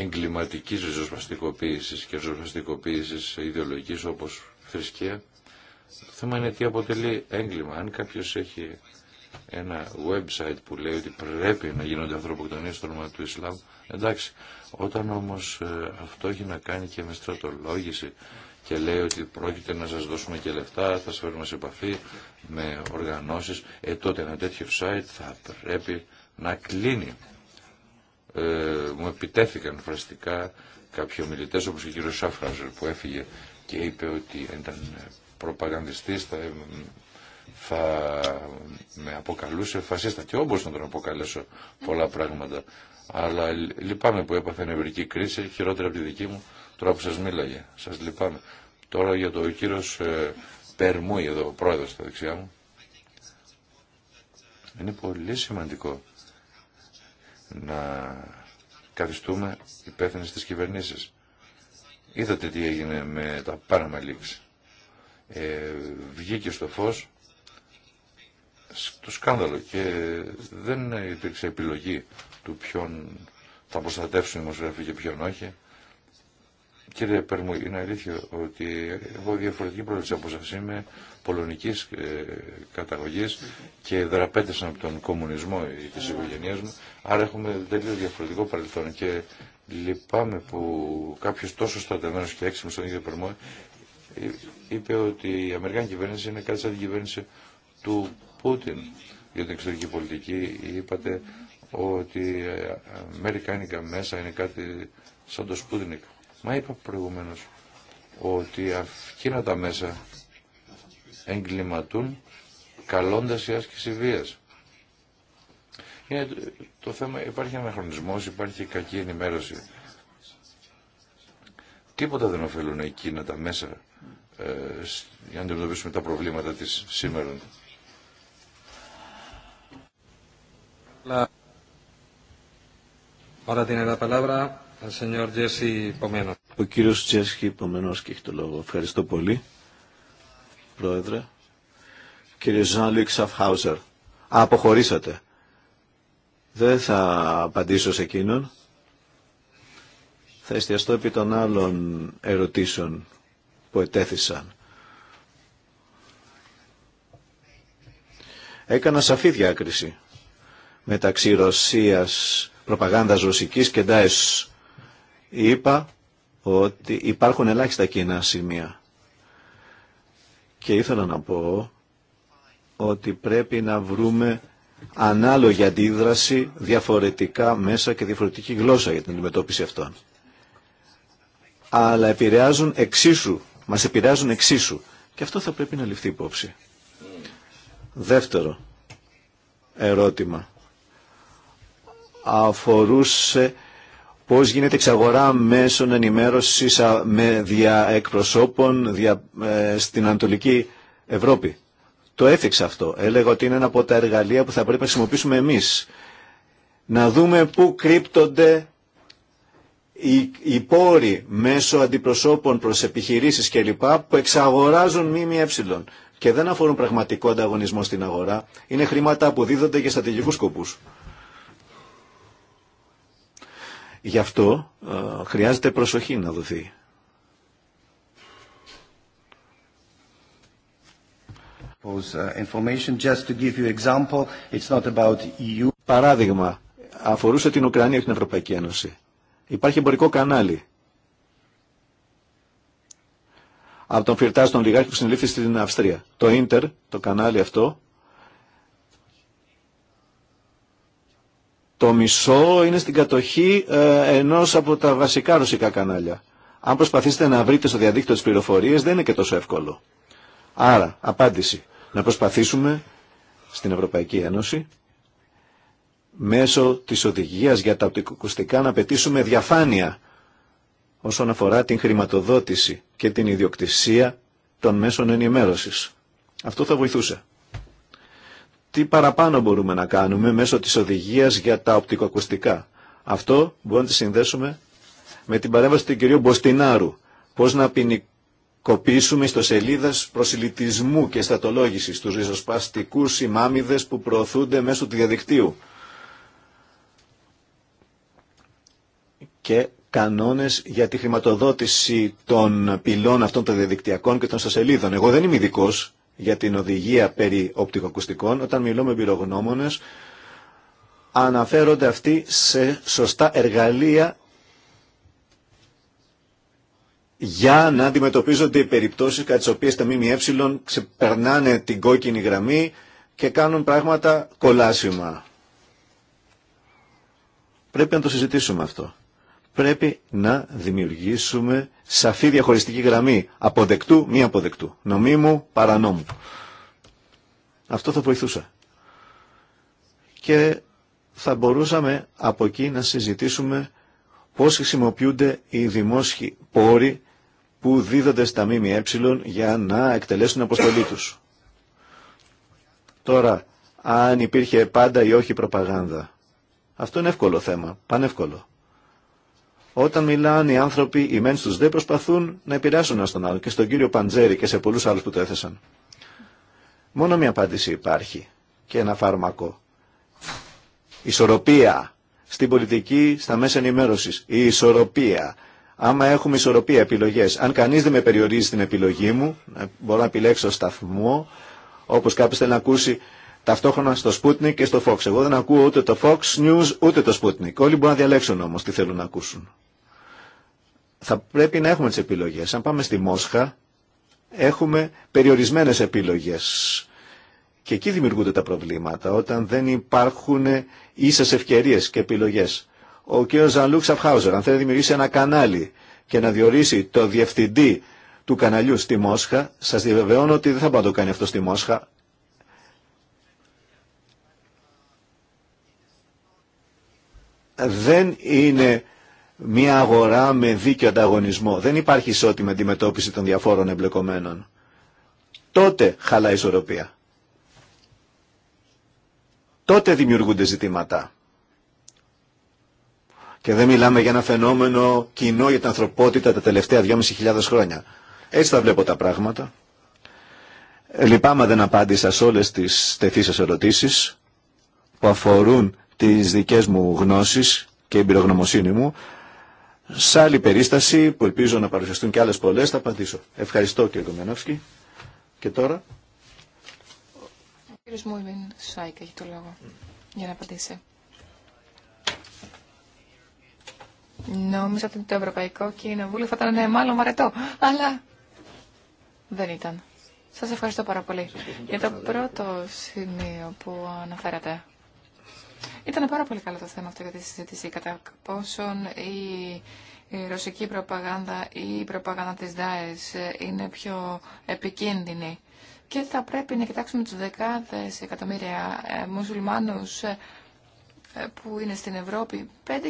εγκληματικής ζωσπαστικοποίησης και ζωσπαστικοποίησης ιδεολογικής όπως θρησκεία. Το θέμα είναι τι αποτελεί έγκλημα. Αν κάποιος έχει ένα website που λέει ότι πρέπει να γίνονται ανθρωποκτονίες στο όνομα του Ισλάμ, εντάξει. Όταν όμως ε, αυτό έχει να κάνει και με στρατολόγηση και λέει ότι πρόκειται να σας δώσουμε και λεφτά, θα σας φέρουμε σε επαφή με οργανώσεις, ε, τότε ένα τέτοιο site θα πρέπει να κλείνει. Ε, μου επιτέθηκαν φραστικά κάποιοι ομιλητέ όπως ο κύριος Σάφραζερ που έφυγε και είπε ότι ήταν προπαγανδιστής θα, θα με αποκαλούσε φασίστα και όμως να τον αποκαλέσω πολλά πράγματα αλλά λυπάμαι που έπαθε νευρική κρίση χειρότερα από τη δική μου τώρα που σας μίλαγε σας λυπάμαι τώρα για το κύριο ε, Περμούι εδώ ο πρόεδρος στα δεξιά μου είναι πολύ σημαντικό να καθιστούμε υπεύθυνε στις κυβερνήσεις Είδατε τι έγινε με τα Panama Leaks. Ε, βγήκε στο φως το σκάνδαλο και δεν υπήρξε επιλογή του ποιον θα προστατεύσουν οι δημοσιογραφοί και ποιον όχι. Κύριε Περμού, είναι αλήθεια ότι έχω διαφορετική πρόληψη από σας. Είμαι πολωνικής ε, καταγωγής και δραπέτεσαν από τον κομμουνισμό της οικογένεια μου, άρα έχουμε τελείως διαφορετικό παρελθόν και Λυπάμαι που κάποιο τόσο στρατευμένο και έξυπνο στον ίδιο περμό είπε ότι η Αμερικάνικη κυβέρνηση είναι κάτι σαν την κυβέρνηση του Πούτιν για την εξωτερική πολιτική. Είπατε ότι η αμερικάνικα μέσα είναι κάτι σαν το Σπούτινικ. Μα είπα προηγουμένω ότι αυκίνα τα μέσα εγκληματούν καλώντας η άσκηση βίας. Είναι το θέμα, υπάρχει αναχρονισμός, υπάρχει κακή ενημέρωση. Τίποτα δεν ωφελούν εκείνα τα μέσα ε, για να αντιμετωπίσουμε τα προβλήματα της σήμερα. Ο κύριος Τζέσχη Πομενός και έχει το λόγο. Ευχαριστώ πολύ, Πρόεδρε. Κύριε Ζαν Λουίξ Αφχάουζερ. αποχωρήσατε. Δεν θα απαντήσω σε εκείνον. Θα εστιαστώ επί των άλλων ερωτήσεων που ετέθησαν. Έκανα σαφή διάκριση μεταξύ Ρωσίας, προπαγάνδας ρωσικής και Ντάες. Είπα ότι υπάρχουν ελάχιστα κοινά σημεία. Και ήθελα να πω ότι πρέπει να βρούμε ανάλογη αντίδραση, διαφορετικά μέσα και διαφορετική γλώσσα για την αντιμετώπιση αυτών. Αλλά επηρεάζουν εξίσου, μας επηρεάζουν εξίσου. Και αυτό θα πρέπει να ληφθεί υπόψη. Δεύτερο ερώτημα αφορούσε πώς γίνεται εξαγορά μέσων ενημέρωσης με δια εκπροσώπων δια, ε, στην Ανατολική Ευρώπη. Το έφυξα αυτό. Έλεγα ότι είναι ένα από τα εργαλεία που θα πρέπει να χρησιμοποιήσουμε εμείς. Να δούμε πού κρύπτονται οι, οι πόροι μέσω αντιπροσώπων προς επιχειρήσεις κλπ. που εξαγοράζουν ΜΜΕ και δεν αφορούν πραγματικό ανταγωνισμό στην αγορά. Είναι χρήματα που δίδονται για στρατηγικούς σκοπούς. Γι' αυτό ε, χρειάζεται προσοχή να δοθεί. Παράδειγμα, αφορούσε την Ουκρανία και την Ευρωπαϊκή Ένωση. Υπάρχει εμπορικό κανάλι. Από τον Φιρτά στον Λιγάρχη που συνελήφθη στην Αυστρία. Το Ίντερ, το κανάλι αυτό, το μισό είναι στην κατοχή ε, ενός από τα βασικά ρωσικά κανάλια. Αν προσπαθήσετε να βρείτε στο διαδίκτυο τις πληροφορίες δεν είναι και τόσο εύκολο. Άρα, απάντηση να προσπαθήσουμε στην Ευρωπαϊκή Ένωση μέσω της οδηγίας για τα οπτικοκουστικά να πετήσουμε διαφάνεια όσον αφορά την χρηματοδότηση και την ιδιοκτησία των μέσων ενημέρωσης. Αυτό θα βοηθούσε. Τι παραπάνω μπορούμε να κάνουμε μέσω της οδηγίας για τα οπτικοακουστικά. Αυτό μπορούμε να τη συνδέσουμε με την παρέμβαση του κυρίου Μποστινάρου. Πώς να κοπήσουμε στο σελίδας προσιλητισμού και στατολόγηση τους ριζοσπαστικούς ημάμιδες που προωθούνται μέσω του διαδικτύου και κανόνες για τη χρηματοδότηση των πυλών αυτών των διαδικτυακών και των σελίδων. Εγώ δεν είμαι ειδικό για την οδηγία περί οπτικοακουστικών. Όταν μιλώ με πυρογνώμονες αναφέρονται αυτοί σε σωστά εργαλεία για να αντιμετωπίζονται οι περιπτώσεις κατά τις οποίες τα ΜΜΕ ξεπερνάνε την κόκκινη γραμμή και κάνουν πράγματα κολάσιμα. Πρέπει να το συζητήσουμε αυτό. Πρέπει να δημιουργήσουμε σαφή διαχωριστική γραμμή αποδεκτού, μη αποδεκτού, νομίμου, παρανόμου. Αυτό θα βοηθούσε. Και θα μπορούσαμε από εκεί να συζητήσουμε πώς χρησιμοποιούνται οι δημόσιοι πόροι που δίδονται στα ΜΜΕ για να εκτελέσουν αποστολή τους. Τώρα, αν υπήρχε πάντα ή όχι προπαγάνδα. Αυτό είναι εύκολο θέμα, πανεύκολο. Όταν μιλάνε οι άνθρωποι, οι μεν στους δεν προσπαθούν να επηρεάσουν ένα τον άλλο και στον κύριο Παντζέρη και σε πολλούς άλλους που το έθεσαν. Μόνο μια απάντηση υπάρχει και ένα φάρμακο. Ισορροπία στην πολιτική, στα μέσα ενημέρωσης. Η ισορροπία άμα έχουμε ισορροπία επιλογές. Αν κανείς δεν με περιορίζει την επιλογή μου, μπορώ να επιλέξω σταθμό, όπως κάποιος θέλει να ακούσει ταυτόχρονα στο Sputnik και στο Fox. Εγώ δεν ακούω ούτε το Fox News ούτε το Sputnik. Όλοι μπορούν να διαλέξουν όμως τι θέλουν να ακούσουν. Θα πρέπει να έχουμε τις επιλογές. Αν πάμε στη Μόσχα, έχουμε περιορισμένες επιλογές. Και εκεί δημιουργούνται τα προβλήματα, όταν δεν υπάρχουν ίσες ευκαιρίες και επιλογές ο κ. Ζανλούκ Αφχάουζερ, αν θέλει να δημιουργήσει ένα κανάλι και να διορίσει το διευθυντή του καναλιού στη Μόσχα, σα διαβεβαιώνω ότι δεν θα πάει κάνει αυτό στη Μόσχα. Δεν είναι μια αγορά με δίκαιο ανταγωνισμό. Δεν υπάρχει ισότιμη αντιμετώπιση των διαφόρων εμπλεκομένων. Τότε χαλάει η ισορροπία. Τότε δημιουργούνται ζητήματα. Και δεν μιλάμε για ένα φαινόμενο κοινό για την ανθρωπότητα τα τελευταία 2.500 χρόνια. Έτσι θα βλέπω τα πράγματα. Ε, λυπάμαι δεν απάντησα σε όλες τις τεθείς ερωτήσεις που αφορούν τις δικές μου γνώσεις και εμπειρογνωμοσύνη μου. Σε άλλη περίσταση που ελπίζω να παρουσιαστούν και άλλες πολλές θα απαντήσω. Ευχαριστώ κύριε Κομιανόφσκι. Και τώρα... Ο κύριος έχει το λόγο για να απαντήσει. Νόμιζα ότι το Ευρωπαϊκό Κοινοβούλιο θα ήταν ε, μάλλον βαρετό, αλλά δεν ήταν. Σας ευχαριστώ πάρα πολύ για το πρώτο σημείο που αναφέρατε. Ήταν πάρα πολύ καλό το θέμα αυτό για τη συζήτηση κατά πόσον η ρωσική προπαγάνδα ή η προπαγάνδα της ΔΑΕΣ ε, είναι πιο επικίνδυνη. Και θα πρέπει να κοιτάξουμε τους δεκάδες εκατομμύρια ε, μουσουλμάνους ε, που είναι στην Ευρώπη, 5.000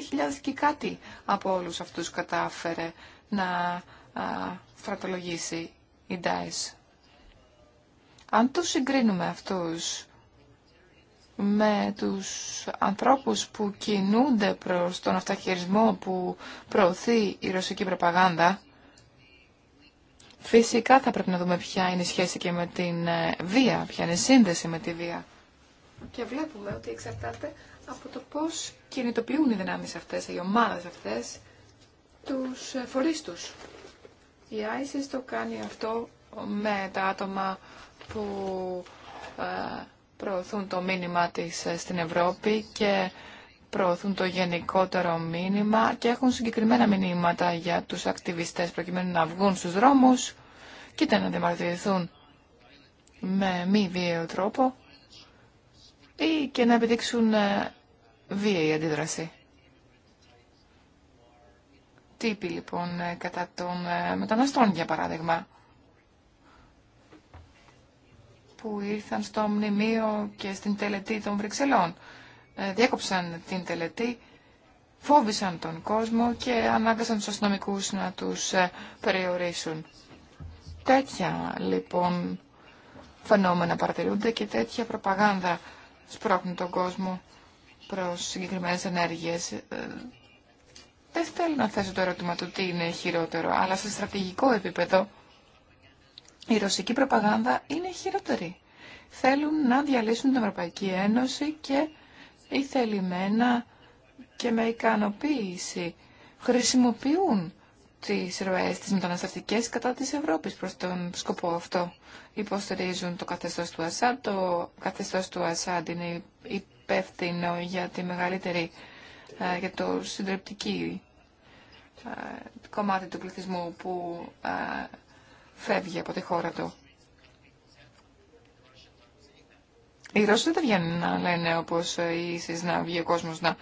και κάτι από όλους αυτούς κατάφερε να στρατολογήσει η Ντάις. Αν τους συγκρίνουμε αυτούς με τους ανθρώπους που κινούνται προς τον αυταχειρισμό που προωθεί η ρωσική προπαγάνδα, φυσικά θα πρέπει να δούμε ποια είναι η σχέση και με την ε, βία, ποια είναι η σύνδεση με τη βία. Και βλέπουμε ότι εξαρτάται από το πώ κινητοποιούν οι δυνάμει αυτέ, οι ομάδε αυτέ τους ε, φορεί του. Η ISIS το κάνει αυτό με τα άτομα που ε, προωθούν το μήνυμα της ε, στην Ευρώπη και προωθούν το γενικότερο μήνυμα και έχουν συγκεκριμένα μηνύματα για τους ακτιβιστές προκειμένου να βγουν στους δρόμους, και να διαμαρτυρηθούν με μη βίαιο τρόπο ή και να επιδείξουν βίαιη αντίδραση. Τύποι λοιπόν ε, κατά των ε, μεταναστών για παράδειγμα που ήρθαν στο μνημείο και στην τελετή των Βρυξελών. Ε, διέκοψαν την τελετή, φόβησαν τον κόσμο και ανάγκασαν τους αστυνομικούς να τους περιορίσουν. Τέτοια λοιπόν φαινόμενα παρατηρούνται και τέτοια προπαγάνδα σπρώχνει τον κόσμο προς συγκεκριμένες ενέργειες. Ε, δεν θέλω να θέσω το ερώτημα του τι είναι χειρότερο, αλλά σε στρατηγικό επίπεδο η ρωσική προπαγάνδα είναι χειρότερη. Θέλουν να διαλύσουν την Ευρωπαϊκή Ένωση και ή θελημένα και με ικανοποίηση χρησιμοποιούν τις ροές τις μεταναστευτικές κατά της Ευρώπης προς τον σκοπό αυτό. Υποστηρίζουν το καθεστώς του Ασάντ. Το καθεστώς του Ασάντ είναι η υπεύθυνο για τη μεγαλύτερη, ε, για το συντριπτική ε, κομμάτι του πληθυσμού που ε, φεύγει από τη χώρα του. Οι Ρώσοι δεν βγαίνουν να λένε όπως οι να βγει ο κόσμος να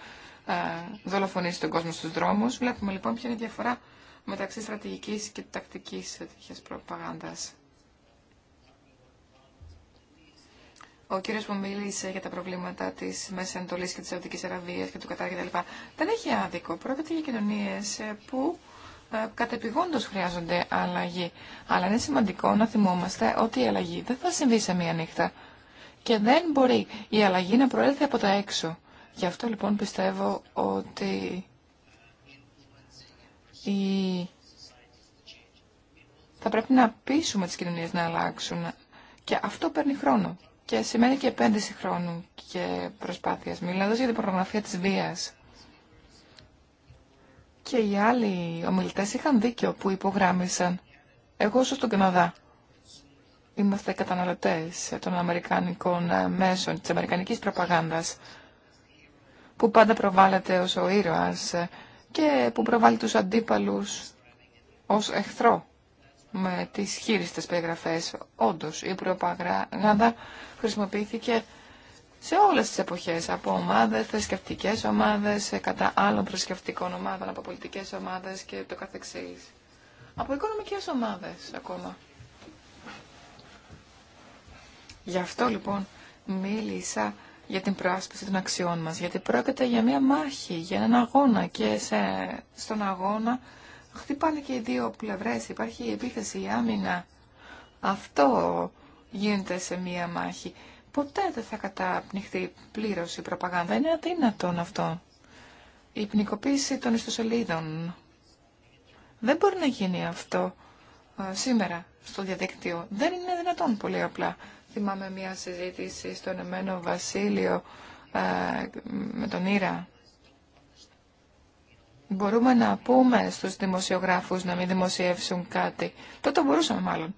δολοφονήσει τον κόσμο στους δρόμους. Βλέπουμε λοιπόν ποια είναι η διαφορά μεταξύ στρατηγικής και τακτικής τέτοιας προπαγάνδας. ο κύριος που μίλησε για τα προβλήματα της Μέσης Ανατολής και της Σαουδικής Αραβίας και του Κατάρ Δεν έχει άδικο. Πρόκειται για κοινωνίες ε, που ε, κατεπηγόντως χρειάζονται αλλαγή. Αλλά είναι σημαντικό να θυμόμαστε ότι η αλλαγή δεν θα συμβεί σε μία νύχτα. Και δεν μπορεί η αλλαγή να προέλθει από τα έξω. Γι' αυτό λοιπόν πιστεύω ότι θα πρέπει να πείσουμε τις κοινωνίες να αλλάξουν. Και αυτό παίρνει χρόνο και σημαίνει και επένδυση χρόνου και προσπάθειας. Μιλώντας για την προγραφία της βίας. Και οι άλλοι ομιλητές είχαν δίκιο που υπογράμμισαν. Εγώ όσο στον Καναδά είμαστε καταναλωτές των αμερικανικών μέσων, της αμερικανικής προπαγάνδας, που πάντα προβάλλεται ως ο ήρωας και που προβάλλει τους αντίπαλους ως εχθρό με τις χείριστες περιγραφές. Όντως, η προπαγάνδα χρησιμοποιήθηκε σε όλες τις εποχές, από ομάδες, θρησκευτικέ ομάδες, κατά άλλων θρησκευτικών ομάδων, από πολιτικές ομάδες και το καθεξής. Από οικονομικές ομάδες ακόμα. Γι' αυτό λοιπόν μίλησα για την προάσπιση των αξιών μας, γιατί πρόκειται για μια μάχη, για έναν αγώνα και σε, στον αγώνα χτυπάνε και οι δύο πλευρές, υπάρχει η επίθεση, η άμυνα. Αυτό γίνεται σε μία μάχη. Ποτέ δεν θα καταπνιχθεί πλήρωση η προπαγάνδα. Είναι αδύνατον αυτό. Η ποινικοποίηση των ιστοσελίδων. Δεν μπορεί να γίνει αυτό ε, σήμερα στο διαδίκτυο. Δεν είναι δυνατόν πολύ απλά. Θυμάμαι μια συζήτηση στο Ενωμένο Βασίλειο ε, με τον Ήρα μπορούμε να πούμε στους δημοσιογράφους να μην δημοσιεύσουν κάτι. Τότε μπορούσαμε μάλλον.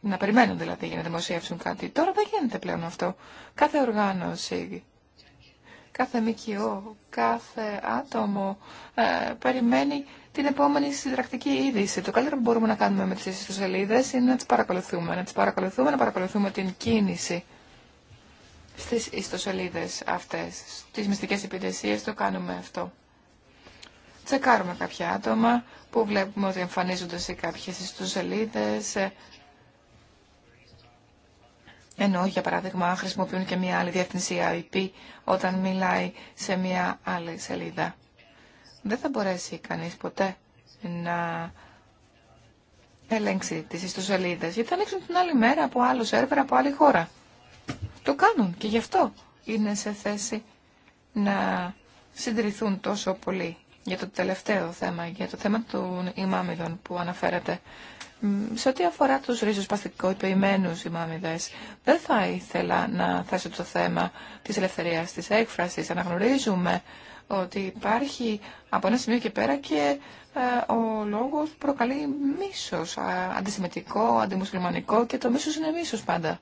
Να περιμένουν δηλαδή για να δημοσιεύσουν κάτι. Τώρα δεν γίνεται πλέον αυτό. Κάθε οργάνωση, κάθε ΜΚΟ, κάθε άτομο ε, περιμένει την επόμενη συντρακτική είδηση. Το καλύτερο που μπορούμε να κάνουμε με τις ιστοσελίδες είναι να τις παρακολουθούμε. Να τις παρακολουθούμε, να παρακολουθούμε την κίνηση στις ιστοσελίδες αυτές, στις μυστικές υπηρεσίες, το κάνουμε αυτό τσεκάρουμε κάποια άτομα που βλέπουμε ότι εμφανίζονται σε κάποιες ιστοσελίδες, ενώ για παράδειγμα χρησιμοποιούν και μια άλλη διεύθυνση IP όταν μιλάει σε μια άλλη σελίδα. Δεν θα μπορέσει κανείς ποτέ να ελέγξει τις ιστοσελίδες, γιατί θα ανοίξουν την άλλη μέρα από άλλο σερβερ από άλλη χώρα. Το κάνουν και γι' αυτό είναι σε θέση να συντηρηθούν τόσο πολύ για το τελευταίο θέμα, για το θέμα των ημάμιδων που αναφέρατε. Σε ό,τι αφορά τους ριζοσπαστικοποιημένους ημάμιδες, δεν θα ήθελα να θέσω το θέμα της ελευθερίας της έκφρασης. Αναγνωρίζουμε ότι υπάρχει από ένα σημείο και πέρα και ε, ο λόγος προκαλεί μίσος, αντισημετικό, αντιμουσουλμανικό και το μίσος είναι μίσος πάντα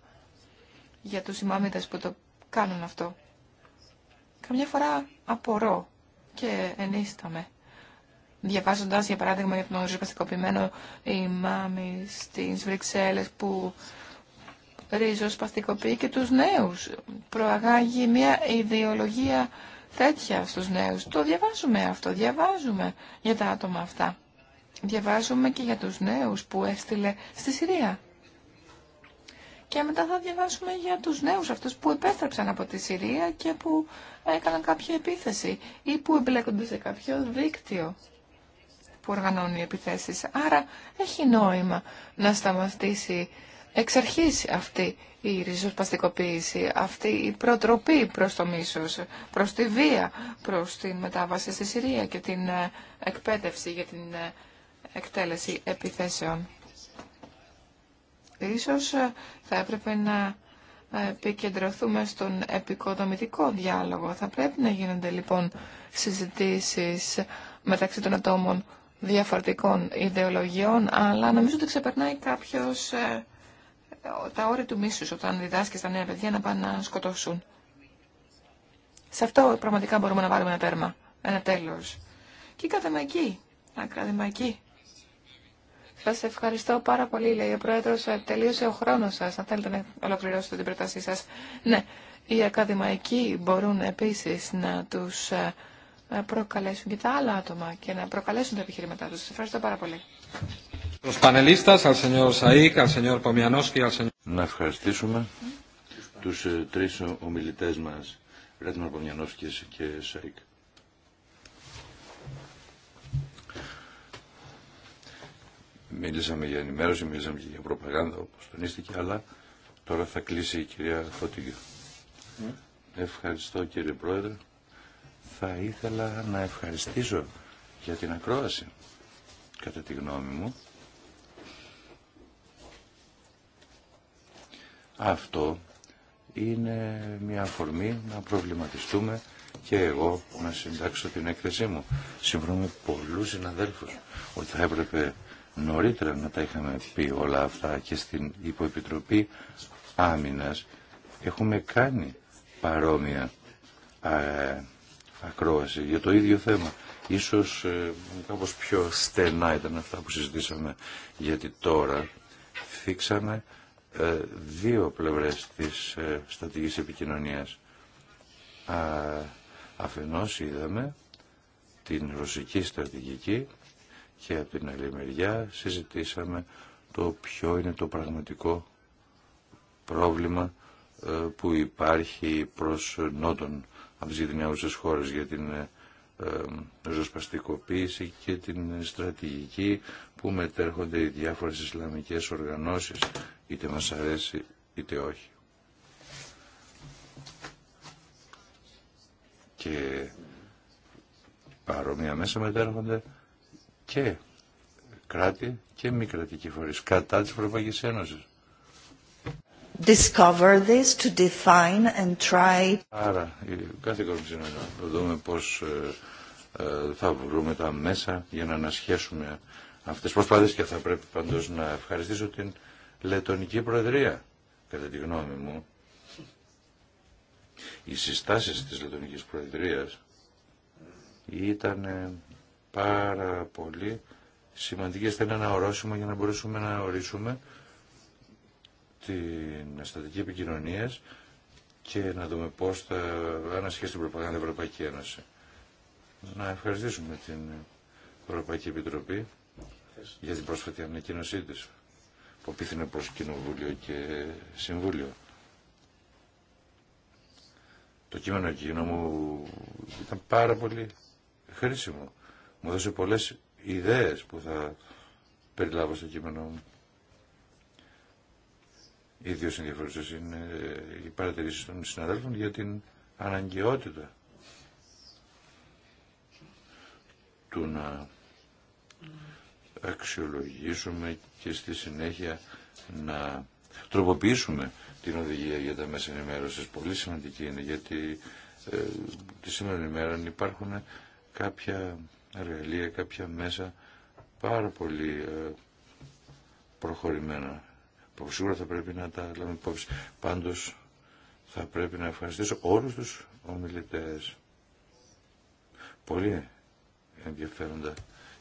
για τους ημάμιδες που το κάνουν αυτό. Καμιά φορά απορώ και ενίσταμε. Διαβάζοντα, για παράδειγμα, για τον ριζοσπαστικοποιημένο ημάμι στι Βρυξέλλε που ριζοσπαστικοποιεί και του νέου. Προαγάγει μια ιδεολογία τέτοια στου νέους. Το διαβάζουμε αυτό, διαβάζουμε για τα άτομα αυτά. Διαβάζουμε και για τους νέου που έστειλε στη Συρία. Και μετά θα διαβάσουμε για τους νέους αυτούς που επέστρεψαν από τη Συρία και που έκαναν κάποια επίθεση ή που εμπλέκονται σε κάποιο δίκτυο που οργανώνει επιθέσεις. Άρα έχει νόημα να σταματήσει εξ αρχής αυτή η ριζοσπαστικοποίηση, αυτή η προτροπή προς το μίσος, προς τη βία, προς την μετάβαση στη Συρία και την ε, εκπαίδευση για την ε, εκτέλεση επιθέσεων. Ίσως ε, θα έπρεπε να επικεντρωθούμε στον επικοδομητικό διάλογο. Θα πρέπει να γίνονται λοιπόν συζητήσεις μεταξύ των ατόμων διαφορετικών ιδεολογιών, αλλά νομίζω ότι ξεπερνάει κάποιος ε, τα όρια του μίσους όταν διδάσκει στα νέα παιδιά να πάνε να σκοτώσουν. Σε αυτό πραγματικά μπορούμε να βάλουμε ένα τέρμα, ένα τέλος. Και η ακαδημαϊκή, ακαδημαϊκή σας ευχαριστώ πάρα πολύ, λέει ο Πρόεδρος. Ε, τελείωσε ο χρόνος σας, αν θέλετε να ολοκληρώσετε την πρότασή σας. Ναι, οι ακαδημαϊκοί μπορούν επίσης να τους ε, ε, προκαλέσουν και τα άλλα άτομα και να προκαλέσουν τα επιχειρήματά τους. Σας ευχαριστώ πάρα πολύ. Να ευχαριστήσουμε του τρει ομιλητέ μα, Ρέτμα Πομιανόσκης και Σαϊκ. Μίλησαμε για ενημέρωση, μίλησαμε και για προπαγάνδα όπως τονίστηκε, αλλά τώρα θα κλείσει η κυρία Φωτίγιο. Ναι. Ευχαριστώ κύριε Πρόεδρε. Θα ήθελα να ευχαριστήσω για την ακρόαση, κατά τη γνώμη μου. Αυτό είναι μια αφορμή να προβληματιστούμε και εγώ να συντάξω την έκθεσή μου. Συμφωνώ με πολλούς συναδέλφους ότι θα έπρεπε νωρίτερα να τα είχαμε πει όλα αυτά και στην Υποεπιτροπή Άμυνας έχουμε κάνει παρόμοια ακρόαση για το ίδιο θέμα. Ίσως ε, κάπως πιο στενά ήταν αυτά που συζητήσαμε γιατί τώρα φύξαμε ε, δύο πλευρές της ε, στατικής επικοινωνίας. αφενός είδαμε την ρωσική στρατηγική και από την άλλη μεριά συζητήσαμε το ποιο είναι το πραγματικό πρόβλημα ε, που υπάρχει προς νότον από τις χώρες για την ε, ε, ζωσπαστικοποίηση και την στρατηγική που μετέρχονται οι διάφορες Ισλαμικές οργανώσεις είτε μας αρέσει είτε όχι. Και παρόμοια μέσα μετέρχονται και κράτη και μη κρατική φορείς κατά της Ευρωπαϊκής Ένωσης. Discover this to define and try... Άρα, κάθε κόσμο να δούμε πώς ε, ε, θα βρούμε τα μέσα για να ανασχέσουμε αυτές τις προσπάθειες και θα πρέπει πάντως να ευχαριστήσω την Λετωνική Προεδρία, κατά τη γνώμη μου. Οι συστάσεις της Λετωνικής Προεδρίας ήταν πάρα πολύ σημαντικές. Θα είναι ένα ορόσημο για να μπορέσουμε να ορίσουμε την αστατική επικοινωνία και να δούμε πώς θα ανασχέσει την προπαγάνδα Ευρωπαϊκή Ένωση. Να ευχαριστήσουμε την Ευρωπαϊκή Επιτροπή για την πρόσφατη ανακοίνωσή τη που πήθηνε προς Κοινοβούλιο και Συμβούλιο. Το κείμενο εκείνο μου ήταν πάρα πολύ χρήσιμο μου έδωσε πολλές ιδέες που θα περιλάβω στο κείμενό μου. δύο ενδιαφέρουσε είναι οι παρατηρήσει των συναδέλφων για την αναγκαιότητα του να αξιολογήσουμε και στη συνέχεια να τροποποιήσουμε την οδηγία για τα μέσα ενημέρωσης. Πολύ σημαντική είναι γιατί ε, τη σήμερα ημέρα υπάρχουν κάποια εργαλεία, κάποια μέσα πάρα πολύ ε, προχωρημένα που σίγουρα θα πρέπει να τα λέμε υπόψη. Πάντως θα πρέπει να ευχαριστήσω όλους τους ομιλητές. Πολύ ενδιαφέροντα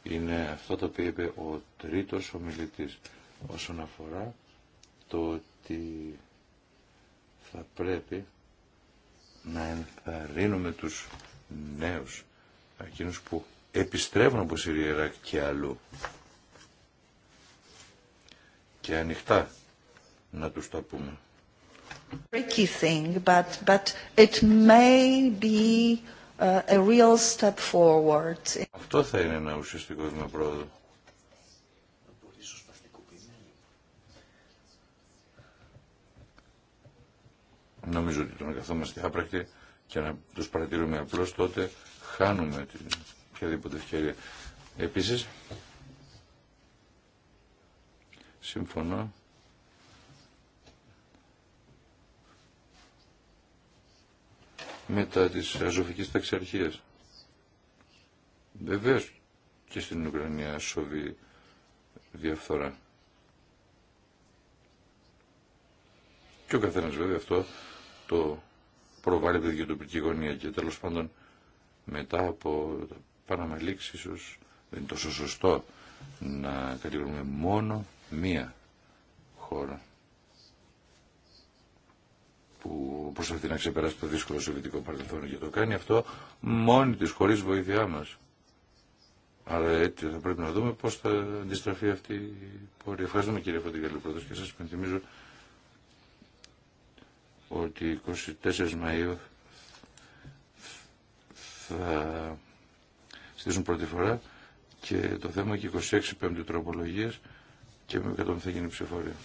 είναι αυτό το οποίο είπε ο τρίτος ομιλητής όσον αφορά το ότι θα πρέπει να ενθαρρύνουμε τους νέους, εκείνους που επιστρέφουν από Συρία, Ιράκ και αλλού. Και ανοιχτά να τους τα πούμε. but, but it may be uh, a real step forward. Αυτό θα είναι ένα ουσιαστικό βήμα πρόοδο. Νομίζω ότι το να καθόμαστε άπρακτοι και να τους παρατηρούμε απλώς τότε χάνουμε την οποιαδήποτε ευκαιρία. Επίσης, συμφωνώ μετά της Αζωφικής Ταξιαρχίας. Βεβαίω και στην Ουκρανία σοβεί διαφθορά. Και ο καθένα βέβαια αυτό το προβάλλει από την τοπική γωνία και τέλος πάντων μετά από με ίσω ίσως δεν είναι τόσο σωστό να κατηγορούμε μόνο μία χώρα που προσπαθεί να ξεπεράσει το δύσκολο σοβιτικό παρελθόν και το κάνει αυτό μόνη της χωρίς βοήθειά μας. Αλλά έτσι θα πρέπει να δούμε πώς θα αντιστραφεί αυτή η πορεία. Ευχαριστούμε κύριε Φωτικαλή Πρόεδρος και σας πενθυμίζω ότι 24 Μαΐου θα στήσουν πρώτη φορά και το θέμα και 26 πέμπτη τροπολογίες και με 100 θα γίνει ψηφορία.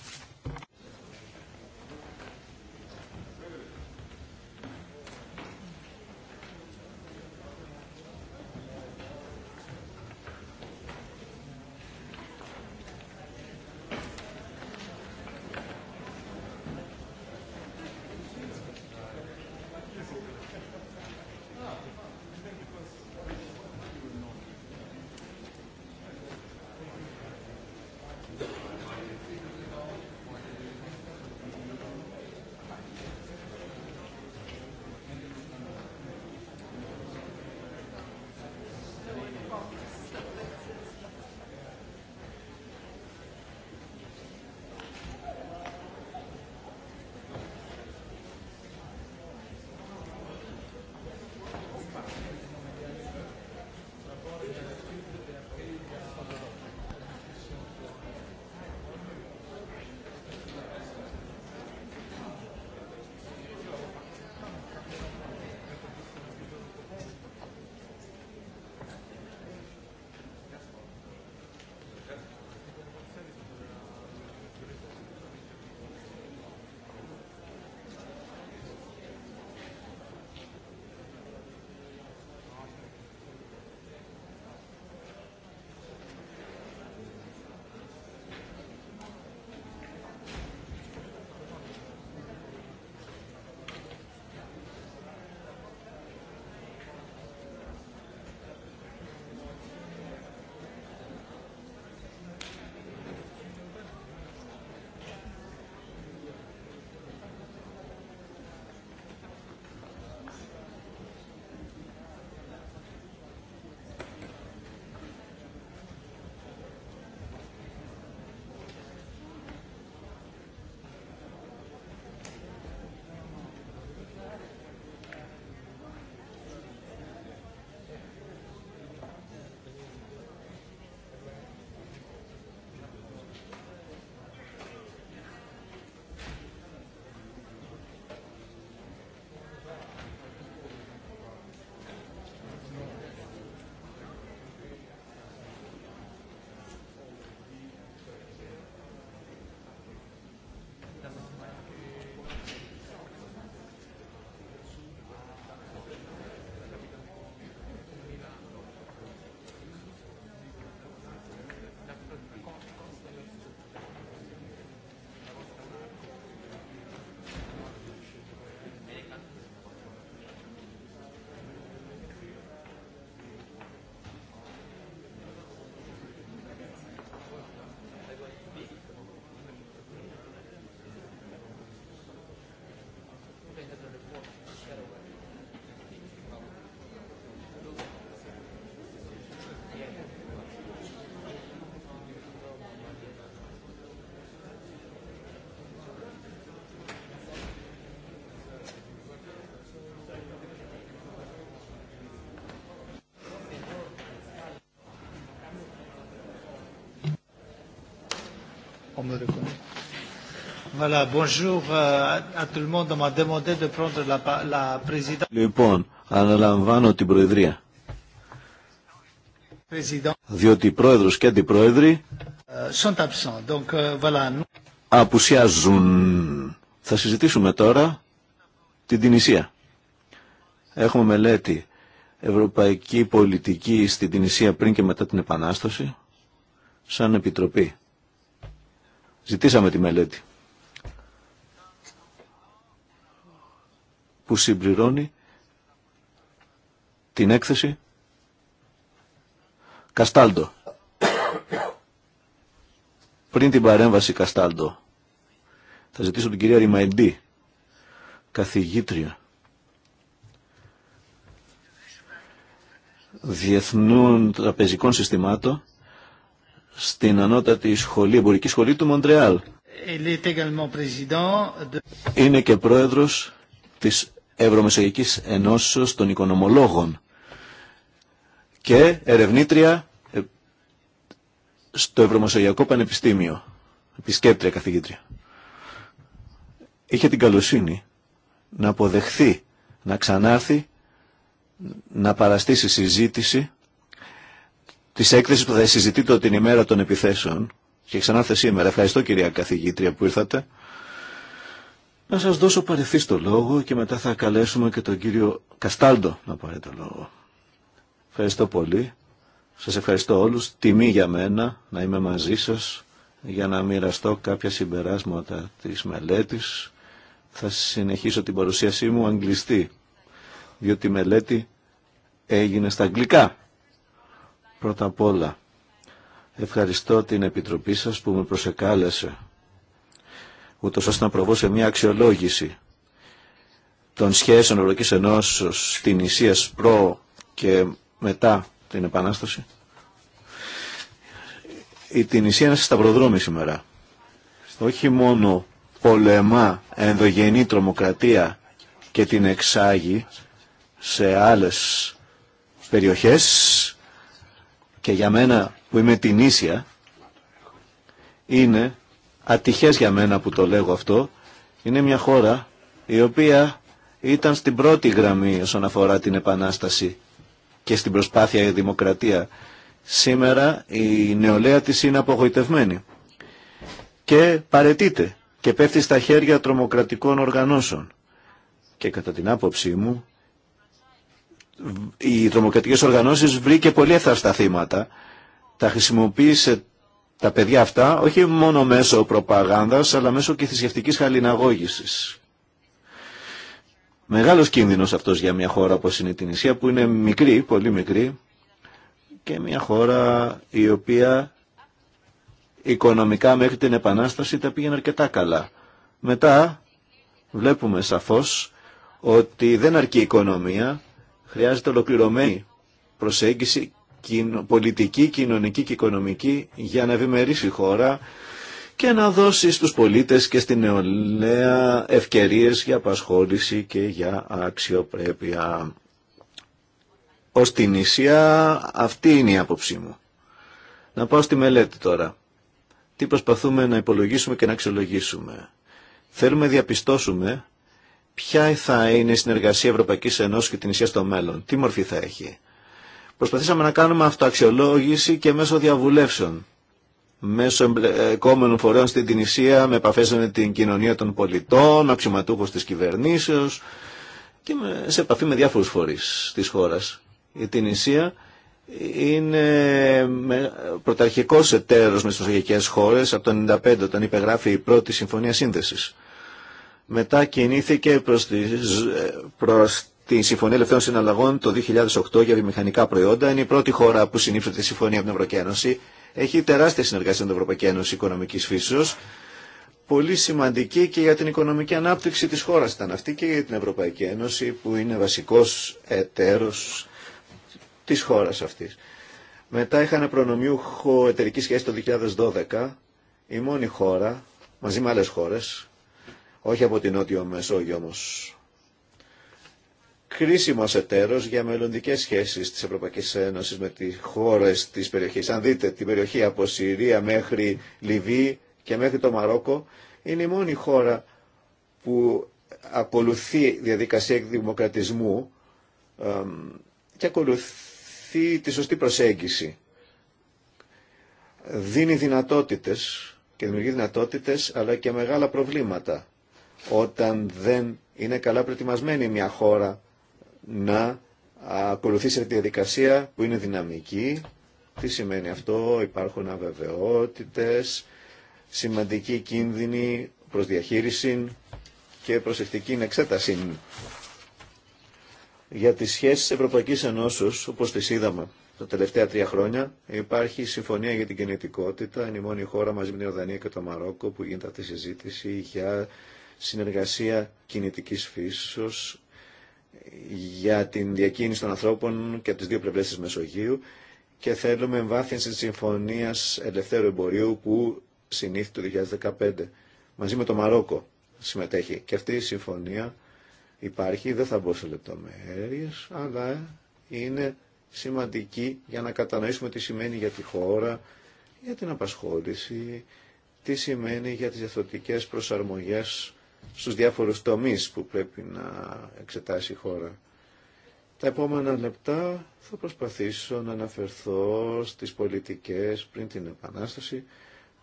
Λοιπόν, αναλαμβάνω την Προεδρία. Διότι πρόεδρο και αντιπρόεδροι euh, sont euh, απουσιάζουν. Θα συζητήσουμε τώρα την Τινησία. Έχουμε μελέτη ευρωπαϊκή πολιτική στην Τινησία πριν και μετά την Επανάσταση σαν Επιτροπή. Ζητήσαμε τη μελέτη που συμπληρώνει την έκθεση Καστάλτο. Πριν την παρέμβαση Καστάλτο θα ζητήσω την κυρία Ριμαϊντή, καθηγήτρια διεθνών τραπεζικών συστημάτων στην ανώτατη σχολή, εμπορική σχολή του Μοντρεάλ. Είναι και πρόεδρος της Ευρωμεσογειακής Ενώσεως των Οικονομολόγων και ερευνήτρια ε, στο Ευρωμεσογειακό Πανεπιστήμιο, επισκέπτρια καθηγήτρια. Είχε την καλοσύνη να αποδεχθεί, να ξανάρθει, να παραστήσει συζήτηση τη έκθεση που θα συζητείτε την ημέρα των επιθέσεων και ξανάρθε σήμερα. Ευχαριστώ κυρία καθηγήτρια που ήρθατε. Να σας δώσω παρεθεί το λόγο και μετά θα καλέσουμε και τον κύριο Καστάλντο να πάρει το λόγο. Ευχαριστώ πολύ. Σας ευχαριστώ όλους. Τιμή για μένα να είμαι μαζί σας για να μοιραστώ κάποια συμπεράσματα της μελέτης. Θα συνεχίσω την παρουσίασή μου αγγλιστή, διότι η μελέτη έγινε στα αγγλικά. Πρώτα απ' όλα, ευχαριστώ την Επιτροπή σας που με προσεκάλεσε, ούτως ώστε να προβώ σε μια αξιολόγηση των σχέσεων Ευρωπαϊκής Ενώσεως στην Ισία προ και μετά την Επανάσταση. Η Τινησία είναι σε σταυροδρόμι σήμερα. Όχι μόνο πολεμά ενδογενή τρομοκρατία και την εξάγει σε άλλες περιοχές και για μένα που είμαι την ίσια είναι ατυχές για μένα που το λέγω αυτό είναι μια χώρα η οποία ήταν στην πρώτη γραμμή όσον αφορά την επανάσταση και στην προσπάθεια για δημοκρατία. Σήμερα η νεολαία της είναι απογοητευμένη και παρετείται και πέφτει στα χέρια τρομοκρατικών οργανώσεων. Και κατά την άποψή μου οι τρομοκρατικές οργανώσεις βρήκε πολύ εύθραυστα θύματα. Τα χρησιμοποίησε τα παιδιά αυτά όχι μόνο μέσω προπαγάνδας αλλά μέσω και θρησκευτική χαλιναγώγησης. Μεγάλος κίνδυνος αυτός για μια χώρα όπως είναι η Τινησία που είναι μικρή, πολύ μικρή και μια χώρα η οποία οικονομικά μέχρι την Επανάσταση τα πήγαινε αρκετά καλά. Μετά βλέπουμε σαφώς ότι δεν αρκεί η οικονομία Χρειάζεται ολοκληρωμένη προσέγγιση πολιτική, κοινωνική και οικονομική για να ευημερήσει η χώρα και να δώσει στους πολίτες και στην νεολαία ευκαιρίες για απασχόληση και για αξιοπρέπεια. Ως την Ισία αυτή είναι η άποψή μου. Να πάω στη μελέτη τώρα. Τι προσπαθούμε να υπολογίσουμε και να αξιολογήσουμε. Θέλουμε να διαπιστώσουμε Ποια θα είναι η συνεργασία Ευρωπαϊκή Ενώση και την Ισία στο μέλλον, τι μορφή θα έχει. Προσπαθήσαμε να κάνουμε αυτοαξιολόγηση και μέσω διαβουλεύσεων, μέσω εμπλεκόμενων ε, φορέων στην Τινησία, με επαφέ με την κοινωνία των πολιτών, αξιωματούχου τη κυβερνήσεω και σε επαφή με διάφορου φορεί τη χώρα. Η Τινησία είναι πρωταρχικό εταίρο με τι χώρες χώρε από το 1995, όταν υπεγράφει η πρώτη συμφωνία σύνδεση. Μετά κινήθηκε προς τη, ε, προς τη Συμφωνία Ελευθέρων Συναλλαγών το 2008 για βιομηχανικά προϊόντα. Είναι η πρώτη χώρα που συνήψε τη συμφωνία από την Ευρωπαϊκή Ένωση. Έχει τεράστια συνεργασία με την Ευρωπαϊκή Ένωση οικονομικής φύσεως. Πολύ σημαντική και για την οικονομική ανάπτυξη της χώρας ήταν αυτή και για την Ευρωπαϊκή Ένωση που είναι βασικός εταίρος της χώρας αυτής. Μετά είχαν προνομιούχο εταιρική σχέση το 2012, η μόνη χώρα, μαζί με άλλες χώρες, όχι από την Νότιο Μεσόγειο όμως. Κρίσιμος εταίρος για μελλοντικές σχέσεις της Ευρωπαϊκής Ένωσης με τις χώρες της περιοχής. Αν δείτε την περιοχή από Συρία μέχρι Λιβύη και μέχρι το Μαρόκο, είναι η μόνη χώρα που ακολουθεί διαδικασία εκδημοκρατισμού και ακολουθεί τη σωστή προσέγγιση. Δίνει δυνατότητες και δημιουργεί δυνατότητες αλλά και μεγάλα προβλήματα όταν δεν είναι καλά προετοιμασμένη μια χώρα να ακολουθήσει τη διαδικασία που είναι δυναμική. Τι σημαίνει αυτό, υπάρχουν αβεβαιότητες, σημαντική κίνδυνη προς διαχείριση και προσεκτική εξέταση για τις σχέσεις Ευρωπαϊκής Ενώσεως, όπως τις είδαμε τα τελευταία τρία χρόνια, υπάρχει συμφωνία για την κινητικότητα. Είναι η μόνη χώρα μαζί με την Ορδανία και το Μαρόκο που γίνεται αυτή η συζήτηση για συνεργασία κινητικής φύσεως για την διακίνηση των ανθρώπων και από τις δύο πλευρές της Μεσογείου και θέλουμε εμβάθυνση της Συμφωνίας Ελευθέρου Εμπορίου που συνήθει το 2015 μαζί με το Μαρόκο συμμετέχει. Και αυτή η συμφωνία υπάρχει, δεν θα μπω σε λεπτομέρειες, αλλά είναι σημαντική για να κατανοήσουμε τι σημαίνει για τη χώρα, για την απασχόληση, τι σημαίνει για τις διαθωτικές προσαρμογές στους διάφορους τομείς που πρέπει να εξετάσει η χώρα. Τα επόμενα λεπτά θα προσπαθήσω να αναφερθώ στις πολιτικές πριν την Επανάσταση.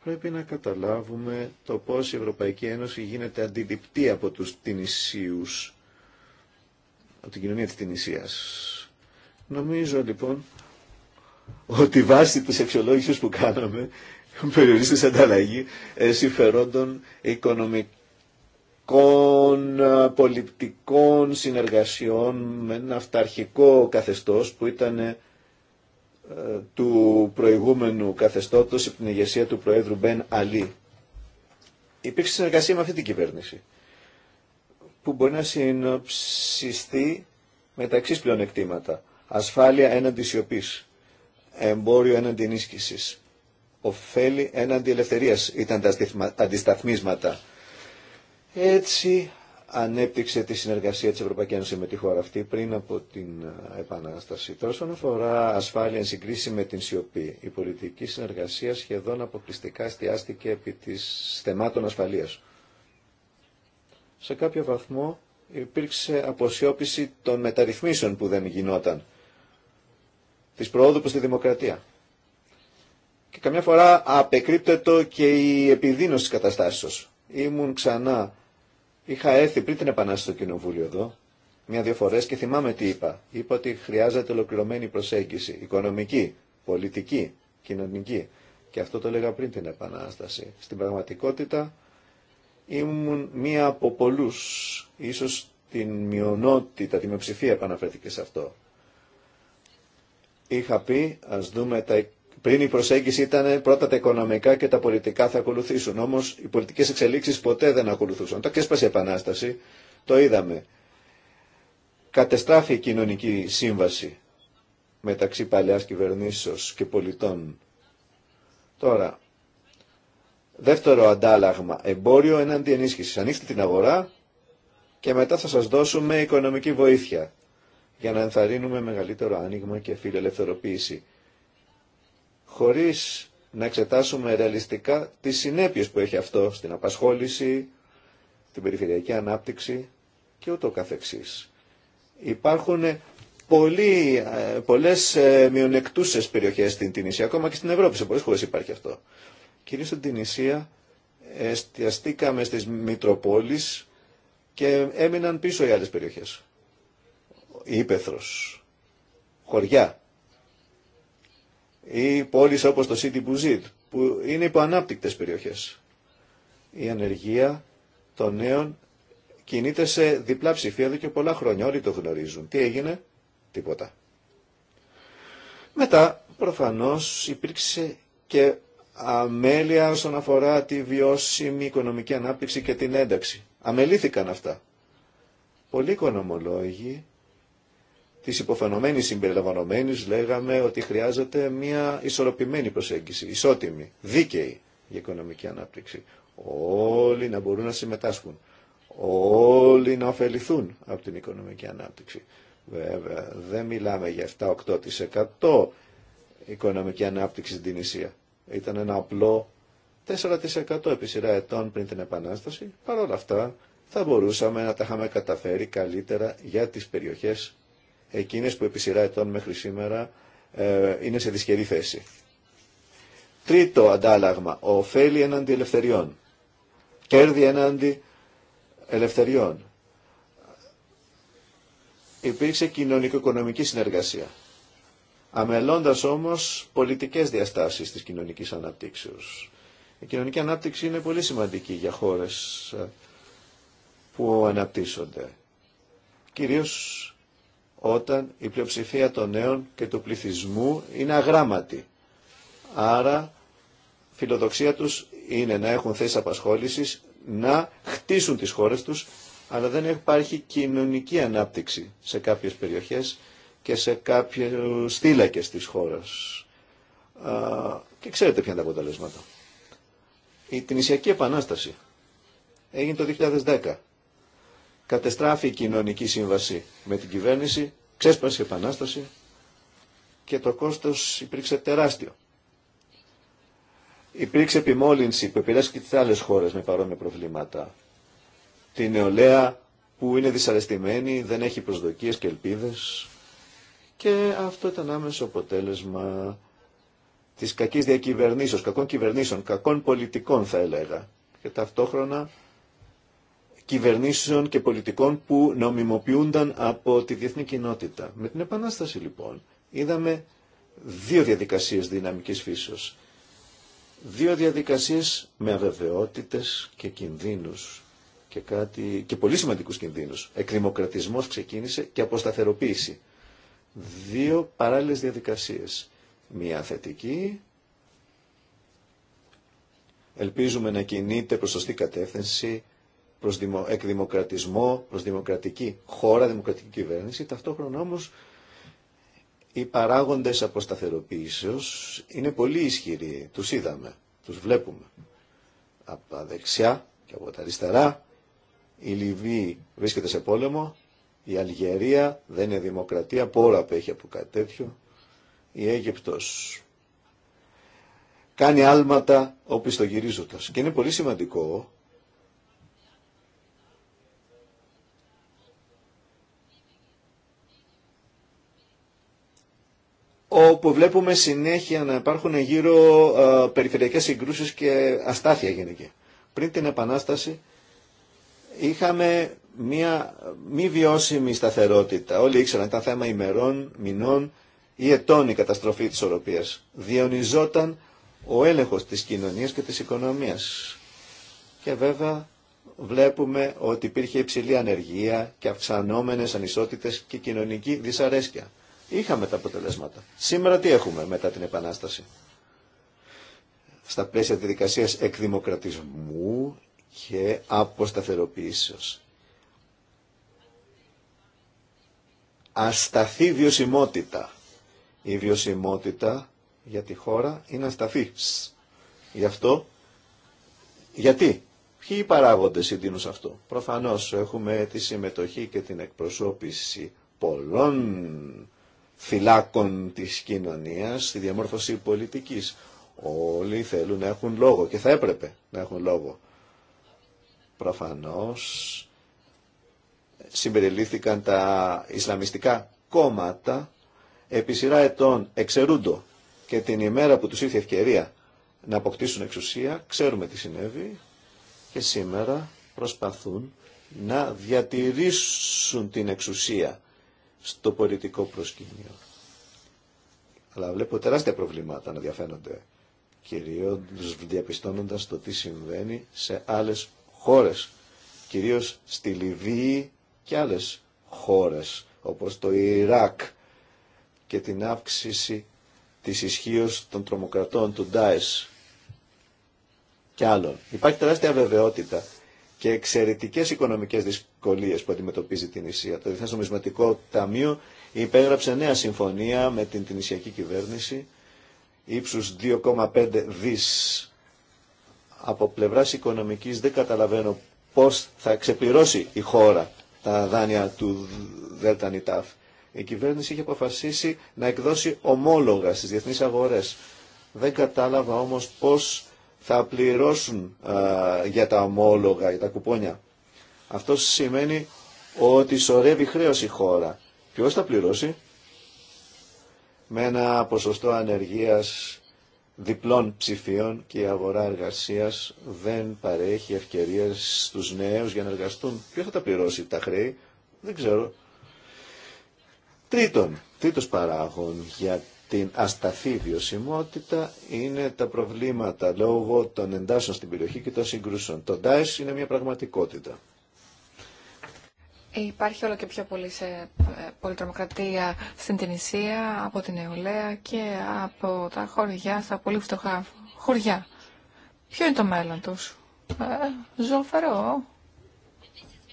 Πρέπει να καταλάβουμε το πώς η Ευρωπαϊκή Ένωση γίνεται αντιληπτή από τους τινησίους, από την κοινωνία της τινησίας. Νομίζω λοιπόν ότι βάσει της αξιολόγησης που κάναμε περιορίστης ανταλλαγή ε, συμφερόντων οικονομικών ε, πολιτικών συνεργασιών με ένα αυταρχικό καθεστώς που ήταν ε, του προηγούμενου καθεστώτος από την ηγεσία του Προέδρου Μπεν Αλή. Υπήρξε συνεργασία με αυτή την κυβέρνηση που μπορεί να συνοψιστεί με τα εξής πλεονεκτήματα. Ασφάλεια έναντι σιωπής, εμπόριο έναντι ενίσχυσης, ωφέλη έναντι ελευθερίας ήταν τα αντισταθμίσματα έτσι ανέπτυξε τη συνεργασία της Ευρωπαϊκής Ένωσης με τη χώρα αυτή πριν από την Επανάσταση. Τώρα όσον αφορά ασφάλεια εν συγκρίση με την σιωπή, η πολιτική συνεργασία σχεδόν αποκλειστικά εστιάστηκε επί της θεμάτων ασφαλείας. Σε κάποιο βαθμό υπήρξε αποσιώπηση των μεταρρυθμίσεων που δεν γινόταν, της προόδου προς τη δημοκρατία. Και καμιά φορά απεκρύπτετο και η επιδείνωση της καταστάσεως. Ήμουν ξανά Είχα έρθει πριν την επανάσταση στο Κοινοβούλιο εδώ, μια-δύο φορέ και θυμάμαι τι είπα. Είπα ότι χρειάζεται ολοκληρωμένη προσέγγιση, οικονομική, πολιτική, κοινωνική. Και αυτό το έλεγα πριν την επανάσταση. Στην πραγματικότητα ήμουν μία από πολλού, ίσω την μειονότητα, τη μειοψηφία επαναφέρθηκε σε αυτό. Είχα πει, α δούμε τα πριν η προσέγγιση ήταν πρώτα τα οικονομικά και τα πολιτικά θα ακολουθήσουν. Όμω οι πολιτικέ εξελίξει ποτέ δεν ακολουθούσαν. Το ξέσπασε η Επανάσταση, το είδαμε. Κατεστράφει η κοινωνική σύμβαση μεταξύ παλαιάς κυβερνήσεω και πολιτών. Τώρα, δεύτερο αντάλλαγμα, εμπόριο εναντί ενίσχυση. Ανοίξτε την αγορά και μετά θα σα δώσουμε οικονομική βοήθεια για να ενθαρρύνουμε μεγαλύτερο άνοιγμα και φιλελευθερωποίηση χωρίς να εξετάσουμε ρεαλιστικά τις συνέπειες που έχει αυτό στην απασχόληση, την περιφερειακή ανάπτυξη και ούτω καθεξής. Υπάρχουν ε, πολλοί, ε, πολλές ε, μειονεκτούσες περιοχές στην Τινησία, ακόμα και στην Ευρώπη, σε πολλές χώρες υπάρχει αυτό. Κυρίως στην Τινησία εστιαστήκαμε στις Μητροπόλεις και έμειναν πίσω οι άλλες περιοχές. Ήπεθρος, χωριά, ή πόλεις όπως το City που είναι υποανάπτυκτες περιοχές. Η ανεργία των νέων κινείται σε διπλά ψηφία εδώ και πολλά χρόνια. Όλοι το γνωρίζουν. Τι έγινε? Τίποτα. Μετά, προφανώς, υπήρξε και αμέλεια όσον αφορά τη βιώσιμη οικονομική ανάπτυξη και την ένταξη. Αμελήθηκαν αυτά. Πολλοί οικονομολόγοι Τη υποφαινομένη συμπεριλαμβανομένη, λέγαμε ότι χρειάζεται μια ισορροπημένη προσέγγιση, ισότιμη, δίκαιη για οικονομική ανάπτυξη. Όλοι να μπορούν να συμμετάσχουν. Όλοι να ωφεληθούν από την οικονομική ανάπτυξη. Βέβαια, δεν μιλάμε για 7-8% οικονομική ανάπτυξη στην Ισία. Ήταν ένα απλό 4% επί σειρά ετών πριν την Επανάσταση. Παρ' όλα αυτά θα μπορούσαμε να τα είχαμε καταφέρει καλύτερα για τις περιοχές εκείνες που επί σειρά ετών μέχρι σήμερα ε, είναι σε δυσκερή θέση. Τρίτο αντάλλαγμα, ωφέλη έναντι ελευθεριών. Κέρδη έναντι ελευθεριών. Υπήρξε κοινωνικο-οικονομική συνεργασία. Αμελώντας όμως πολιτικές διαστάσεις της κοινωνικής αναπτύξεως. Η κοινωνική ανάπτυξη είναι πολύ σημαντική για χώρες ε, που αναπτύσσονται. Κυρίως όταν η πλειοψηφία των νέων και του πληθυσμού είναι αγράμματη. Άρα φιλοδοξία τους είναι να έχουν θέσει απασχόλησης, να χτίσουν τις χώρες τους, αλλά δεν υπάρχει κοινωνική ανάπτυξη σε κάποιες περιοχές και σε κάποιους θύλακες της χώρας. Και ξέρετε ποια είναι τα αποτελέσματα. Η Τινησιακή Επανάσταση έγινε το 2010 Κατεστράφει η κοινωνική σύμβαση με την κυβέρνηση, ξέσπασε η επανάσταση και το κόστος υπήρξε τεράστιο. Υπήρξε επιμόλυνση που επηρέασε και τις άλλες χώρες με παρόμοια προβλήματα. Την νεολαία που είναι δυσαρεστημένη, δεν έχει προσδοκίες και ελπίδες και αυτό ήταν άμεσο αποτέλεσμα της κακής διακυβερνήσεως, κακών κυβερνήσεων, κακών πολιτικών θα έλεγα και ταυτόχρονα κυβερνήσεων και πολιτικών που νομιμοποιούνταν από τη διεθνή κοινότητα. Με την Επανάσταση λοιπόν είδαμε δύο διαδικασίες δυναμικής φύσεως. Δύο διαδικασίες με αβεβαιότητες και κινδύνους και, κάτι, και πολύ σημαντικούς κινδύνους. Εκδημοκρατισμός ξεκίνησε και αποσταθεροποίηση. Δύο παράλληλες διαδικασίες. Μία θετική, ελπίζουμε να κινείται προς σωστή κατεύθυνση, προς εκδημοκρατισμό, προς δημοκρατική χώρα, δημοκρατική κυβέρνηση. Ταυτόχρονα όμως οι παράγοντες αποσταθεροποίησεως είναι πολύ ισχυροί. Τους είδαμε, τους βλέπουμε. Από τα δεξιά και από τα αριστερά η Λιβύη βρίσκεται σε πόλεμο, η Αλγερία δεν είναι δημοκρατία, πόρα απέχει από κάτι τέτοιο, η Αίγυπτος κάνει άλματα όπου το γυρίζοντας. Και είναι πολύ σημαντικό όπου βλέπουμε συνέχεια να υπάρχουν γύρω ε, περιφερειακές συγκρούσεις και αστάθεια γενική. Πριν την Επανάσταση είχαμε μία μη βιώσιμη σταθερότητα. Όλοι ήξεραν ήταν θέμα ημερών, μηνών ή ετών η καταστροφή της οροπίας. Διονυζόταν ο έλεγχος της κοινωνίας και της οικονομίας. Και βέβαια βλέπουμε ότι υπήρχε υψηλή ανεργία και αυξανόμενες ανισότητες και κοινωνική δυσαρέσκεια. Είχαμε τα αποτελέσματα. Σήμερα τι έχουμε μετά την Επανάσταση. Στα πλαίσια της δικασίας εκδημοκρατισμού και αποσταθεροποίησεως. Ασταθή βιωσιμότητα. Η βιωσιμότητα για τη χώρα είναι ασταθή. Γι' αυτό, γιατί, ποιοι οι παράγοντες σε αυτό. Προφανώς έχουμε τη συμμετοχή και την εκπροσώπηση πολλών φυλάκων της κοινωνίας, στη διαμόρφωση πολιτικής. Όλοι θέλουν να έχουν λόγο και θα έπρεπε να έχουν λόγο. Προφανώς συμπεριλήφθηκαν τα Ισλαμιστικά κόμματα επί σειρά ετών εξαιρούντο και την ημέρα που τους ήρθε ευκαιρία να αποκτήσουν εξουσία, ξέρουμε τι συνέβη και σήμερα προσπαθούν να διατηρήσουν την εξουσία στο πολιτικό προσκήνιο. Αλλά βλέπω τεράστια προβλήματα να διαφαίνονται, κυρίως διαπιστώνοντας το τι συμβαίνει σε άλλες χώρες, κυρίως στη Λιβύη και άλλες χώρες, όπως το Ιράκ και την αύξηση της ισχύω των τρομοκρατών του Ντάες και άλλων. Υπάρχει τεράστια βεβαιότητα και εξαιρετικές οικονομικές δυσκολίες δυσκολίε που αντιμετωπίζει την Ισία. Το Διεθνέ Νομισματικό Ταμείο υπέγραψε νέα συμφωνία με την Τινησιακή Κυβέρνηση ύψου 2,5 δι Από πλευρά οικονομική. δεν καταλαβαίνω πώ θα ξεπληρώσει η χώρα τα δάνεια του Νιτάφ. Η κυβέρνηση είχε αποφασίσει να εκδώσει ομόλογα στι διεθνεί αγορέ. Δεν κατάλαβα όμω πώ θα πληρώσουν για τα ομόλογα, για τα κουπόνια αυτό σημαίνει ότι σωρεύει χρέος η χώρα. Ποιος θα πληρώσει με ένα ποσοστό ανεργίας διπλών ψηφίων και η αγορά εργασίας δεν παρέχει ευκαιρίες στους νέους για να εργαστούν. Ποιος θα τα πληρώσει τα χρέη, δεν ξέρω. Τρίτον, τρίτος παράγον για την ασταθή βιωσιμότητα είναι τα προβλήματα λόγω των εντάσσεων στην περιοχή και των συγκρούσεων. Το είναι μια πραγματικότητα. Υπάρχει όλο και πιο πολύ σε ε, πολυτρομοκρατία στην Τινησία, από την νεολαία και από τα χωριά, στα πολύ φτωχά χωριά. Ποιο είναι το μέλλον τους. Ε, ζωφερό.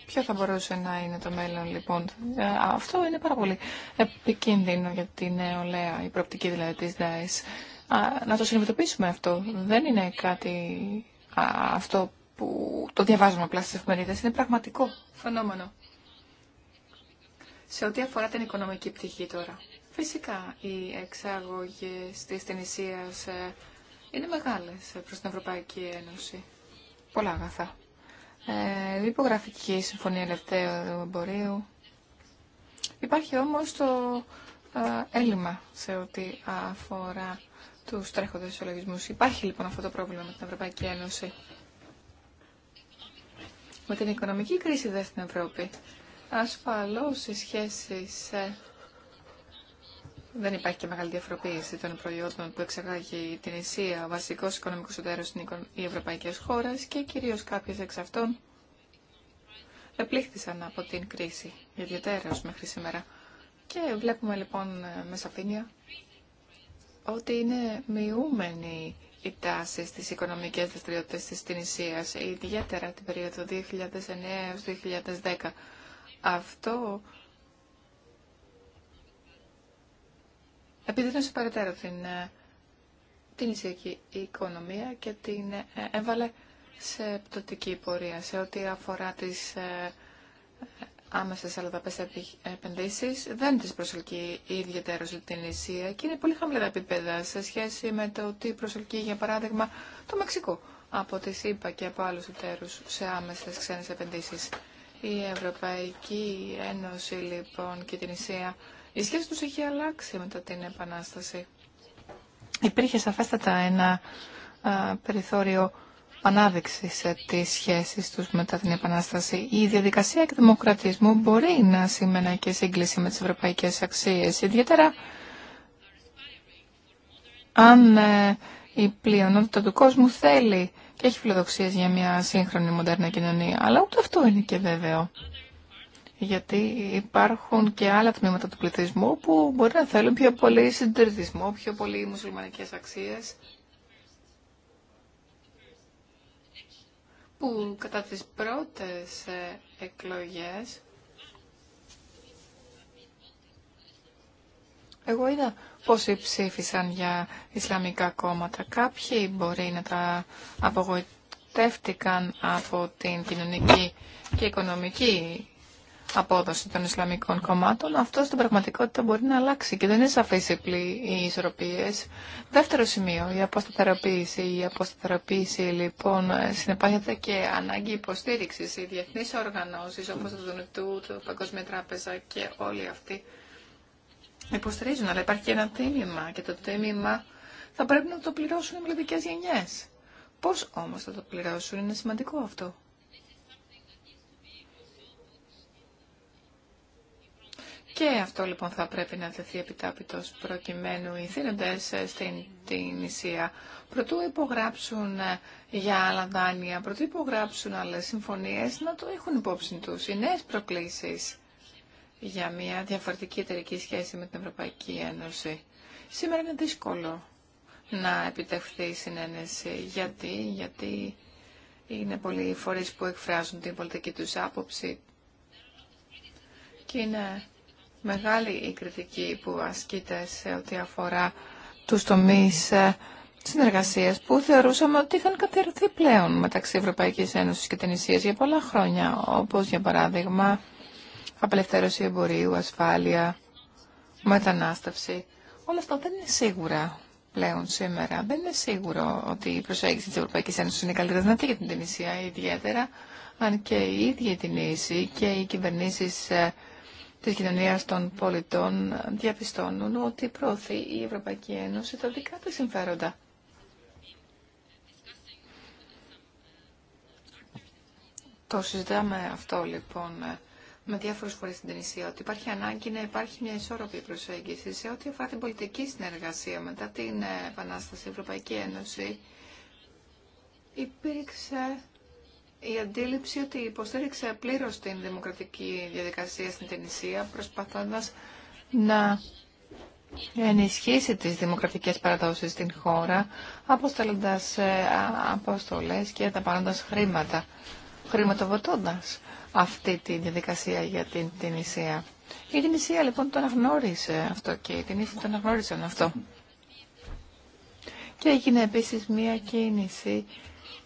Ποιο θα μπορούσε να είναι το μέλλον λοιπόν. Ε, αυτό είναι πάρα πολύ επικίνδυνο για την νεολαία, η προοπτική δηλαδή της ΔΑΕΣ. να το συνειδητοποιήσουμε αυτό. Δεν είναι κάτι αυτό που το διαβάζουμε απλά στις εφημερίδες. Είναι πραγματικό φαινόμενο. Σε ό,τι αφορά την οικονομική πτυχή τώρα. Φυσικά οι εξαγωγές της Τινησίας ε, είναι μεγάλες προς την Ευρωπαϊκή Ένωση. Πολλά αγαθά. Ε, υπογραφική συμφωνία ελευθέρου εμπορίου. Υπάρχει όμως το ε, έλλειμμα σε ό,τι αφορά τους τρέχοντες ισολογισμούς. Υπάρχει λοιπόν αυτό το πρόβλημα με την Ευρωπαϊκή Ένωση. Με την οικονομική κρίση δεν στην Ευρώπη Ασφαλώς οι σχέσεις ε, δεν υπάρχει και μεγάλη διαφοροποίηση των προϊόντων που εξεγάγει την Ισία, ο βασικό οικονομικό εταίρο είναι οι ευρωπαϊκέ χώρε και κυρίω κάποιε εξ αυτών επλήχθησαν από την κρίση, ιδιαίτερα μέχρι σήμερα. Και βλέπουμε λοιπόν ε, με σαφήνεια ότι είναι μειούμενη η τάση στις οικονομικές δραστηριότητες της Τινησίας, ιδιαίτερα την περίοδο 2009 2010 αυτό επιδίνωσε παρετέρω την, ε, την ισιακή οικονομία και την ε, έβαλε σε πτωτική πορεία σε ό,τι αφορά τις ε, άμεσες αλλοδαπές επενδύσεις δεν τις προσελκύει ιδιαίτερο την Ισία και είναι πολύ χαμηλά τα επίπεδα σε σχέση με το ότι προσελκύει για παράδειγμα το Μεξικό από τις ΗΠΑ και από άλλους εταίρους σε άμεσες ξένες επενδύσεις. Η Ευρωπαϊκή Ένωση λοιπόν και την Ισία, η σχέση τους έχει αλλάξει μετά την Επανάσταση. Υπήρχε σαφέστατα ένα περιθώριο ανάδειξης της σχέσης τους μετά την Επανάσταση. Η διαδικασία εκδημοκρατισμού μπορεί να σημαίνει και σύγκληση με τις ευρωπαϊκές αξίες, ιδιαίτερα αν ε, η πλειονότητα του κόσμου θέλει και έχει φιλοδοξίες για μια σύγχρονη μοντέρνα κοινωνία. Αλλά ούτε αυτό είναι και βέβαιο. Γιατί υπάρχουν και άλλα τμήματα του πληθυσμού που μπορεί να θέλουν πιο πολύ συντηρητισμό, πιο πολύ μουσουλμανικές αξίες. Που κατά τις πρώτες ε, εκλογές Εγώ είδα πόσοι ψήφισαν για Ισλαμικά κόμματα. Κάποιοι μπορεί να τα απογοητεύτηκαν από την κοινωνική και οικονομική απόδοση των Ισλαμικών κομμάτων. Αυτό στην πραγματικότητα μπορεί να αλλάξει και δεν είναι σαφή οι, οι ισορροπίες. Δεύτερο σημείο, η αποσταθεροποίηση. Η αποσταθεροποίηση λοιπόν συνεπάγεται και ανάγκη υποστήριξη Οι διεθνεί οργανώσει όπω το ΔΝΤ, το Παγκόσμια Τράπεζα και όλοι αυτοί υποστηρίζουν, αλλά υπάρχει και ένα τίμημα και το τίμημα θα πρέπει να το πληρώσουν οι μελλοντικέ γενιέ. Πώ όμω θα το πληρώσουν, είναι σημαντικό αυτό. Και αυτό λοιπόν θα πρέπει να θεθεί επιτάπητος προκειμένου οι θύνοντες ε, στην την νησία. Προτού υπογράψουν ε, για άλλα δάνεια, προτού υπογράψουν άλλες συμφωνίες, να το έχουν υπόψη τους. Οι νέες προκλήσεις για μια διαφορετική εταιρική σχέση με την Ευρωπαϊκή Ένωση. Σήμερα είναι δύσκολο να επιτευχθεί η συνένεση. Γιατί, γιατί είναι πολλοί οι φορείς που εκφράζουν την πολιτική τους άποψη και είναι μεγάλη η κριτική που ασκείται σε ό,τι αφορά τους τομείς ε, συνεργασίας που θεωρούσαμε ότι είχαν κατηρθεί πλέον μεταξύ Ευρωπαϊκής Ένωσης και Τενησίας για πολλά χρόνια, όπως για παράδειγμα απελευθέρωση εμπορίου, ασφάλεια, μετανάστευση. Όλα αυτά δεν είναι σίγουρα πλέον σήμερα. Δεν είναι σίγουρο ότι η προσέγγιση τη Ευρωπαϊκή Ένωση είναι καλύτερα δυνατή για την Τινησία ιδιαίτερα, αν και η ίδια η Τινήση και οι κυβερνήσει ε, της κοινωνίας των πολιτών διαπιστώνουν ότι προωθεί η Ευρωπαϊκή Ένωση τα δικά της συμφέροντα. Το συζητάμε αυτό λοιπόν ε, με διάφορους φορείς στην Τενησία ότι υπάρχει ανάγκη να υπάρχει μια ισόρροπη προσέγγιση σε ό,τι αφορά την πολιτική συνεργασία μετά την ε, Επανάσταση Ευρωπαϊκή Ένωση. Υπήρξε η αντίληψη ότι υποστήριξε πλήρω την δημοκρατική διαδικασία στην Τενησία προσπαθώντας να ενισχύσει τις δημοκρατικές παραδόσεις στην χώρα, αποστέλλοντα ε, αποστολές και τα χρήματα, χρηματοδοτώντας αυτή τη διαδικασία για την, Ισία. Η Ισία λοιπόν τον αναγνώρισε αυτό και την την τον αναγνώρισε αυτό. Και έγινε επίσης μία κίνηση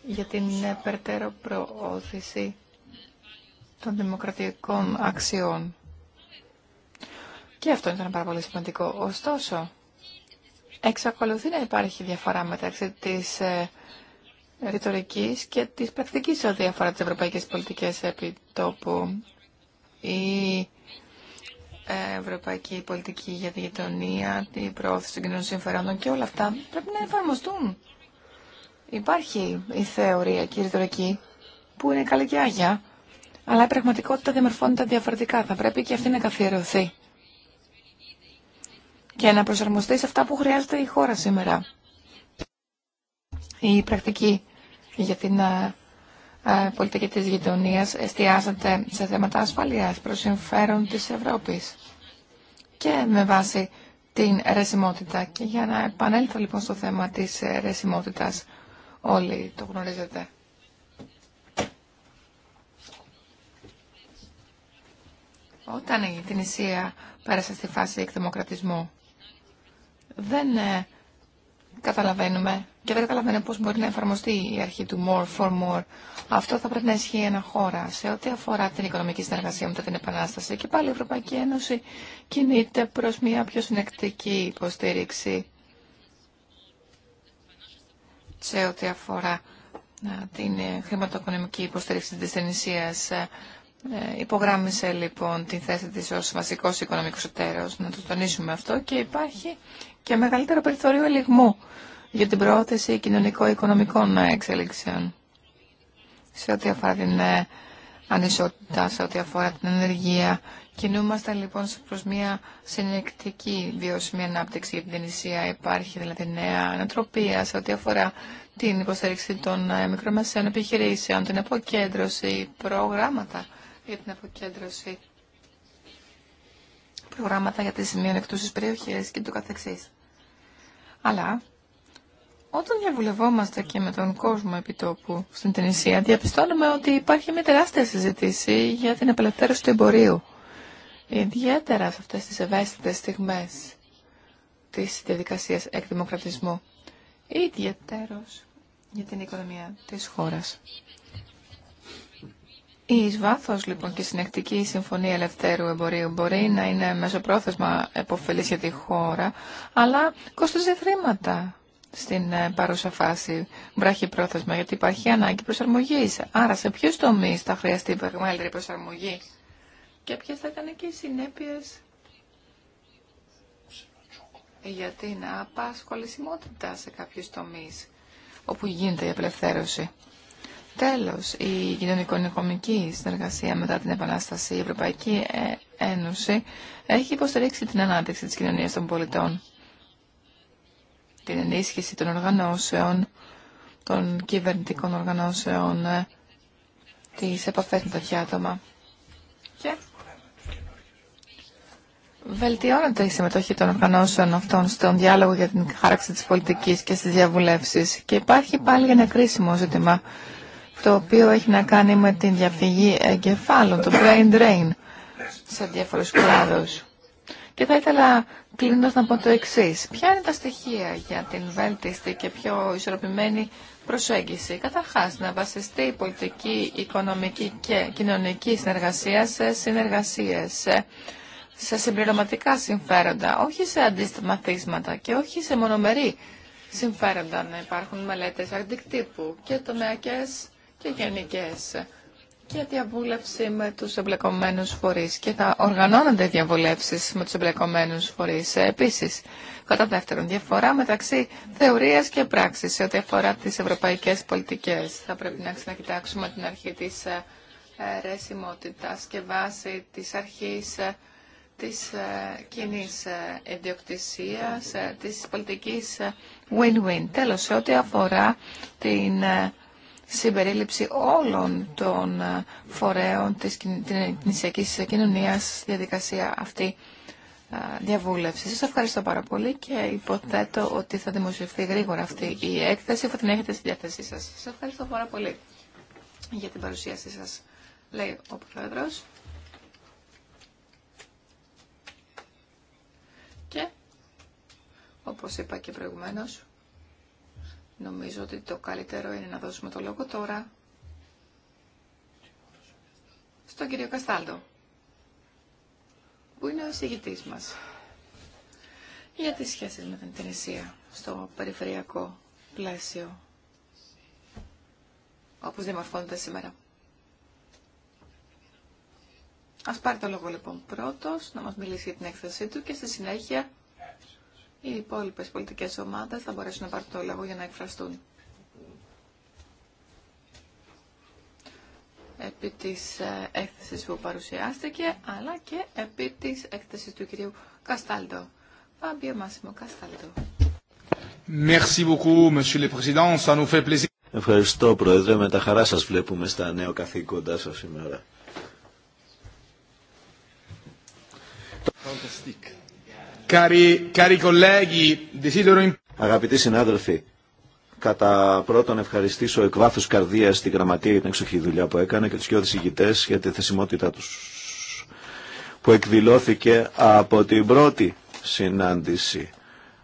για την ε, περτέρω προώθηση των δημοκρατικών αξιών. Και αυτό ήταν πάρα πολύ σημαντικό. Ωστόσο, εξακολουθεί να υπάρχει διαφορά μεταξύ της ε, ρητορική και της πρακτικής ό,τι αφορά τις ευρωπαϊκές πολιτικές επί τόπου. Η ευρωπαϊκή πολιτική για τη γειτονία, την προώθηση των κοινωνικών συμφερόντων και όλα αυτά πρέπει να εφαρμοστούν. Υπάρχει η θεωρία και η ρητορική που είναι καλή και άγια, αλλά η πραγματικότητα διαμορφώνεται διαφορετικά. Θα πρέπει και αυτή να καθιερωθεί και να προσαρμοστεί σε αυτά που χρειάζεται η χώρα σήμερα. Η πρακτική για την ε, ε, πολιτική της γειτονίας εστιάζεται σε θέματα ασφαλείας προς συμφέρον της Ευρώπης και με βάση την ρεσιμότητα. Και για να επανέλθω λοιπόν στο θέμα της ρεσιμότητας, όλοι το γνωρίζετε. Όταν η Τινησία πέρασε στη φάση εκδημοκρατισμού, δεν ε, καταλαβαίνουμε και δεν καταλαβαίνω πώς μπορεί να εφαρμοστεί η αρχή του more for more. Αυτό θα πρέπει να ισχύει ένα χώρα σε ό,τι αφορά την οικονομική συνεργασία μετά την Επανάσταση. Και πάλι η Ευρωπαϊκή Ένωση κινείται προς μια πιο συνεκτική υποστήριξη σε ό,τι αφορά ε, την χρηματοοικονομική υποστήριξη της Τινησίας. Ε, υπογράμμισε λοιπόν την θέση της ως βασικός οικονομικός εταίρος, να το τονίσουμε αυτό, και υπάρχει και μεγαλύτερο περιθώριο ελιγμού για την πρόθεση κοινωνικο-οικονομικών εξέλιξεων σε ό,τι αφορά την ε, ανισότητα, σε ό,τι αφορά την ενεργεία. Κινούμαστε λοιπόν προς μια συνεκτική βιώσιμη ανάπτυξη για την νησία. Υπάρχει δηλαδή νέα ανατροπία σε ό,τι αφορά την υποστήριξη των ε, μικρομεσαίων επιχειρήσεων, την αποκέντρωση, προγράμματα για την αποκέντρωση, προγράμματα για τις μειονεκτούσες περιοχές και το καθεξής. Αλλά όταν διαβουλευόμαστε και με τον κόσμο επιτόπου στην Τινησία, διαπιστώνουμε ότι υπάρχει μια τεράστια συζήτηση για την απελευθέρωση του εμπορίου. Ιδιαίτερα σε αυτές τις ευαίσθητες στιγμές της διαδικασίας εκδημοκρατισμού. Ιδιαίτερος για την οικονομία της χώρας. Η εις λοιπόν και συνεκτική συμφωνία ελευθέρου εμπορίου μπορεί να είναι μεσοπρόθεσμα επωφελής για τη χώρα, αλλά κοστίζει χρήματα στην ε, παρούσα φάση πρόθεσμα, γιατί υπάρχει ανάγκη προσαρμογή. Άρα σε ποιου τομεί θα χρειαστεί μεγαλύτερη προσαρμογή και ποιε θα ήταν και οι συνέπειε. για την απασχολησιμότητα σε κάποιου τομεί όπου γίνεται η απελευθέρωση. Τέλο, η κοινωνικονομική συνεργασία μετά την Επανάσταση, η Ευρωπαϊκή ε, Ένωση έχει υποστηρίξει την ανάπτυξη τη κοινωνία των πολιτών την ενίσχυση των οργανώσεων, των κυβερνητικών οργανώσεων, ε, τι επαφέ με τέτοια άτομα. Και βελτιώνεται η συμμετοχή των οργανώσεων αυτών στον διάλογο για την χάραξη της πολιτικής και στις διαβουλεύσεις. Και υπάρχει πάλι ένα κρίσιμο ζήτημα, το οποίο έχει να κάνει με την διαφυγή εγκεφάλων, το brain drain, σε διάφορου κλάδους. Και θα ήθελα κλείνοντα να πω το εξή. Ποια είναι τα στοιχεία για την βέλτιστη και πιο ισορροπημένη προσέγγιση. Καταρχά, να βασιστεί η πολιτική, οικονομική και κοινωνική συνεργασία σε συνεργασίε, σε συμπληρωματικά συμφέροντα, όχι σε αντισταθμίσματα και όχι σε μονομερή συμφέροντα να υπάρχουν μελέτες αντικτύπου και τομεακές και γενικές και διαβούλευση με τους εμπλεκομένους φορείς και θα οργανώνονται διαβουλεύσεις με τους εμπλεκομένους φορείς. Ε, επίσης, κατά δεύτερον, διαφορά μεταξύ θεωρίας και πράξης σε ό,τι αφορά τις ευρωπαϊκές πολιτικές. Θα πρέπει να ξανακοιτάξουμε την αρχή της ε, ρεσιμότητας και βάση της αρχής ε, της κοινή ιδιοκτησία, της πολιτικής win-win. Τέλος, σε ό,τι αφορά την συμπερίληψη όλων των ε, φορέων της νησιακής κοινωνίας στη διαδικασία αυτή ε, διαβούλευση. Σας ευχαριστώ πάρα πολύ και υποθέτω ότι θα δημοσιευθεί γρήγορα αυτή η έκθεση που την έχετε στη διάθεσή σας. Σας ευχαριστώ πάρα πολύ για την παρουσίασή σας, λέει ο Πρόεδρος. Και, όπως είπα και προηγουμένως, Νομίζω ότι το καλύτερο είναι να δώσουμε το λόγο τώρα στον κύριο Καστάλτο, που είναι ο εισηγητής μας για τις σχέσεις με την Τινησία στο περιφερειακό πλαίσιο, όπως διαμορφώνεται σήμερα. Ας πάρει το λόγο λοιπόν πρώτος, να μας μιλήσει για την έκθεσή του και στη συνέχεια οι υπόλοιπες πολιτικές ομάδες θα μπορέσουν να πάρουν το λόγο για να εκφραστούν. Επί της ε, έκθεσης που παρουσιάστηκε, αλλά και επί της έκθεσης του κυρίου Καστάλτο. Φάμπιο Μάσιμο Καστάλτο. Merci beaucoup, Ευχαριστώ, Πρόεδρε. Με τα χαρά σας βλέπουμε στα νέα καθήκοντά σας σήμερα. Fantastique. Αγαπητοί συνάδελφοι, κατά πρώτον ευχαριστήσω εκ βάθου καρδία την γραμματεία για την εξοχή δουλειά που έκανε και του κοιόδη ηγητές για τη θεσιμότητά του που εκδηλώθηκε από την πρώτη συνάντηση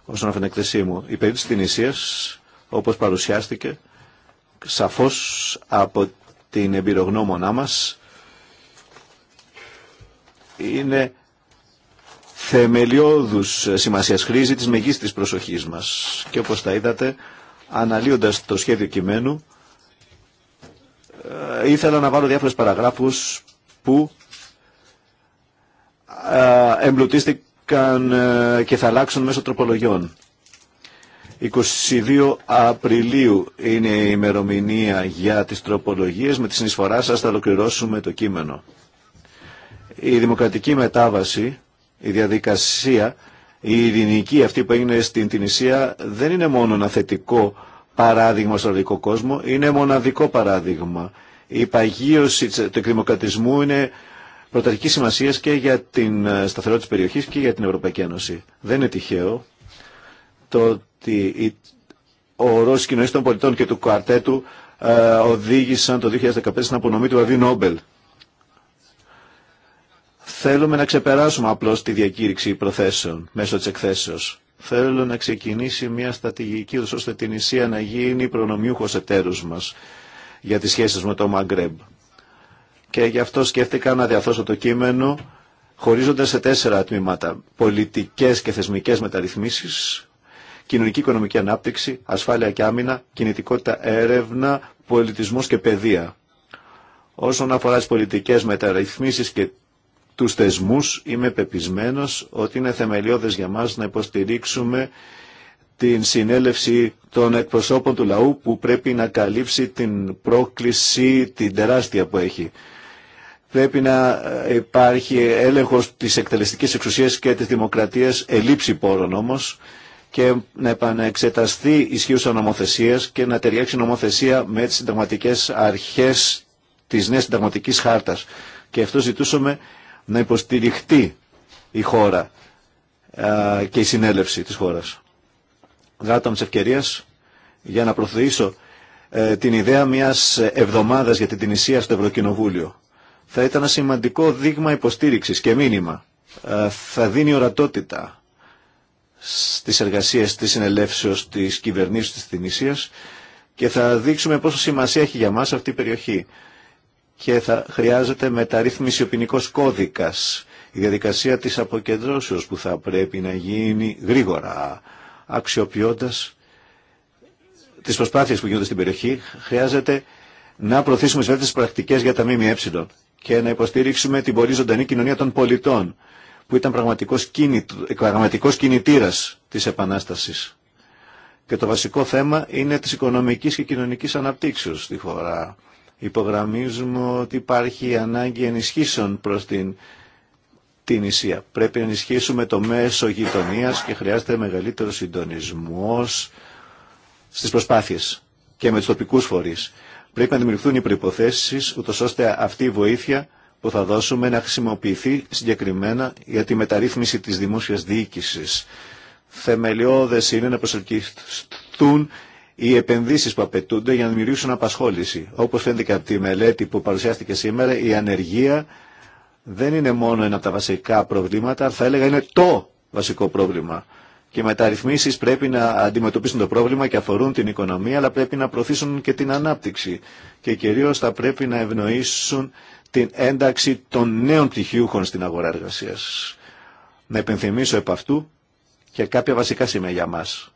όσον αφορά την εκθεσή μου. Η περίπτωση τη Τινησίας, όπω παρουσιάστηκε, σαφώ από την εμπειρογνώμονά μα είναι θεμελιώδους σημασίας χρήση της μεγίστης προσοχής μας. Και όπως τα είδατε, αναλύοντας το σχέδιο κειμένου, ε, ήθελα να βάλω διάφορες παραγράφους που ε, εμπλουτίστηκαν ε, και θα αλλάξουν μέσω τροπολογιών. 22 Απριλίου είναι η ημερομηνία για τις τροπολογίες. Με τη συνεισφορά σας θα ολοκληρώσουμε το κείμενο. Η δημοκρατική μετάβαση η διαδικασία, η ειρηνική αυτή που έγινε στην Τινησία δεν είναι μόνο ένα θετικό παράδειγμα στον ελληνικό κόσμο, είναι μοναδικό παράδειγμα. Η παγίωση του εκδημοκρατισμού είναι πρωταρχική σημασία και για την ε, σταθερότητα της περιοχής και για την Ευρωπαϊκή Ένωση. Δεν είναι τυχαίο το ότι ο ρόλος κοινωνίας των πολιτών και του κουαρτέτου ε, οδήγησαν το 2015 στην απονομή του Βαβίου Νόμπελ. Θέλουμε να ξεπεράσουμε απλώ τη διακήρυξη προθέσεων μέσω τη εκθέσεως. Θέλω να ξεκινήσει μια στρατηγική ώστε την Ισία να γίνει προνομιούχο εταίρους μα για τι σχέσει με το Μαγκρέμπ. Και γι' αυτό σκέφτηκα να διαθώσω το κείμενο χωρίζοντα σε τέσσερα τμήματα. Πολιτικέ και θεσμικέ μεταρρυθμίσει, κοινωνική οικονομική ανάπτυξη, ασφάλεια και άμυνα, κινητικότητα έρευνα, πολιτισμό και παιδεία. Όσον αφορά τι πολιτικέ μεταρρυθμίσει και τους θεσμούς είμαι πεπισμένος ότι είναι θεμελιώδες για μας να υποστηρίξουμε την συνέλευση των εκπροσώπων του λαού που πρέπει να καλύψει την πρόκληση την τεράστια που έχει. Πρέπει να υπάρχει έλεγχος της εκτελεστικής εξουσίας και της δημοκρατίας, ελήψη πόρων όμως, και να επαναεξεταστεί ισχύουσα νομοθεσία και να ταιριάξει νομοθεσία με τις συνταγματικές αρχές της νέας συνταγματικής χάρτας. Και αυτό ζητούσαμε να υποστηριχτεί η χώρα και η συνέλευση της χώρας. Γράτω της ευκαιρίας για να προθεήσω ε, την ιδέα μιας εβδομάδας για την Τινησία στο Ευρωκοινοβούλιο. Θα ήταν ένα σημαντικό δείγμα υποστήριξης και μήνυμα. Ε, θα δίνει ορατότητα στις εργασίες της συνελεύσεως της κυβερνήσεως της Τινησίας και θα δείξουμε πόσο σημασία έχει για μας αυτή η περιοχή και θα χρειάζεται μεταρρύθμιση ο ποινικό κώδικας. Η διαδικασία της αποκεντρώσεως που θα πρέπει να γίνει γρήγορα, αξιοποιώντας τις προσπάθειες που γίνονται στην περιοχή, χρειάζεται να προωθήσουμε σβέτες πρακτικές για τα ΜΜΕ και να υποστηρίξουμε την πολύ ζωντανή κοινωνία των πολιτών, που ήταν πραγματικός, κινητήρα πραγματικός κινητήρας της Επανάστασης. Και το βασικό θέμα είναι της οικονομικής και κοινωνικής αναπτύξεως στη χώρα Υπογραμμίζουμε ότι υπάρχει ανάγκη ενισχύσεων προς την, την Ισία. Πρέπει να ενισχύσουμε το μέσο γειτονίας και χρειάζεται μεγαλύτερο συντονισμός στις προσπάθειες και με τους τοπικούς φορείς. Πρέπει να δημιουργηθούν οι προϋποθέσεις ούτως ώστε αυτή η βοήθεια που θα δώσουμε να χρησιμοποιηθεί συγκεκριμένα για τη μεταρρύθμιση της δημόσιας διοίκησης. Θεμελιώδες είναι να προσελκυστούν οι επενδύσεις που απαιτούνται για να δημιουργήσουν απασχόληση. Όπως φαίνεται και από τη μελέτη που παρουσιάστηκε σήμερα, η ανεργία δεν είναι μόνο ένα από τα βασικά προβλήματα, θα έλεγα είναι το βασικό πρόβλημα. Και οι μεταρρυθμίσεις πρέπει να αντιμετωπίσουν το πρόβλημα και αφορούν την οικονομία, αλλά πρέπει να προωθήσουν και την ανάπτυξη. Και κυρίως θα πρέπει να ευνοήσουν την ένταξη των νέων πτυχιούχων στην αγορά εργασίας. Να επενθυμίσω επ' αυτού και κάποια βασικά σημεία για μας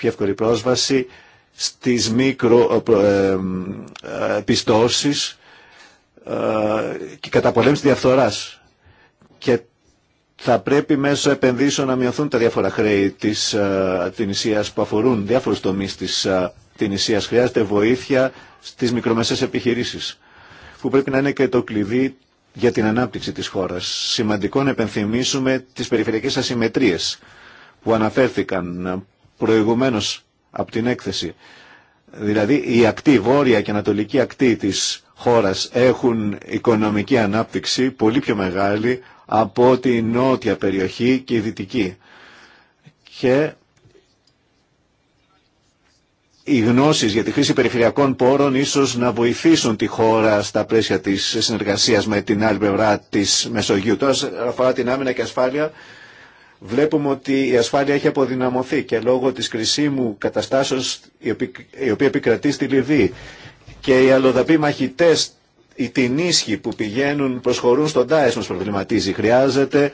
πιο εύκολη πρόσβαση στις μικροπιστώσεις ε, ε, ε, και καταπολέμηση διαφθοράς. Και θα πρέπει μέσω επενδύσεων να μειωθούν τα διάφορα χρέη της Τινησίας που αφορούν διάφορους τομείς της Τινησίας. Χρειάζεται βοήθεια στις μικρομεσαίες επιχειρήσεις που πρέπει να είναι και το κλειδί για την ανάπτυξη της χώρας. Σημαντικό να επενθυμίσουμε τις περιφερειακές ασυμμετρίες που αναφέρθηκαν, προηγουμένως από την έκθεση. Δηλαδή η ακτή, βόρεια και ανατολική ακτή της χώρας έχουν οικονομική ανάπτυξη πολύ πιο μεγάλη από τη νότια περιοχή και η δυτική. Και οι γνώσεις για τη χρήση περιφερειακών πόρων ίσως να βοηθήσουν τη χώρα στα πλαίσια της συνεργασίας με την άλλη πλευρά της Μεσογείου. Τώρα αφορά την άμυνα και ασφάλεια, βλέπουμε ότι η ασφάλεια έχει αποδυναμωθεί και λόγω της κρισίμου καταστάσεως η οποία επικρατεί στη Λιβύη και οι αλλοδαποί μαχητές, οι τινίσχοι που πηγαίνουν, προσχωρούν στον ΤΑΕΣ μας προβληματίζει. Χρειάζεται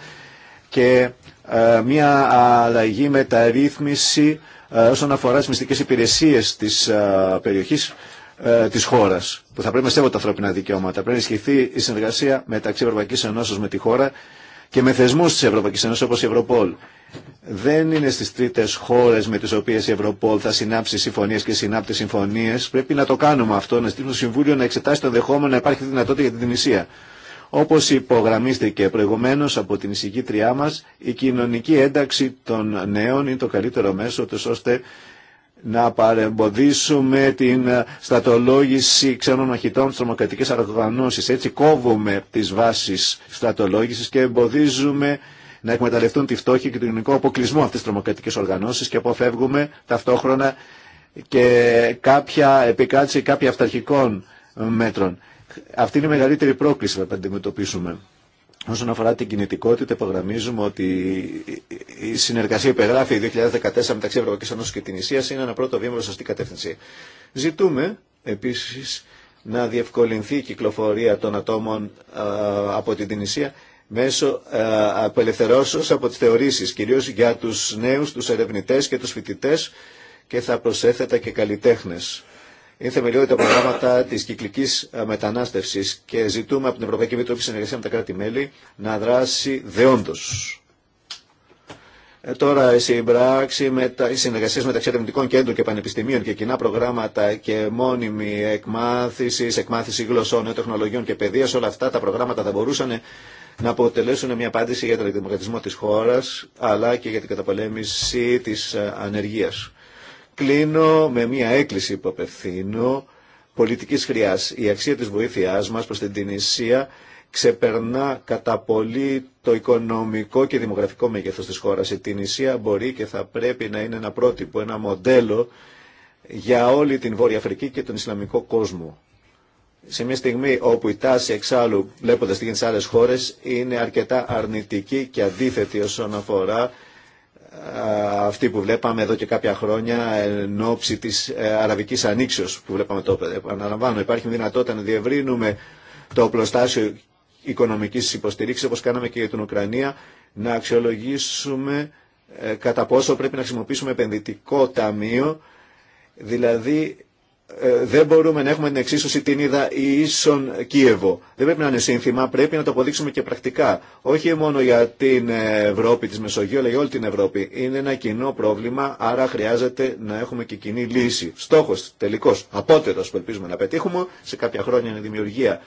και ε, μια αλλαγή μεταρρύθμιση ε, όσον αφορά τις μυστικές υπηρεσίες της ε, περιοχής ε, της χώρας που θα πρέπει να σέβονται τα ανθρώπινα δικαιώματα. Πρέπει να ισχυθεί η συνεργασία μεταξύ Ευρωπαϊκής Ενώσεως με τη χώρα και με θεσμού τη Ευρωπαϊκή, Ένωση όπως η Ευρωπόλ. Δεν είναι στις τρίτες χώρες με τις οποίες η Ευρωπόλ θα συνάψει συμφωνίε και συνάπτει συμφωνίες. Πρέπει να το κάνουμε αυτό, να στείλουμε το Συμβούλιο να εξετάσει το δεχόμενο να υπάρχει δυνατότητα για την Ισία. Όπως υπογραμμίστηκε προηγουμένω από την εισηγήτριά μα, η κοινωνική ένταξη των νέων είναι το καλύτερο μέσο ώστε να παρεμποδίσουμε την στατολόγηση ξένων μαχητών στις τρομοκρατικές οργανώσεις. Έτσι κόβουμε τις βάσεις στατολόγησης και εμποδίζουμε να εκμεταλλευτούν τη φτώχεια και τον ελληνικό αποκλεισμό αυτές της τρομοκρατικές οργανώσεις και αποφεύγουμε ταυτόχρονα και κάποια επικράτηση κάποια αυταρχικών μέτρων. Αυτή είναι η μεγαλύτερη πρόκληση που αντιμετωπίσουμε. Όσον αφορά την κινητικότητα, υπογραμμίζουμε ότι η συνεργασία υπεγράφει 2014 μεταξύ Ευρωπαϊκή Ένωση και την Ισία είναι ένα πρώτο βήμα προ την κατεύθυνση. Ζητούμε επίση να διευκολυνθεί η κυκλοφορία των ατόμων από την Τινησία μέσω απελευθερώσεως από τις θεωρήσεις, κυρίως για τους νέους, τους ερευνητές και τους φοιτητές και θα προσέθετα και καλλιτέχνες είναι θεμελιώδη τα προγράμματα τη κυκλική ε, μετανάστευση και ζητούμε από την Ευρωπαϊκή Επιτροπή συνεργασία με τα κράτη-μέλη να δράσει δεόντω. Ε, τώρα η συμπράξη, με οι συνεργασίε μεταξύ ερευνητικών κέντρων και πανεπιστημίων και κοινά προγράμματα και μόνιμη εκμάθηση, εκμάθηση γλωσσών, τεχνολογιών και παιδεία, όλα αυτά τα προγράμματα θα μπορούσαν να αποτελέσουν μια απάντηση για τον εκδημοκρατισμό τη χώρα, αλλά και για την καταπολέμηση τη ε, ανεργία. Κλείνω με μια έκκληση που απευθύνω πολιτικής χρειάς. Η αξία της βοήθειάς μας προς την Τινησία ξεπερνά κατά πολύ το οικονομικό και δημογραφικό μέγεθος της χώρας. Η Τινησία μπορεί και θα πρέπει να είναι ένα πρότυπο, ένα μοντέλο για όλη την Βόρεια Αφρική και τον Ισλαμικό κόσμο. Σε μια στιγμή όπου η τάση εξάλλου βλέποντας τι γίνεται σε άλλες χώρες είναι αρκετά αρνητική και αντίθετη όσον αφορά αυτή που βλέπαμε εδώ και κάποια χρόνια εν ώψη της ε, Αραβικής Ανοίξεως που βλέπαμε τότε. Αναλαμβάνω, υπάρχει δυνατότητα να διευρύνουμε το οπλοστάσιο οικονομικής υποστηρίξης όπως κάναμε και για την Ουκρανία, να αξιολογήσουμε ε, κατά πόσο πρέπει να χρησιμοποιήσουμε επενδυτικό ταμείο, δηλαδή ε, δεν μπορούμε να έχουμε την εξίσωση την είδα ίσον Κίεβο. Δεν πρέπει να είναι σύνθημα, πρέπει να το αποδείξουμε και πρακτικά. Όχι μόνο για την Ευρώπη, της Μεσογείου, αλλά για όλη την Ευρώπη. Είναι ένα κοινό πρόβλημα, άρα χρειάζεται να έχουμε και κοινή λύση. Στόχος τελικός, απότερο που ελπίζουμε να πετύχουμε σε κάποια χρόνια είναι η δημιουργία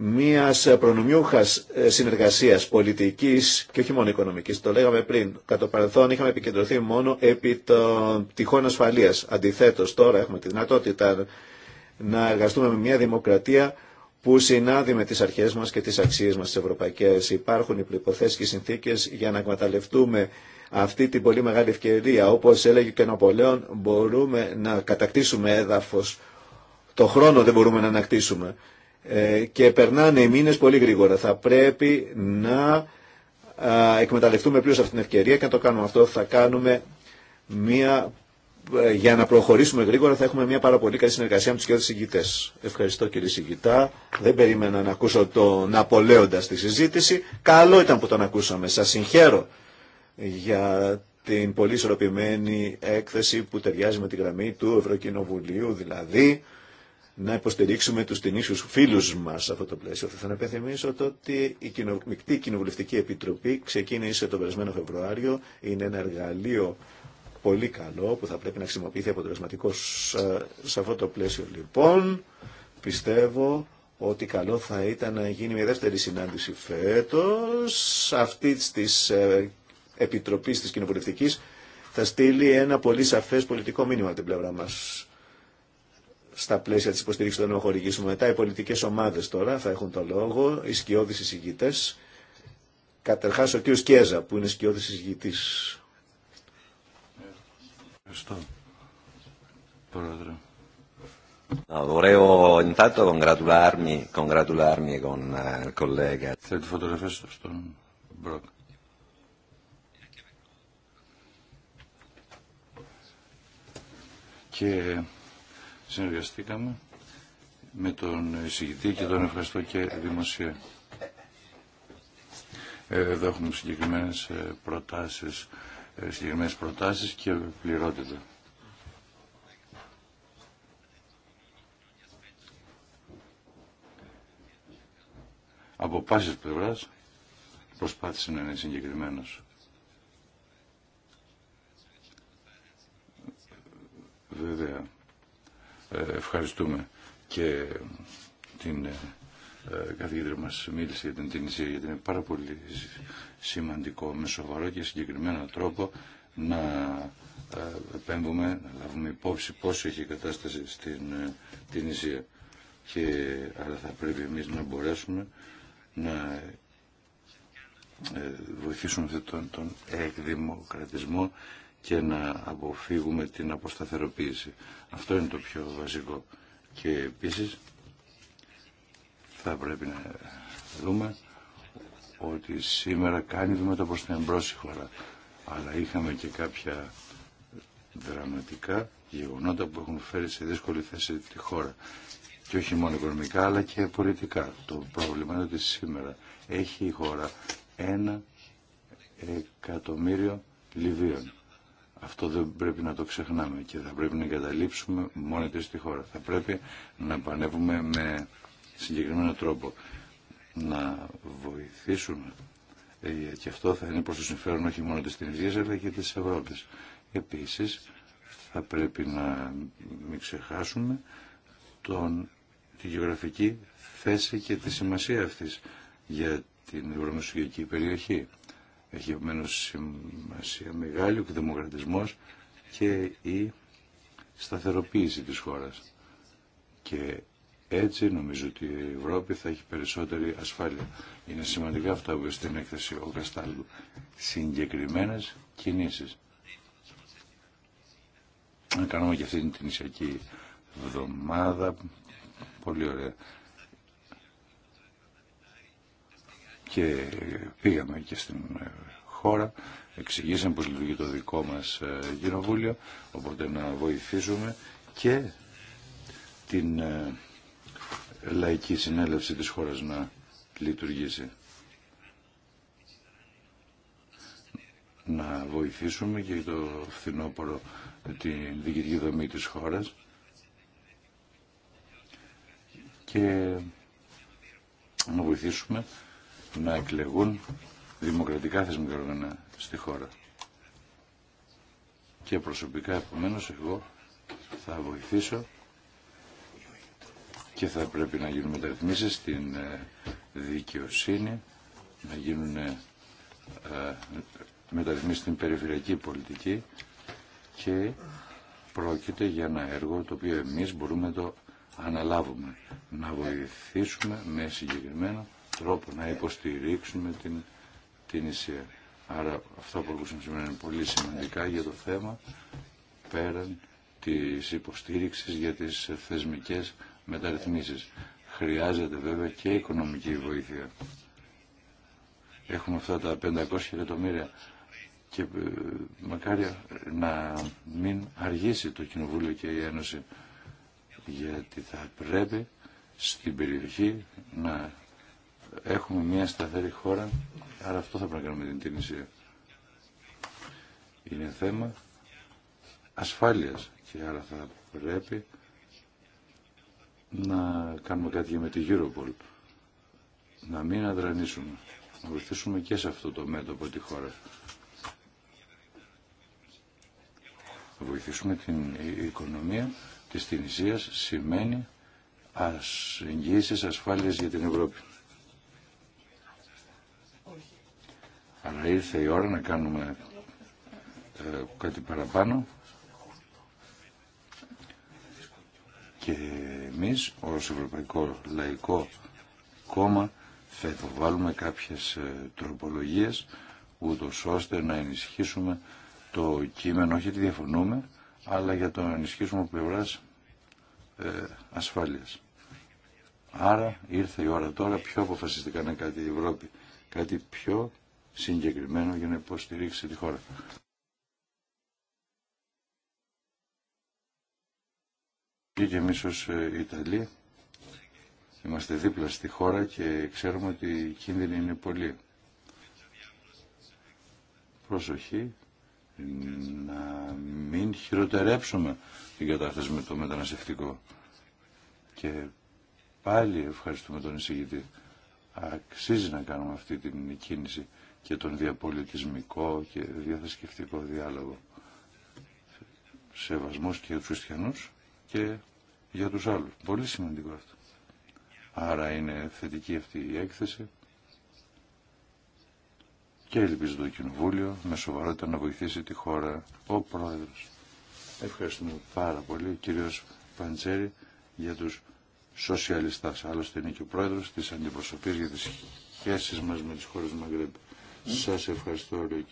μίας προνομιούχας ε, συνεργασίας πολιτικής και όχι μόνο οικονομικής. Το λέγαμε πριν. Κατά παρελθόν είχαμε επικεντρωθεί μόνο επί των τυχών ασφαλεία. Αντιθέτως τώρα έχουμε τη δυνατότητα να εργαστούμε με μια δημοκρατία που συνάδει με τις αρχές μας και τις αξίες μας τις ευρωπαϊκές. Υπάρχουν οι προϋποθέσεις και οι συνθήκες για να εκμεταλλευτούμε αυτή την πολύ μεγάλη ευκαιρία. Όπως έλεγε και ο Ναπολέον, μπορούμε να κατακτήσουμε έδαφος. Το χρόνο δεν μπορούμε να ανακτήσουμε. Ε, και περνάνε οι μήνες πολύ γρήγορα. Θα πρέπει να εκμεταλλευτούμε πλήρως αυτή την ευκαιρία και να το κάνουμε αυτό θα κάνουμε μια ε, για να προχωρήσουμε γρήγορα θα έχουμε μια πάρα πολύ καλή συνεργασία με τους κύριους συγκητές. Ευχαριστώ κύριε συγκητά. Δεν περίμενα να ακούσω τον Ναπολέοντα στη συζήτηση. Καλό ήταν που τον ακούσαμε. Σας συγχαίρω για την πολύ ισορροπημένη έκθεση που ταιριάζει με τη γραμμή του Ευρωκοινοβουλίου, δηλαδή να υποστηρίξουμε τους ίσους φίλους μας σε αυτό το πλαίσιο. Θα επενθυμίσω ότι η Μικτή Κοινοβουλευτική Επιτροπή ξεκίνησε τον περασμένο Φεβρουάριο. Είναι ένα εργαλείο πολύ καλό που θα πρέπει να χρησιμοποιηθεί αποτελεσματικό ε, σε αυτό το πλαίσιο. Λοιπόν, πιστεύω ότι καλό θα ήταν να γίνει μια δεύτερη συνάντηση φέτος Αυτή της ε, Επιτροπής της Κοινοβουλευτικής θα στείλει ένα πολύ σαφές πολιτικό μήνυμα από την πλευρά μας στα πλαίσια της υποστήριξης των νεοχορηγήσεων. Μετά οι πολιτικές ομάδες τώρα θα έχουν το λόγο, οι σκιώδεις εισηγητές. Καταρχάς ο κ. Κέζα που είναι σκιώδης εισηγητής. Ευχαριστώ. Πρόεδρε. No, Volevo intanto congratularmi, congratularmi con uh, il collega. Θέλω τη φωτογραφία στον Μπροκ. Και συνεργαστήκαμε με τον εισηγητή και τον ευχαριστώ και δημοσία. Ε, εδώ έχουμε συγκεκριμένες ε, προτάσεις, ε, συγκεκριμένες προτάσεις και πληρότητα. Από πάσης πλευράς προσπάθησε να είναι συγκεκριμένος. Βέβαια, ε, ευχαριστούμε και την ε, καθηγήτρια μας μίλησε για την Τινησία γιατί είναι πάρα πολύ σημαντικό με σοβαρό και συγκεκριμένο τρόπο να ε, επέμβουμε, να λάβουμε υπόψη πόσο έχει η κατάσταση στην Τινησία και άρα θα πρέπει εμείς να μπορέσουμε να βοηθήσουμε αυτόν τον εκδημοκρατισμό και να αποφύγουμε την αποσταθεροποίηση. Αυτό είναι το πιο βασικό. Και επίσης θα πρέπει να δούμε ότι σήμερα κάνει βήματα προς την εμπρόση χώρα. Αλλά είχαμε και κάποια δραματικά γεγονότα που έχουν φέρει σε δύσκολη θέση τη χώρα. Και όχι μόνο οικονομικά αλλά και πολιτικά. Το πρόβλημα είναι ότι σήμερα έχει η χώρα ένα εκατομμύριο Λιβύων. Αυτό δεν πρέπει να το ξεχνάμε και θα πρέπει να εγκαταλείψουμε μόνο τη στη χώρα. Θα πρέπει να πανεύουμε με συγκεκριμένο τρόπο να βοηθήσουμε και αυτό θα είναι προς το συμφέρον όχι μόνο της Τινησίας αλλά και της Ευρώπης. Επίσης θα πρέπει να μην ξεχάσουμε τον, τη γεωγραφική θέση και τη σημασία αυτής για την ευρωμεσογειακή περιοχή. Έχει επομένω σημασία μεγάλη ο δημοκρατισμό και η σταθεροποίηση της χώρας. Και έτσι νομίζω ότι η Ευρώπη θα έχει περισσότερη ασφάλεια. Είναι σημαντικά αυτά που στην έκθεση ο Καστάλου. Συγκεκριμένες κινήσεις. Να κάνουμε και αυτή την νησιακή εβδομάδα. Πολύ ωραία. και πήγαμε και στην ε, χώρα, εξηγήσαμε πως λειτουργεί το δικό μας ε, κοινοβούλιο, οπότε να βοηθήσουμε και την ε, λαϊκή συνέλευση της χώρας να λειτουργήσει. Να βοηθήσουμε και το φθινόπωρο την διοικητική δομή της χώρας και να βοηθήσουμε να εκλεγούν δημοκρατικά θεσμικά οργανά στη χώρα. Και προσωπικά επομένως εγώ θα βοηθήσω και θα πρέπει να γίνουν μεταρρυθμίσεις στην ε, δικαιοσύνη, να γίνουν ε, μεταρρυθμίσεις στην περιφερειακή πολιτική και πρόκειται για ένα έργο το οποίο εμείς μπορούμε να το αναλάβουμε, να βοηθήσουμε με συγκεκριμένα τρόπο να υποστηρίξουμε την, την Ισία. Άρα αυτό που ακούσαμε σήμερα είναι πολύ σημαντικά για το θέμα πέραν της υποστήριξης για τις θεσμικές μεταρρυθμίσεις. Χρειάζεται βέβαια και οικονομική βοήθεια. Έχουμε αυτά τα 500 εκατομμύρια και ε, μακάρι να μην αργήσει το Κοινοβούλιο και η Ένωση γιατί θα πρέπει στην περιοχή να έχουμε μια σταθερή χώρα, άρα αυτό θα πρέπει να κάνουμε την Τινησία. Είναι θέμα ασφάλειας και άρα θα πρέπει να κάνουμε κάτι για με τη Europol. Να μην αδρανίσουμε, να βοηθήσουμε και σε αυτό το μέτωπο τη χώρα. Να βοηθήσουμε την οικονομία της Τινησίας σημαίνει ας ασφάλειας για την Ευρώπη. Αλλά ήρθε η ώρα να κάνουμε ε, κάτι παραπάνω και εμείς ως Ευρωπαϊκό Λαϊκό Κόμμα θα υποβάλουμε κάποιες ε, τροπολογίες ούτω ώστε να ενισχύσουμε το κείμενο, όχι ότι διαφωνούμε, αλλά για το να ενισχύσουμε πλευρά ε, ασφάλειας. Άρα ήρθε η ώρα τώρα πιο αποφασιστικά να κάνει κάτι η Ευρώπη, κάτι πιο συγκεκριμένο για να υποστηρίξει τη χώρα. Και και εμείς ως ε, Ιταλοί είμαστε δίπλα στη χώρα και ξέρουμε ότι οι κίνδυνοι είναι πολλοί. Προσοχή να μην χειροτερέψουμε την κατάσταση με το μεταναστευτικό. Και πάλι ευχαριστούμε τον εισηγητή. Αξίζει να κάνουμε αυτή την κίνηση και τον διαπολιτισμικό και διαθεσκευτικό διάλογο. Σεβασμός και για τους χριστιανούς και για τους άλλους. Πολύ σημαντικό αυτό. Άρα είναι θετική αυτή η έκθεση και ελπίζω το Κοινοβούλιο με σοβαρότητα να βοηθήσει τη χώρα ο Πρόεδρος. Ευχαριστούμε πάρα πολύ κύριος Παντσέρη για τους σοσιαλιστάς. Άλλωστε είναι και ο Πρόεδρος της Αντιπροσωπής για τις σχέσεις μας με τις χώρες Μαγκρέμπη. Σας ευχαριστώ, λέει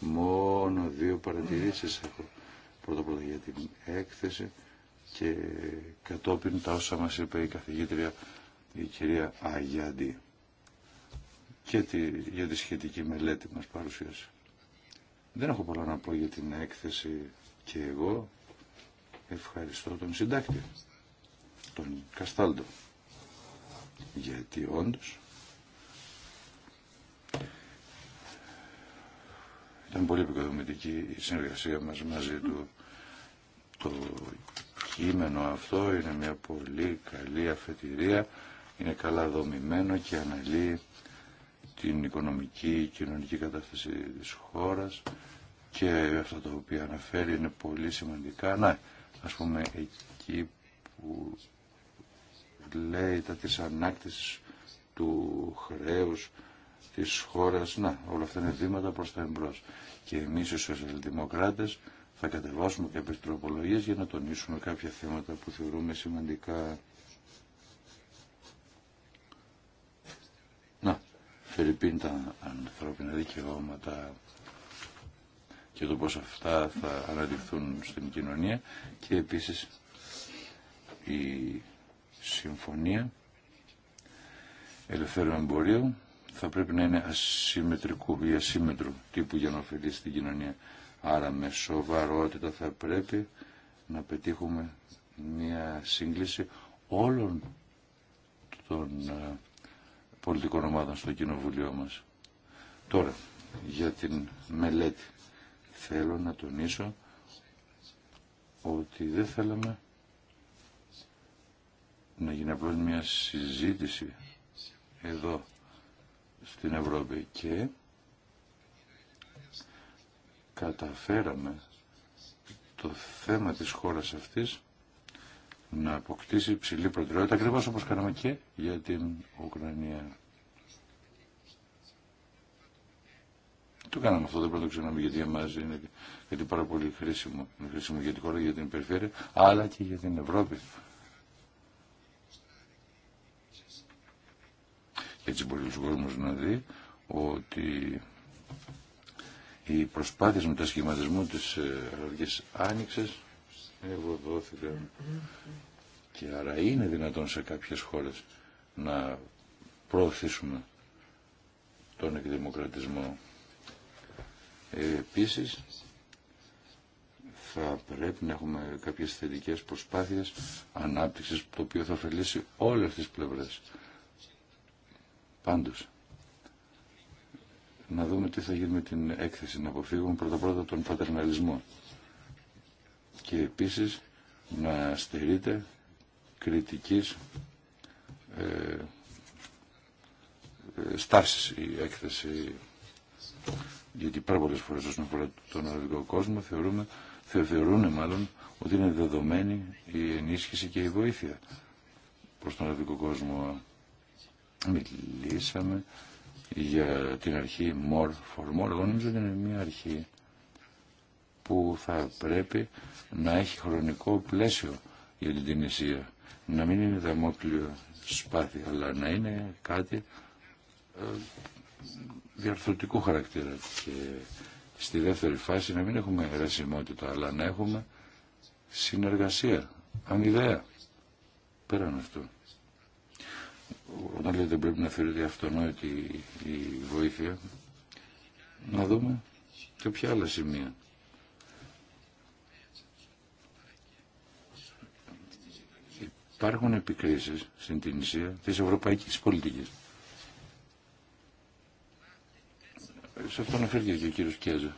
Μόνο δύο παρατηρήσεις έχω. Πρώτα πρώτα για την έκθεση και κατόπιν τα όσα μας είπε η καθηγήτρια η κυρία Αγιάντη και τη, για τη σχετική μελέτη μας παρουσίασε. Δεν έχω πολλά να πω για την έκθεση και εγώ ευχαριστώ τον συντάκτη, τον Καστάλτο, γιατί όντως Ήταν πολύ επικοδομητική η συνεργασία μας μαζί του. Το κείμενο αυτό είναι μια πολύ καλή αφετηρία, είναι καλά δομημένο και αναλύει την οικονομική και κοινωνική κατάσταση της χώρας και αυτό το οποία αναφέρει είναι πολύ σημαντικά. Να, ας πούμε εκεί που λέει τα της ανάκτησης του χρέους, Τη χώρα Να, όλα αυτά είναι βήματα προ τα εμπρό. Και εμεί οι σοσιαλδημοκράτε θα κατεβάσουμε κάποιε τροπολογίε για να τονίσουμε κάποια θέματα που θεωρούμε σημαντικά. Να, Φερρυπίν τα ανθρώπινα δικαιώματα και το πώς αυτά θα αναδειχθούν στην κοινωνία και επίσης η συμφωνία ελευθέρων εμπορίου θα πρέπει να είναι ασυμμετρικού ή ασύμμετρου τύπου για να ωφελήσει την κοινωνία. Άρα με σοβαρότητα θα πρέπει να πετύχουμε μια σύγκληση όλων των ε, πολιτικών ομάδων στο κοινοβουλίο μας. Τώρα, για την μελέτη θέλω να τονίσω ότι δεν θέλαμε να γίνει απλώς μια συζήτηση εδώ στην Ευρώπη και καταφέραμε το θέμα της χώρας αυτής να αποκτήσει ψηλή προτεραιότητα ακριβώ όπως κάναμε και για την Ουκρανία. Το κάναμε αυτό, δεν πρέπει να το γιατί για μας είναι γιατί πάρα πολύ χρήσιμο. χρήσιμο για τη χώρα, για την περιφέρεια, αλλά και για την Ευρώπη. Έτσι μπορεί ο κόσμος να δει ότι οι προσπάθειες μετασχηματισμού της Αραβικής ε, Άνοιξης ευωδόθηκαν και άρα είναι δυνατόν σε κάποιες χώρες να προωθήσουμε τον εκδημοκρατισμό. Επίσης, θα πρέπει να έχουμε κάποιες θετικές προσπάθειες ανάπτυξης, το οποίο θα ωφελήσει όλες τις πλευρές. Πάντως, να δούμε τι θα γίνει με την έκθεση, να αποφύγουμε πρώτα-πρώτα τον πατερναλισμό. Και επίσης να στερείται κριτικής ε, ε η έκθεση γιατί πάρα πολλές φορές όσον αφορά τον αραβικό κόσμο θεωρούμε, θεωρούν μάλλον ότι είναι δεδομένη η ενίσχυση και η βοήθεια προς τον αραβικό κόσμο Μιλήσαμε για την αρχή more for more. Εγώ νομίζω ότι είναι μια αρχή που θα πρέπει να έχει χρονικό πλαίσιο για την Τινησία. Να μην είναι δαμόκλειο σπάθη, αλλά να είναι κάτι ε, διαρθρωτικού χαρακτήρα και στη δεύτερη φάση να μην έχουμε ερασιμότητα αλλά να έχουμε συνεργασία αμοιβαία πέραν αυτού όταν λέτε ότι πρέπει να θεωρείται αυτονόητη η βοήθεια, να δούμε και ποια άλλα σημεία. Υπάρχουν επικρίσεις στην Τινησία της ευρωπαϊκής πολιτικής. Σε αυτό αναφέρθηκε και ο κύριος Κέζα.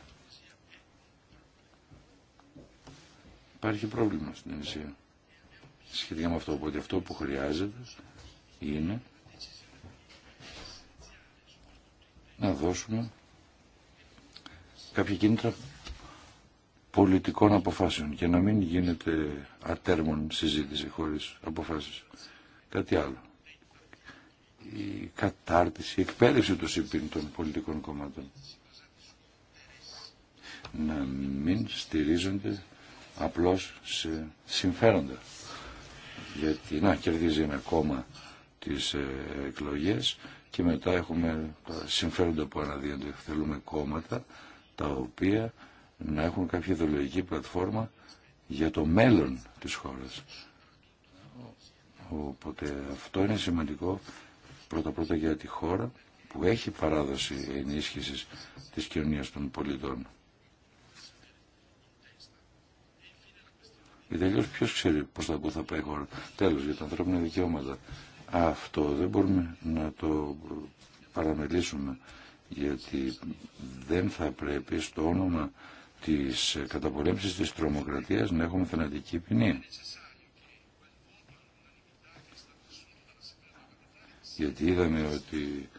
Υπάρχει πρόβλημα στην Τινησία σχετικά με αυτό. Οπότε αυτό που χρειάζεται είναι να δώσουμε κάποια κίνητρα πολιτικών αποφάσεων και να μην γίνεται ατέρμον συζήτηση χωρίς αποφάσεις. Κάτι άλλο. Η κατάρτιση, η εκπαίδευση των συμπίνων πολιτικών κομμάτων. Να μην στηρίζονται απλώς σε συμφέροντα. Γιατί να κερδίζει ένα κόμμα τις ε, εκλογές και μετά έχουμε τα ε, συμφέροντα που αναδύονται. Θέλουμε κόμματα τα οποία να έχουν κάποια ιδεολογική πλατφόρμα για το μέλλον της χώρας. Οπότε αυτό είναι σημαντικό πρώτα-πρώτα για τη χώρα που έχει παράδοση ενίσχυσης της κοινωνίας των πολιτών. Και τελείως ποιος ξέρει πώς θα πού θα πάει η χώρα. Τέλος, για τα ανθρώπινα δικαιώματα. Αυτό δεν μπορούμε να το παραμελήσουμε γιατί δεν θα πρέπει στο όνομα της καταπολέμησης της τρομοκρατίας να έχουμε θενατική ποινή. Γιατί είδαμε ότι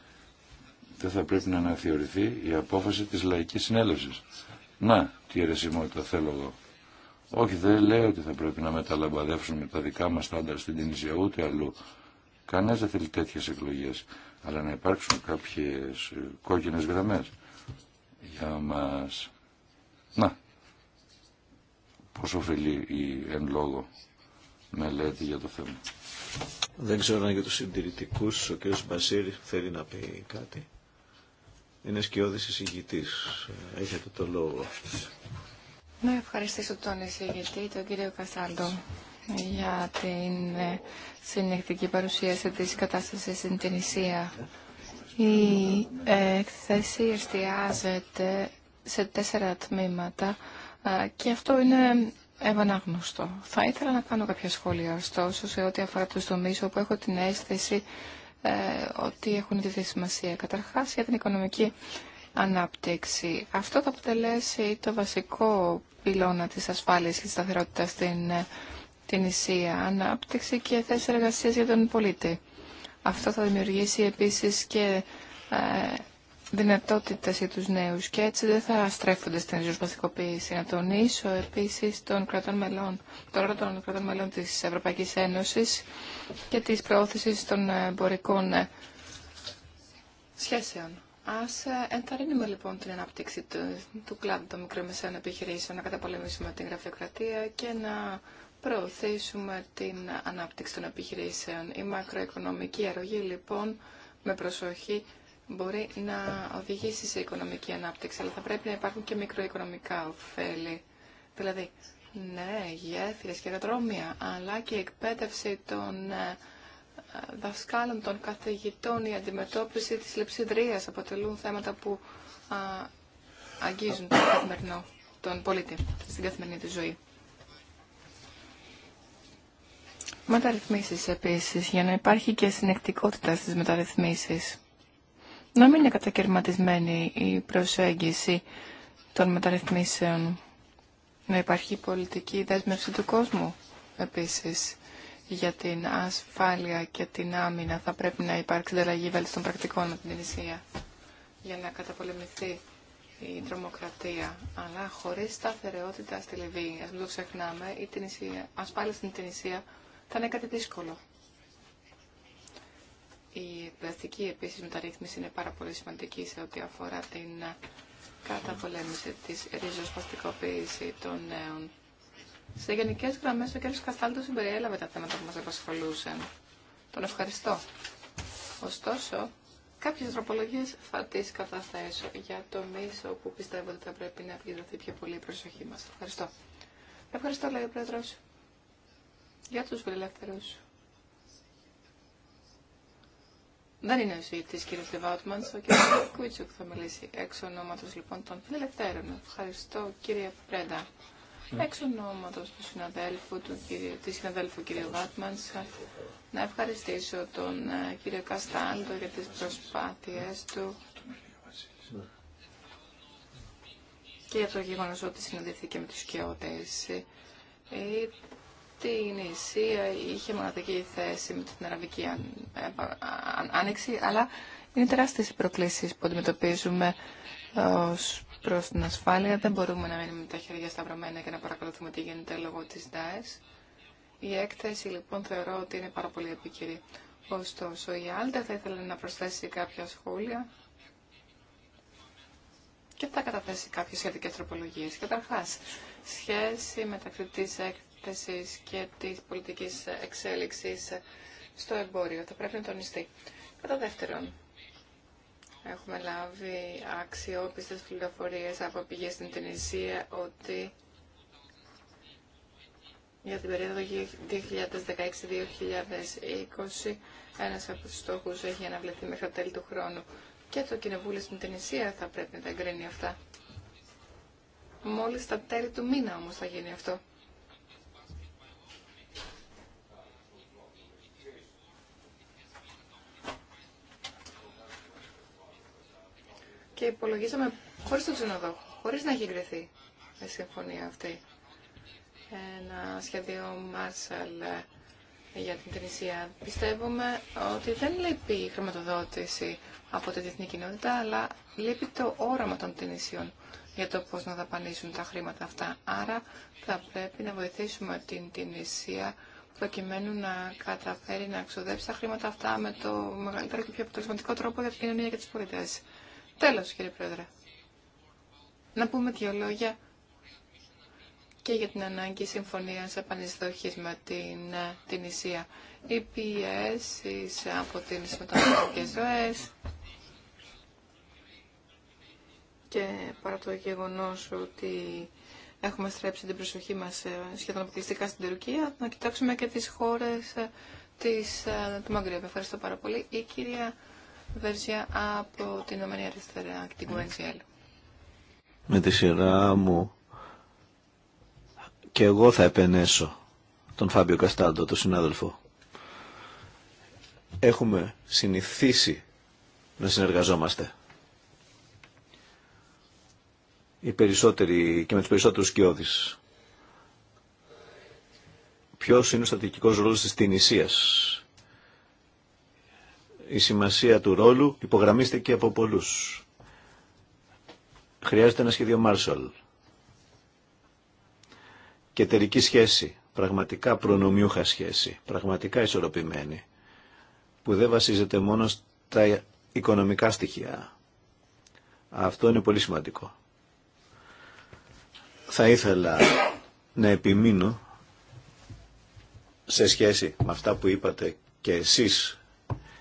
δεν θα πρέπει να αναθεωρηθεί η απόφαση της λαϊκής συνέλευσης. Να, τι αιρεσιμότητα θέλω εγώ. Όχι, δεν λέω ότι θα πρέπει να μεταλαμπαδεύσουμε τα δικά μας στάνταρ στην Τινησία ούτε αλλού. Κανένα δεν θέλει τέτοιε εκλογέ. Αλλά να υπάρξουν κάποιε κόκκινε γραμμέ για μα. Να. πόσο ωφελεί η εν λόγω μελέτη για το θέμα. Δεν ξέρω αν για του συντηρητικού ο κ. Μπασίρη θέλει να πει κάτι. Είναι σκιώδη εισηγητή. Έχετε το λόγο. Να ευχαριστήσω τον εισηγητή, τον κύριο Κασάλτο για την ε, συνεχτική παρουσίαση της κατάστασης στην Τινησία. Η ε, εκθέση εστιάζεται σε τέσσερα τμήματα ε, και αυτό είναι ευανάγνωστο. Θα ήθελα να κάνω κάποια σχόλια, ωστόσο, σε ό,τι αφορά τους τομείς όπου έχω την αίσθηση ότι έχουν τη Καταρχάς, για την οικονομική ανάπτυξη. Αυτό θα αποτελέσει το βασικό πυλώνα της ασφάλειας και της σταθερότητας στην την ισία ανάπτυξη και θέσει εργασία για τον πολίτη. Αυτό θα δημιουργήσει επίσης και ε, δυνατότητες για τους νέους και έτσι δεν θα στρέφονται στην ριζοσπαστικοποίηση. Να τονίσω επίσης των κρατών μελών, τώρα των κρατών μελών της Ευρωπαϊκής Ένωσης και της προώθησης των εμπορικών ε, σχέσεων. Ας ε, ενθαρρύνουμε λοιπόν την ανάπτυξη του, του κλάδου των μικρομεσαίων επιχειρήσεων, να καταπολεμήσουμε την γραφειοκρατία και να προωθήσουμε την ανάπτυξη των επιχειρήσεων. Η μακροοικονομική αρρωγή λοιπόν με προσοχή μπορεί να οδηγήσει σε οικονομική ανάπτυξη, αλλά θα πρέπει να υπάρχουν και μικροοικονομικά ωφέλη. Δηλαδή, ναι, γέφυρε και αεροδρόμια, αλλά και η εκπαίδευση των ε, δασκάλων, των καθηγητών, η αντιμετώπιση της λεψιδρίας αποτελούν θέματα που αγγίζουν τον τον πολίτη στην καθημερινή του ζωή. Μεταρρυθμίσεις επίσης, για να υπάρχει και συνεκτικότητα στις μεταρρυθμίσεις. Να μην είναι κατακαιρματισμένη η προσέγγιση των μεταρρυθμίσεων. Να υπάρχει πολιτική δέσμευση του κόσμου επίσης για την ασφάλεια και την άμυνα θα πρέπει να υπάρξει ανταλλαγή βέλτιστων των πρακτικών με την Τινησία για να καταπολεμηθεί η τρομοκρατία. Αλλά χωρίς σταθερεότητα στη Λιβύη, ας μην το ξεχνάμε, η ασφάλεια στην Τινησία θα είναι κάτι δύσκολο. Η πλαστική επίση μεταρρύθμιση είναι πάρα πολύ σημαντική σε ό,τι αφορά την καταπολέμηση τη ριζοσπαστικοποίηση των νέων. Σε γενικέ γραμμέ, ο κ. Καστάλτο συμπεριέλαβε τα θέματα που μα απασχολούσαν. Τον ευχαριστώ. Ωστόσο, κάποιε τροπολογίε θα τι καταθέσω για το μίσο που πιστεύω ότι θα πρέπει να επικεντρωθεί πιο πολύ η προσοχή μα. Ευχαριστώ. Ευχαριστώ, λέει ο Πρόεδρο. Για τους φιλελεύθερους. Δεν είναι ο συζητητή κύριος Λεβάουτμαντς, ο κύριος Κουίτσουκ θα μιλήσει εξ ονόματος λοιπόν των φιλελευθέρων. Ευχαριστώ κύριε Πρέντα. Ναι. Εξ ονόματο του συναδέλφου, του κύριου, της συναδέλφου κύριου Βάτμαντς, να ευχαριστήσω τον ε, κύριο Καστάλτο για τι προσπάθειε του και για το γεγονό ότι συναντηθήκε με του κοιότες. Ε, την Ισία είχε μοναδική θέση με την Αραβική Άνοιξη, αλλά είναι τεράστιες οι προκλήσεις που αντιμετωπίζουμε ε, ως προς την ασφάλεια. Δεν μπορούμε να μείνουμε με τα χέρια σταυρωμένα και να παρακολουθούμε τι γίνεται λόγω της ΔΑΕΣ. Η έκθεση λοιπόν θεωρώ ότι είναι πάρα πολύ επίκαιρη. Ωστόσο, η Άλτα θα ήθελε να προσθέσει κάποια σχόλια και θα καταθέσει κάποιες σχετικές τροπολογίες. Καταρχά, σχέση μεταξύ τη έκθεσης και της πολιτικής εξέλιξης στο εμπόριο. Θα πρέπει να τονιστεί. Κατά δεύτερον, έχουμε λάβει αξιόπιστες πληροφορίες από πηγές στην Τινησία ότι για την περίοδο 2016-2020 ένας από τους στόχους έχει αναβληθεί μέχρι το τέλη του χρόνου και το Κοινοβούλιο στην Τινησία θα πρέπει να τα εγκρίνει αυτά. Μόλις στα τέλη του μήνα όμως θα γίνει αυτό. και υπολογίσαμε χωρίς τον ξενοδόχο, χωρίς να έχει εγκριθεί η συμφωνία αυτή. Ένα σχέδιο Marshall για την Τινησία. Πιστεύουμε ότι δεν λείπει η χρηματοδότηση από τη διεθνή κοινότητα, αλλά λείπει το όραμα των Τινησιών για το πώς να δαπανίσουν τα χρήματα αυτά. Άρα θα πρέπει να βοηθήσουμε την Τινησία προκειμένου να καταφέρει να ξοδέψει τα χρήματα αυτά με το μεγαλύτερο και πιο αποτελεσματικό τρόπο για την κοινωνία και τους πολίτες. Τέλος, κύριε Πρόεδρε. Να πούμε δύο λόγια και για την ανάγκη συμφωνίας επανεισδοχής με την, ε, την Ισία. Οι πιέσεις από την συμμετοχή ζωές και παρά το γεγονός ότι έχουμε στρέψει την προσοχή μας ε, σχεδόν αποκλειστικά στην Τουρκία, να κοιτάξουμε και τις χώρες ε, της, του Μαγκρίου. Ευχαριστώ πάρα πολύ. Η κυρία Βερζιά από την και την Με τη σειρά μου και εγώ θα επενέσω τον Φάμπιο Καστάντο, τον συνάδελφο. Έχουμε συνηθίσει να συνεργαζόμαστε. Οι περισσότεροι και με τους περισσότερους σκιώδεις. Ποιος είναι ο στατικικός ρόλος της Τινησίας η σημασία του ρόλου υπογραμμίστηκε από πολλούς. Χρειάζεται ένα σχέδιο Μάρσολ και εταιρική σχέση, πραγματικά προνομιούχα σχέση, πραγματικά ισορροπημένη, που δεν βασίζεται μόνο στα οικονομικά στοιχεία. Αυτό είναι πολύ σημαντικό. Θα ήθελα να επιμείνω σε σχέση με αυτά που είπατε και εσείς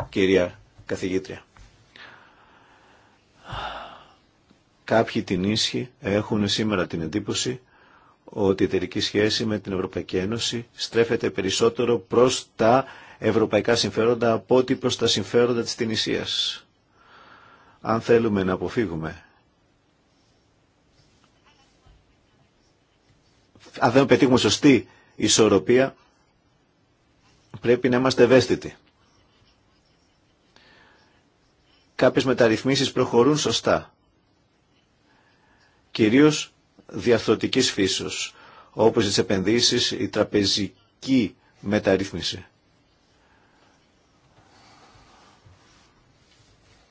κυρία καθηγήτρια. Κάποιοι την ίσχυ έχουν σήμερα την εντύπωση ότι η εταιρική σχέση με την Ευρωπαϊκή Ένωση στρέφεται περισσότερο προς τα ευρωπαϊκά συμφέροντα από ότι προς τα συμφέροντα της Τινησίας. Αν θέλουμε να αποφύγουμε αν δεν πετύχουμε σωστή ισορροπία, πρέπει να είμαστε ευαίσθητοι. κάποιες μεταρρυθμίσεις προχωρούν σωστά. Κυρίως διαφθορτικής φύσεως, όπως τις επενδύσεις, η τραπεζική μεταρρύθμιση.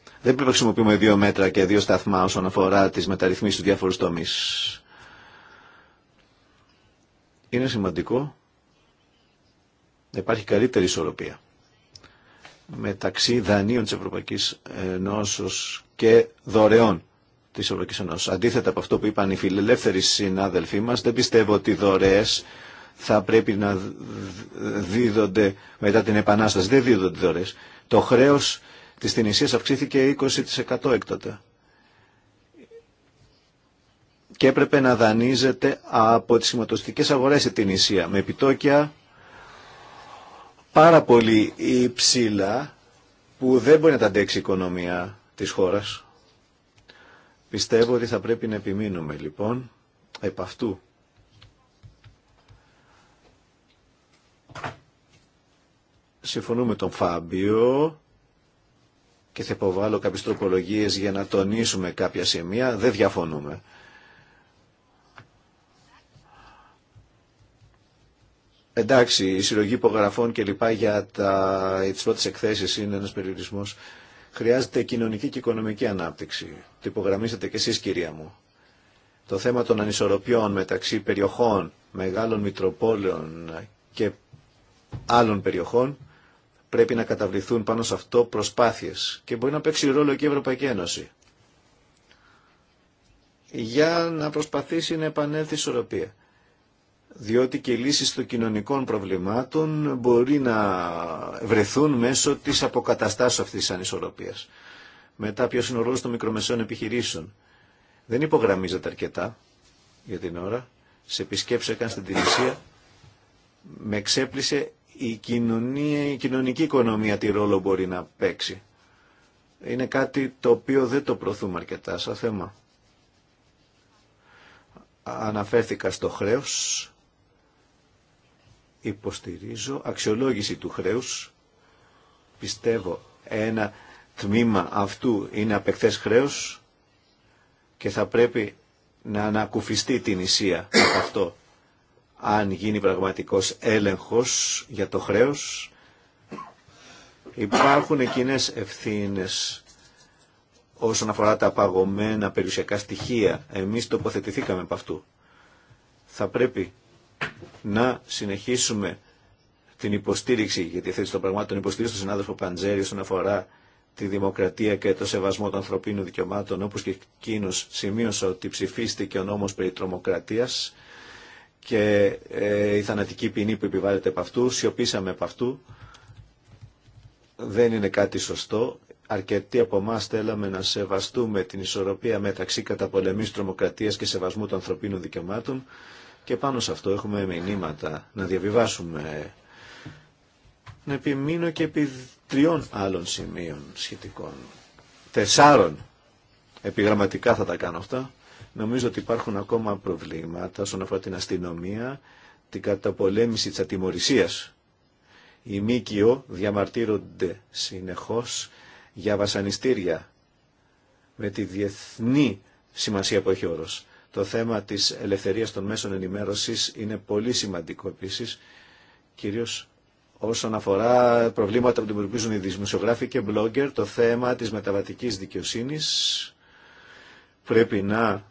Δεν πρέπει να χρησιμοποιούμε δύο μέτρα και δύο σταθμά όσον αφορά τις μεταρρυθμίσεις του διάφορου τομεί. Είναι σημαντικό να υπάρχει καλύτερη ισορροπία μεταξύ δανείων της Ευρωπαϊκής Ενώσεως και δωρεών της Ευρωπαϊκής Ενώσεως. Αντίθετα από αυτό που είπαν οι φιλελεύθεροι συνάδελφοί μας, δεν πιστεύω ότι οι δωρεές θα πρέπει να δίδονται μετά την Επανάσταση. Δεν δίδονται δωρεές. Το χρέος της Τινησίας αυξήθηκε 20% έκτοτε. Και έπρεπε να δανείζεται από τις σηματοστικές αγορές η Τινησία με επιτόκια πάρα πολύ υψηλά που δεν μπορεί να τα αντέξει η οικονομία της χώρας. Πιστεύω ότι θα πρέπει να επιμείνουμε λοιπόν επ' αυτού. Συμφωνούμε τον Φάμπιο και θα υποβάλω κάποιες τροπολογίες για να τονίσουμε κάποια σημεία. Δεν διαφωνούμε. Εντάξει, η συλλογή υπογραφών και λοιπά για, τα, τις πρώτες εκθέσεις είναι ένας περιορισμός. Χρειάζεται κοινωνική και οικονομική ανάπτυξη. Το υπογραμμίσατε και εσείς κυρία μου. Το θέμα των ανισορροπιών μεταξύ περιοχών, μεγάλων μητροπόλεων και άλλων περιοχών πρέπει να καταβληθούν πάνω σε αυτό προσπάθειες και μπορεί να παίξει ρόλο και η Ευρωπαϊκή Ένωση για να προσπαθήσει να επανέλθει η ισορροπία διότι και λύσεις των κοινωνικών προβλημάτων μπορεί να βρεθούν μέσω της αποκαταστάσεως αυτής της ανισορροπίας. Μετά ποιος είναι ο ρόλος των μικρομεσαίων επιχειρήσεων. Δεν υπογραμμίζεται αρκετά για την ώρα. Σε επισκέψεις έκανε στην Τινησία. Με εξέπλησε η, κοινωνία, η κοινωνική οικονομία τι ρόλο μπορεί να παίξει. Είναι κάτι το οποίο δεν το προωθούμε αρκετά σαν θέμα. Αναφέρθηκα στο χρέος Υποστηρίζω αξιολόγηση του χρέους. Πιστεύω ένα τμήμα αυτού είναι απεκθές χρέος και θα πρέπει να ανακουφιστεί την Ισία από αυτό αν γίνει πραγματικός έλεγχος για το χρέος. Υπάρχουν εκείνες ευθύνες όσον αφορά τα παγωμένα περιουσιακά στοιχεία. Εμείς τοποθετηθήκαμε από αυτού. Θα πρέπει να συνεχίσουμε την υποστήριξη για τη θέση των πραγμάτων, υποστήριξη του συνάδελφου Παντζέρη όσον αφορά τη δημοκρατία και το σεβασμό των ανθρωπίνων δικαιωμάτων, όπως και εκείνο σημείωσε ότι ψηφίστηκε ο νόμος περί τρομοκρατίας και ε, η θανατική ποινή που επιβάλλεται από αυτού, σιωπήσαμε από αυτού, δεν είναι κάτι σωστό. Αρκετοί από εμά θέλαμε να σεβαστούμε την ισορροπία μεταξύ καταπολεμής τρομοκρατίας και σεβασμού των ανθρωπίνων δικαιωμάτων και πάνω σε αυτό έχουμε μηνύματα να διαβιβάσουμε. Να επιμείνω και επί τριών άλλων σημείων σχετικών. Τεσσάρων. Επιγραμματικά θα τα κάνω αυτά. Νομίζω ότι υπάρχουν ακόμα προβλήματα όσον αφορά την αστυνομία, την καταπολέμηση της ατιμορρησίας. Οι ΜΚΟ διαμαρτύρονται συνεχώς για βασανιστήρια με τη διεθνή σημασία που έχει όρος. Το θέμα της ελευθερίας των μέσων ενημέρωσης είναι πολύ σημαντικό επίσης, κυρίως όσον αφορά προβλήματα που δημιουργούν οι δημοσιογράφοι και blogger, το θέμα της μεταβατικής δικαιοσύνης πρέπει να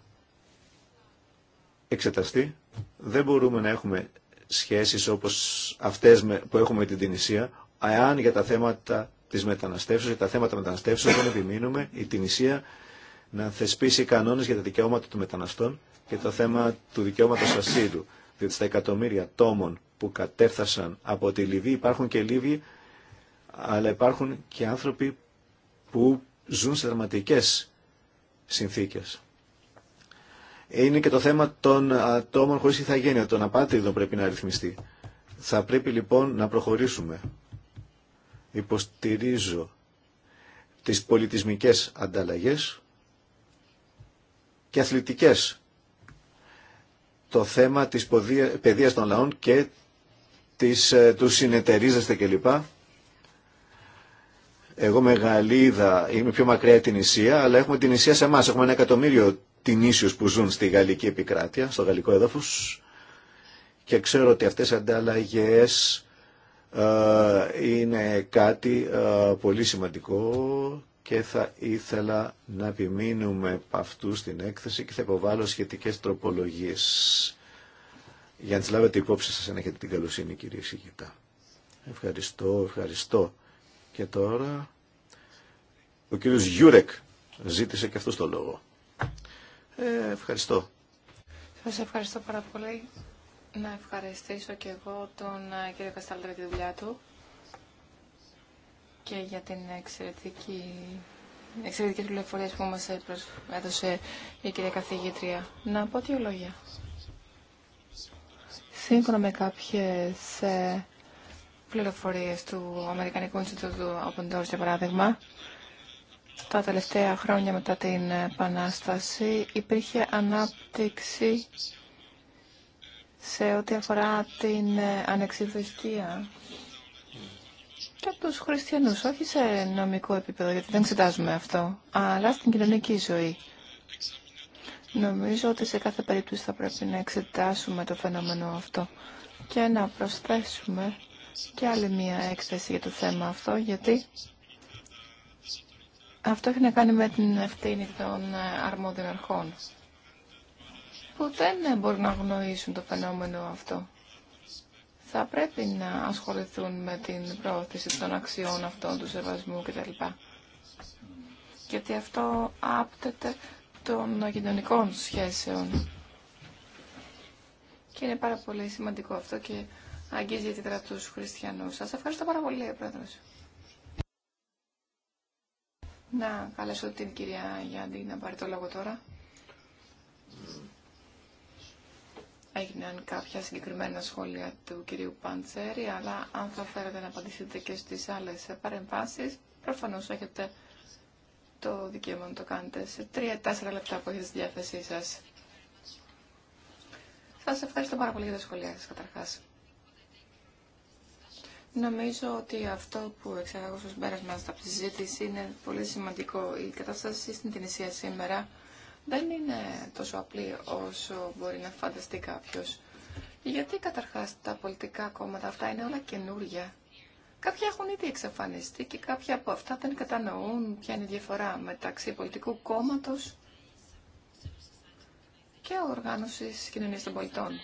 εξεταστεί. Δεν μπορούμε να έχουμε σχέσεις όπως αυτές που έχουμε με την Τινησία, αν για τα θέματα της μεταναστεύσεως, για τα θέματα μεταναστεύσεως δεν επιμείνουμε, η Τινησία να θεσπίσει κανόνες για τα δικαιώματα των μεταναστών και το θέμα του δικαιώματος ασύλου. Διότι στα εκατομμύρια τόμων που κατέφθασαν από τη Λιβύη υπάρχουν και Λίβοι, αλλά υπάρχουν και άνθρωποι που ζουν σε δραματικές συνθήκες. Είναι και το θέμα των ατόμων χωρίς ηθαγένεια, των απάτηδων πρέπει να ρυθμιστεί. Θα πρέπει λοιπόν να προχωρήσουμε. Υποστηρίζω τις πολιτισμικές ανταλλαγές και αθλητικές. Το θέμα της παιδείας των λαών και της, ε, του συνεταιρίζεστε κλπ. Εγώ μεγαλίδα, είμαι πιο μακριά την Ισία, αλλά έχουμε την Ισία σε εμά. Έχουμε ένα εκατομμύριο την που ζουν στη γαλλική επικράτεια, στο γαλλικό έδαφος και ξέρω ότι αυτές οι ανταλλαγές ε, είναι κάτι ε, πολύ σημαντικό και θα ήθελα να επιμείνουμε από αυτού στην έκθεση και θα υποβάλω σχετικέ τροπολογίες για να τι λάβετε υπόψη σας αν έχετε την καλοσύνη κύριε Σιγητά. Ευχαριστώ, ευχαριστώ. Και τώρα ο κύριος Γιούρεκ ζήτησε και αυτό το λόγο. Ε, ευχαριστώ. Σας ευχαριστώ πάρα πολύ. Να ευχαριστήσω και εγώ τον ε, κύριο Καστάλτρα για τη δουλειά του και για την εξαιρετική εξαιρετικές πληροφορίες που μας έδωσε η κυρία καθηγήτρια. Να πω δύο λόγια. Σύμφωνα με κάποιες ε, πληροφορίες του Αμερικανικού Ινστιτούτου Open Doors, για παράδειγμα, τα τελευταία χρόνια μετά την Επανάσταση υπήρχε ανάπτυξη σε ό,τι αφορά την ανεξιδοσκία και από τους χριστιανούς, όχι σε νομικό επίπεδο, γιατί δεν εξετάζουμε αυτό, αλλά στην κοινωνική ζωή. Νομίζω ότι σε κάθε περίπτωση θα πρέπει να εξετάσουμε το φαινόμενο αυτό και να προσθέσουμε και άλλη μία έκθεση για το θέμα αυτό, γιατί αυτό έχει να κάνει με την ευθύνη των αρμόδιων αρχών που δεν μπορούν να γνωρίσουν το φαινόμενο αυτό θα πρέπει να ασχοληθούν με την πρόωθηση των αξιών αυτών του σεβασμού κτλ. Γιατί αυτό άπτεται των κοινωνικών σχέσεων. Και είναι πάρα πολύ σημαντικό αυτό και αγγίζει την του χριστιανούς. Σας ευχαριστώ πάρα πολύ, Πρόεδρος. Να καλέσω την κυρία Γιάννη να πάρει το λόγο τώρα. έγιναν κάποια συγκεκριμένα σχόλια του κυρίου Παντσέρη, αλλά αν θα θέλετε να απαντήσετε και στις άλλες παρεμβάσεις, προφανώς έχετε το δικαίωμα να το κάνετε σε τρία-τέσσερα λεπτά που έχετε στη διάθεσή σας. Σας ευχαριστώ πάρα πολύ για τα σχόλια σας καταρχάς. Νομίζω ότι αυτό που εξαγάγω στο συμπέρασμα από τη συζήτηση είναι πολύ σημαντικό. Η κατάσταση στην Τινησία σήμερα δεν είναι τόσο απλή όσο μπορεί να φανταστεί κάποιο. Γιατί καταρχά τα πολιτικά κόμματα αυτά είναι όλα καινούρια. Κάποια έχουν ήδη εξαφανιστεί και κάποια από αυτά δεν κατανοούν ποια είναι η διαφορά μεταξύ πολιτικού κόμματο και οργάνωση κοινωνία των πολιτών.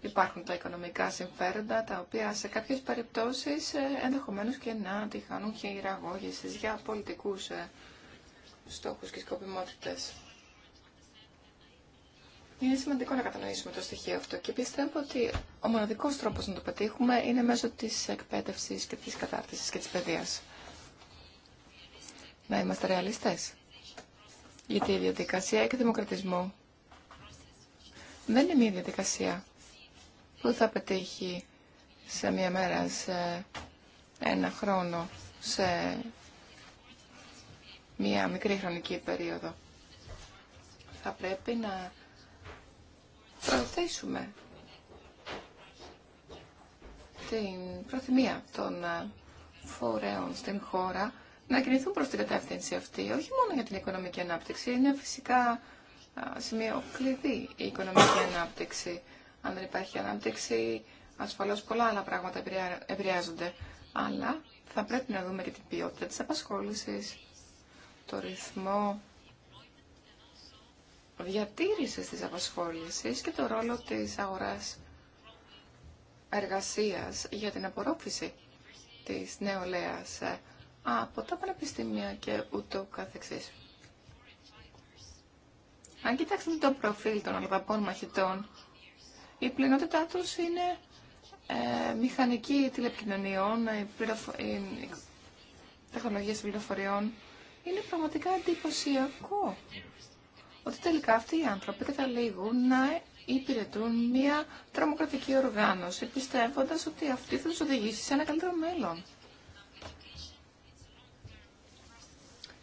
Υπάρχουν τα οικονομικά συμφέροντα, τα οποία σε κάποιες περιπτώσεις ε, ενδεχομένως και να τη χάνουν χειραγώγησης για πολιτικούς ε, στόχους και σκοπιμότητες. Είναι σημαντικό να κατανοήσουμε το στοιχείο αυτό και πιστεύω ότι ο μοναδικός τρόπος να το πετύχουμε είναι μέσω της εκπαίδευσης και της κατάρτισης και της παιδείας. Να είμαστε ρεαλιστές. Γιατί η διαδικασία και δημοκρατισμό δεν είναι μια διαδικασία που θα πετύχει σε μια μέρα, σε ένα χρόνο, σε μία μικρή χρονική περίοδο. Θα πρέπει να προωθήσουμε την προθυμία των ε, φορέων στην χώρα να κινηθούν προς την κατεύθυνση αυτή, όχι μόνο για την οικονομική ανάπτυξη, είναι φυσικά ε, σημείο κλειδί η οικονομική ανάπτυξη. Αν δεν υπάρχει ανάπτυξη, ασφαλώς πολλά άλλα πράγματα επηρεάζονται, αλλά θα πρέπει να δούμε και την ποιότητα της απασχόλησης, το ρυθμό διατήρησης της απασχόλησης και το ρόλο της αγοράς εργασίας για την απορρόφηση της νεολαίας ε, από τα πανεπιστήμια και ούτω καθεξής. Αν κοιτάξετε το προφίλ των Αλβαπών μαχητών, η πλειονότητά τους είναι ε, μηχανική τηλεπικοινωνιών, ε, η ε, τεχνολογίες πληροφοριών είναι πραγματικά εντυπωσιακό ότι τελικά αυτοί οι άνθρωποι καταλήγουν να υπηρετούν μια τρομοκρατική οργάνωση, πιστεύοντας ότι αυτή θα τους οδηγήσει σε ένα καλύτερο μέλλον.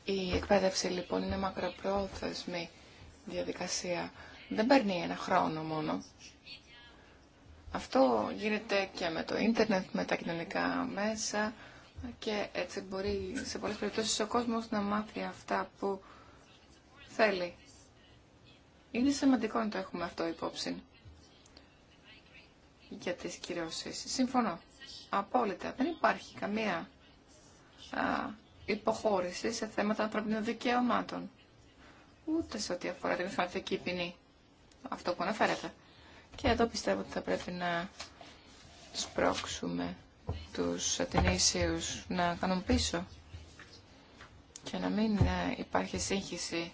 Η εκπαίδευση λοιπόν είναι μακροπρόθεσμη διαδικασία. Δεν παίρνει ένα χρόνο μόνο. Αυτό γίνεται και με το ίντερνετ, με τα κοινωνικά μέσα, και έτσι μπορεί σε πολλές περιπτώσεις ο κόσμος να μάθει αυτά που θέλει. Είναι σημαντικό να το έχουμε αυτό υπόψη για τις κυρώσεις. Συμφωνώ. Απόλυτα. Δεν υπάρχει καμία α, υποχώρηση σε θέματα ανθρωπίνων δικαιωμάτων. Ούτε σε ό,τι αφορά την εφαρμοστική ποινή. Αυτό που αναφέρατε. Και εδώ πιστεύω ότι θα πρέπει να σπρώξουμε τους Ατενίσιους να κάνουν πίσω και να μην ε, υπάρχει σύγχυση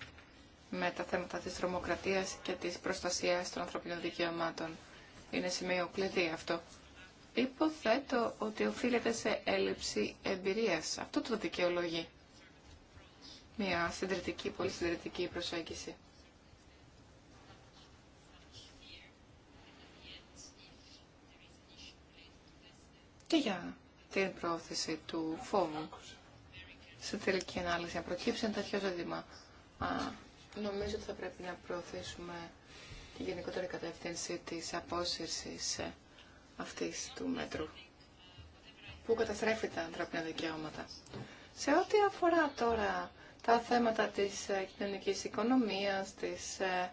με τα θέματα της τρομοκρατίας και της προστασίας των ανθρωπίνων δικαιωμάτων. Είναι σημείο κλειδί αυτό. Υποθέτω ότι οφείλεται σε έλλειψη εμπειρίας. Αυτό το δικαιολογεί. Μια συντηρητική, πολύ συντηρητική προσέγγιση. και για την πρόθεση του φόβου. Σε τελική ανάλυση, αν προκύψει ένα τέτοιο ζήτημα, νομίζω ότι θα πρέπει να προωθήσουμε τη γενικότερη κατεύθυνση της απόσυρσης ε, αυτής του μέτρου που καταστρέφει τα ανθρώπινα δικαιώματα. Σε ό,τι αφορά τώρα τα θέματα της ε, κοινωνικής οικονομίας, της ε,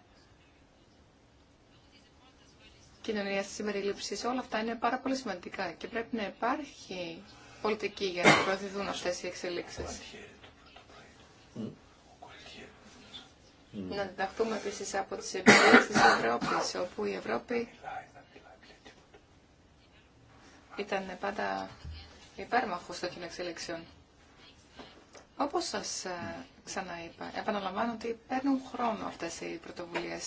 κοινωνία συμπερίληψη. Όλα αυτά είναι πάρα πολύ σημαντικά και πρέπει να υπάρχει πολιτική για να προωθηθούν αυτέ οι εξελίξει. Να διδαχθούμε επίση από τι εμπειρίε τη Ευρώπη, όπου η Ευρώπη ήταν πάντα υπέρμαχο τέτοιων εξελίξεων. Όπω σα ε, ξαναείπα, επαναλαμβάνω ότι παίρνουν χρόνο αυτέ οι πρωτοβουλίε.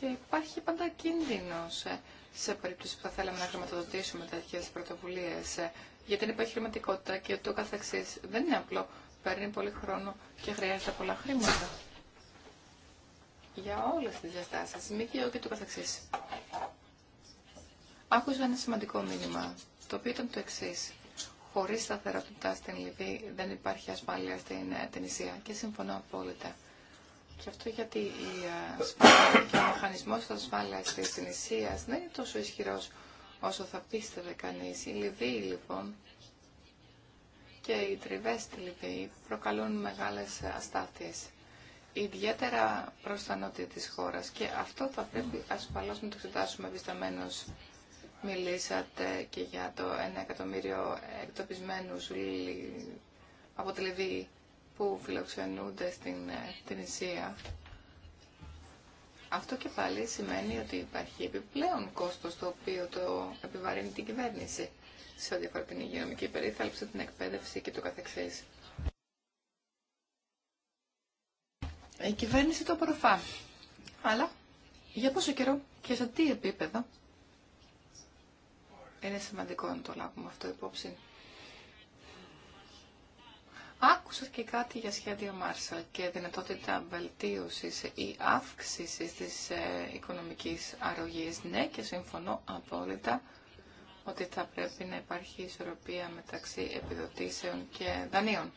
Και υπάρχει πάντα κίνδυνο ε, σε περίπτωση που θα θέλαμε να χρηματοδοτήσουμε τέτοιε πρωτοβουλίες ε, για την επιχειρηματικότητα και το καθεξή. Δεν είναι απλό. Παίρνει πολύ χρόνο και χρειάζεται πολλά χρήματα. Για όλε τι διαστάσει. μη και το καθεξή. Άκουσα ένα σημαντικό μήνυμα, το οποίο ήταν το εξή. Χωρίς σταθερότητα στην Λιβύη δεν υπάρχει ασφάλεια στην ε, Ισία και συμφωνώ απόλυτα. Και αυτό γιατί η ασφάλεια και ο μηχανισμό ασφάλεια τη νησίας δεν είναι τόσο ισχυρό όσο θα πίστευε κανεί. Οι Λιβύοι, λοιπόν και οι τριβέ στη Λιβύη προκαλούν μεγάλε αστάθειε. Ιδιαίτερα προ τα νότια τη χώρα. Και αυτό θα πρέπει ασφαλώ να το εξετάσουμε επισταμένω. Μιλήσατε και για το 1 εκατομμύριο εκτοπισμένου από τη Λιβύη που φιλοξενούνται στην ε, Αυτό και πάλι σημαίνει ότι υπάρχει επιπλέον κόστος το οποίο το επιβαρύνει την κυβέρνηση σε ό,τι αφορά την υγειονομική περίθαλψη, την εκπαίδευση και το καθεξής. Η κυβέρνηση το απορροφά. Αλλά για πόσο καιρό και σε τι επίπεδο είναι σημαντικό να το λάβουμε αυτό υπόψη. Άκουσα και κάτι για σχέδιο Μάρσαλ και δυνατότητα βελτίωσης ή αύξησης της ε, οικονομικής αρρωγής. Ναι, και συμφωνώ απόλυτα ότι θα πρέπει να υπάρχει ισορροπία μεταξύ επιδοτήσεων και δανείων.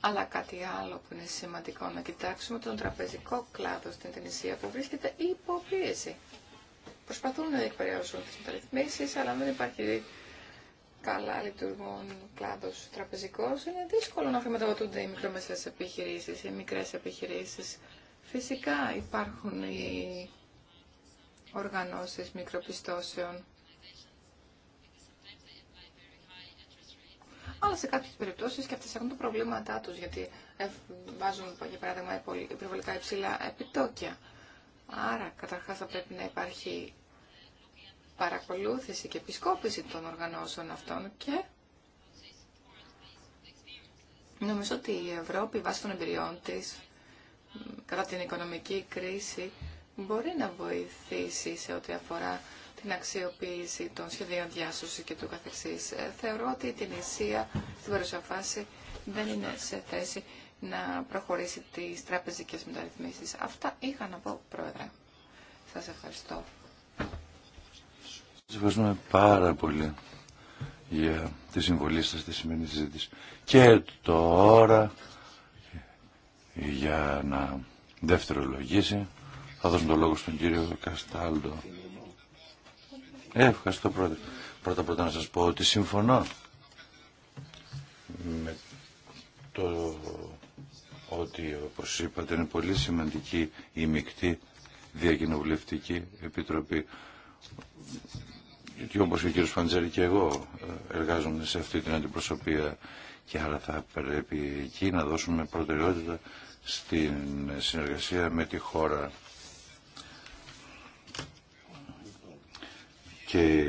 Αλλά κάτι άλλο που είναι σημαντικό να κοιτάξουμε τον τραπεζικό κλάδο στην Τινησία που βρίσκεται υπό πίεση. Προσπαθούν να εκπαιδεύσουν τις μεταρρυθμίσεις, αλλά δεν υπάρχει καλά λειτουργούν κλάδο τραπεζικός, είναι δύσκολο να χρηματοδοτούνται οι μικρομεσαίε επιχειρήσει οι μικρέ επιχειρήσει. Φυσικά υπάρχουν οι οργανώσεις μικροπιστώσεων. Αλλά σε κάποιες περιπτώσεις και αυτέ έχουν τα προβλήματά του, γιατί βάζουν, για παράδειγμα, υπερβολικά υψηλά επιτόκια. Άρα, καταρχά θα πρέπει να υπάρχει παρακολούθηση και επισκόπηση των οργανώσεων αυτών και νομίζω ότι η Ευρώπη βάσει των εμπειριών της κατά την οικονομική κρίση μπορεί να βοηθήσει σε ό,τι αφορά την αξιοποίηση των σχεδίων διάσωση και του καθεξής. Ε, θεωρώ ότι την Ισία στην παρουσιαφάση φάση δεν είναι σε θέση να προχωρήσει τις τραπεζικές μεταρρυθμίσεις. Αυτά είχα να πω, Πρόεδρε. Σας ευχαριστώ. Σας ευχαριστούμε πάρα πολύ για τη συμβολή σας στη σημερινή συζήτηση. Και τώρα, για να δευτερολογήσει, θα δώσουμε το λόγο στον κύριο Καστάλτο. Ε, ευχαριστώ πρώτα. Πρώτα πρώτα να σας πω ότι συμφωνώ με το ότι, όπως είπατε, είναι πολύ σημαντική η μεικτή διακοινοβουλευτική επιτροπή και όπως και ο κύριος Παντζέρη και εγώ ε, εργάζομαι σε αυτή την αντιπροσωπεία και άρα θα πρέπει εκεί να δώσουμε προτεραιότητα στην συνεργασία με τη χώρα και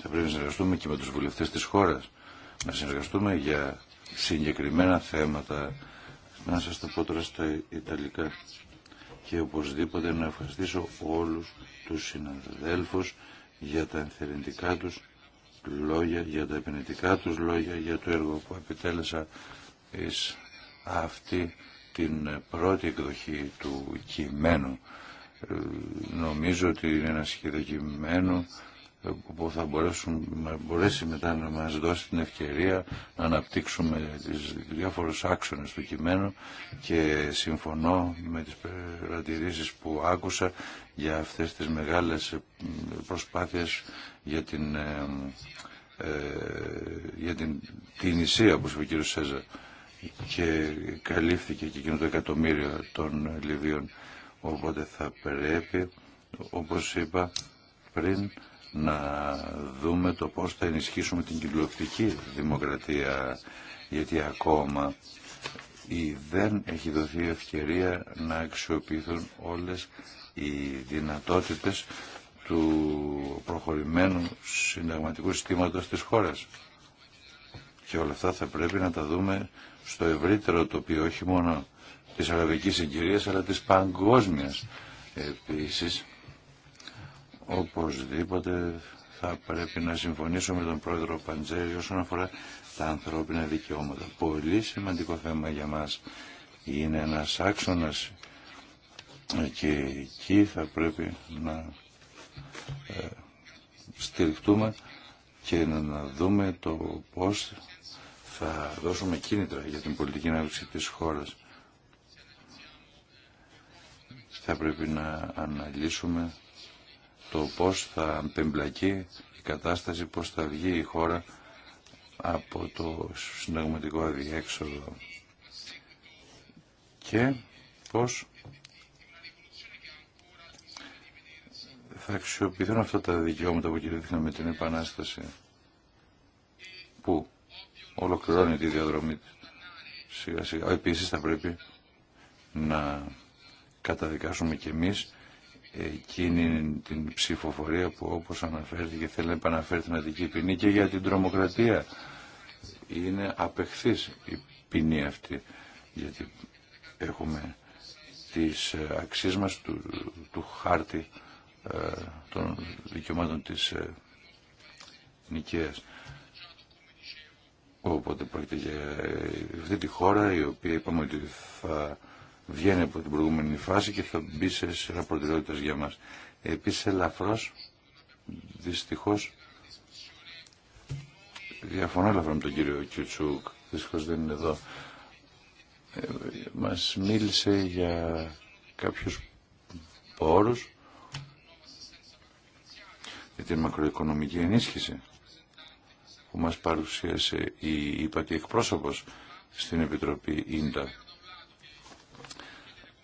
θα πρέπει να συνεργαστούμε και με τους βουλευτές της χώρας να συνεργαστούμε για συγκεκριμένα θέματα να σας το πω τώρα στα Ιταλικά και οπωσδήποτε να ευχαριστήσω όλους τους συναδέλφους για τα ενθερεντικά τους λόγια, για τα επενετικά τους λόγια, για το έργο που επιτέλεσα εις αυτή την πρώτη εκδοχή του κειμένου. Ε, νομίζω ότι είναι ένα που θα μπορέσει μετά να μας δώσει την ευκαιρία να αναπτύξουμε τις διάφορους άξονες του κειμένου και συμφωνώ με τις παρατηρήσεις που άκουσα για αυτές τις μεγάλες ε, προσπάθειες για την, ε, ε, για την, την Ισία, όπως είπε ο κύριος Σέζα και καλύφθηκε και εκείνο το εκατομμύριο των Λιβύων οπότε θα πρέπει όπως είπα πριν να δούμε το πώς θα ενισχύσουμε την κοινωνική δημοκρατία γιατί ακόμα ή δεν έχει δοθεί ευκαιρία να αξιοποιηθούν όλες οι δυνατότητες του προχωρημένου συνταγματικού συστήματος της χώρας. Και όλα αυτά θα πρέπει να τα δούμε στο ευρύτερο τοπίο, όχι μόνο της αραβικής συγκυρίας, αλλά της παγκόσμιας. Επίσης, Οπωσδήποτε θα πρέπει να συμφωνήσω με τον πρόεδρο Παντζέρη όσον αφορά τα ανθρώπινα δικαιώματα. Πολύ σημαντικό θέμα για μας είναι ένας άξονας και εκεί θα πρέπει να ε, στηριχτούμε και να δούμε το πώς θα δώσουμε κίνητρα για την πολιτική ανάπτυξη της χώρας. Θα πρέπει να αναλύσουμε το πώς θα πεμπλακεί η κατάσταση, πώς θα βγει η χώρα από το συνταγματικό αδιέξοδο και πώς θα αξιοποιηθούν αυτά τα δικαιώματα που κηρύχθηκαν με την Επανάσταση που ολοκληρώνει τη διαδρομή της. Σιγά σιγά. Επίσης θα πρέπει να καταδικάσουμε και εμείς εκείνη την ψηφοφορία που όπως αναφέρθηκε θέλει να επαναφέρει την Αττική ποινή και για την τρομοκρατία. Είναι απεχθής η ποινή αυτή γιατί έχουμε τις ε, αξίες μας του, χάρτη ε, των δικαιωμάτων της ε, Οπότε πρόκειται για ε, αυτή τη χώρα η οποία είπαμε ότι θα βγαίνει από την προηγούμενη φάση και θα μπει σε σειρά προτεραιότητας για μας. Επίσης ελαφρώς, δυστυχώς, διαφωνώ ελαφρώς με τον κύριο Κιουτσούκ, δυστυχώς δεν είναι εδώ, ε, μας μίλησε για κάποιους πόρους για την μακροοικονομική ενίσχυση που μας παρουσίασε η ΥΠΑ και εκπρόσωπος στην Επιτροπή Ίντα.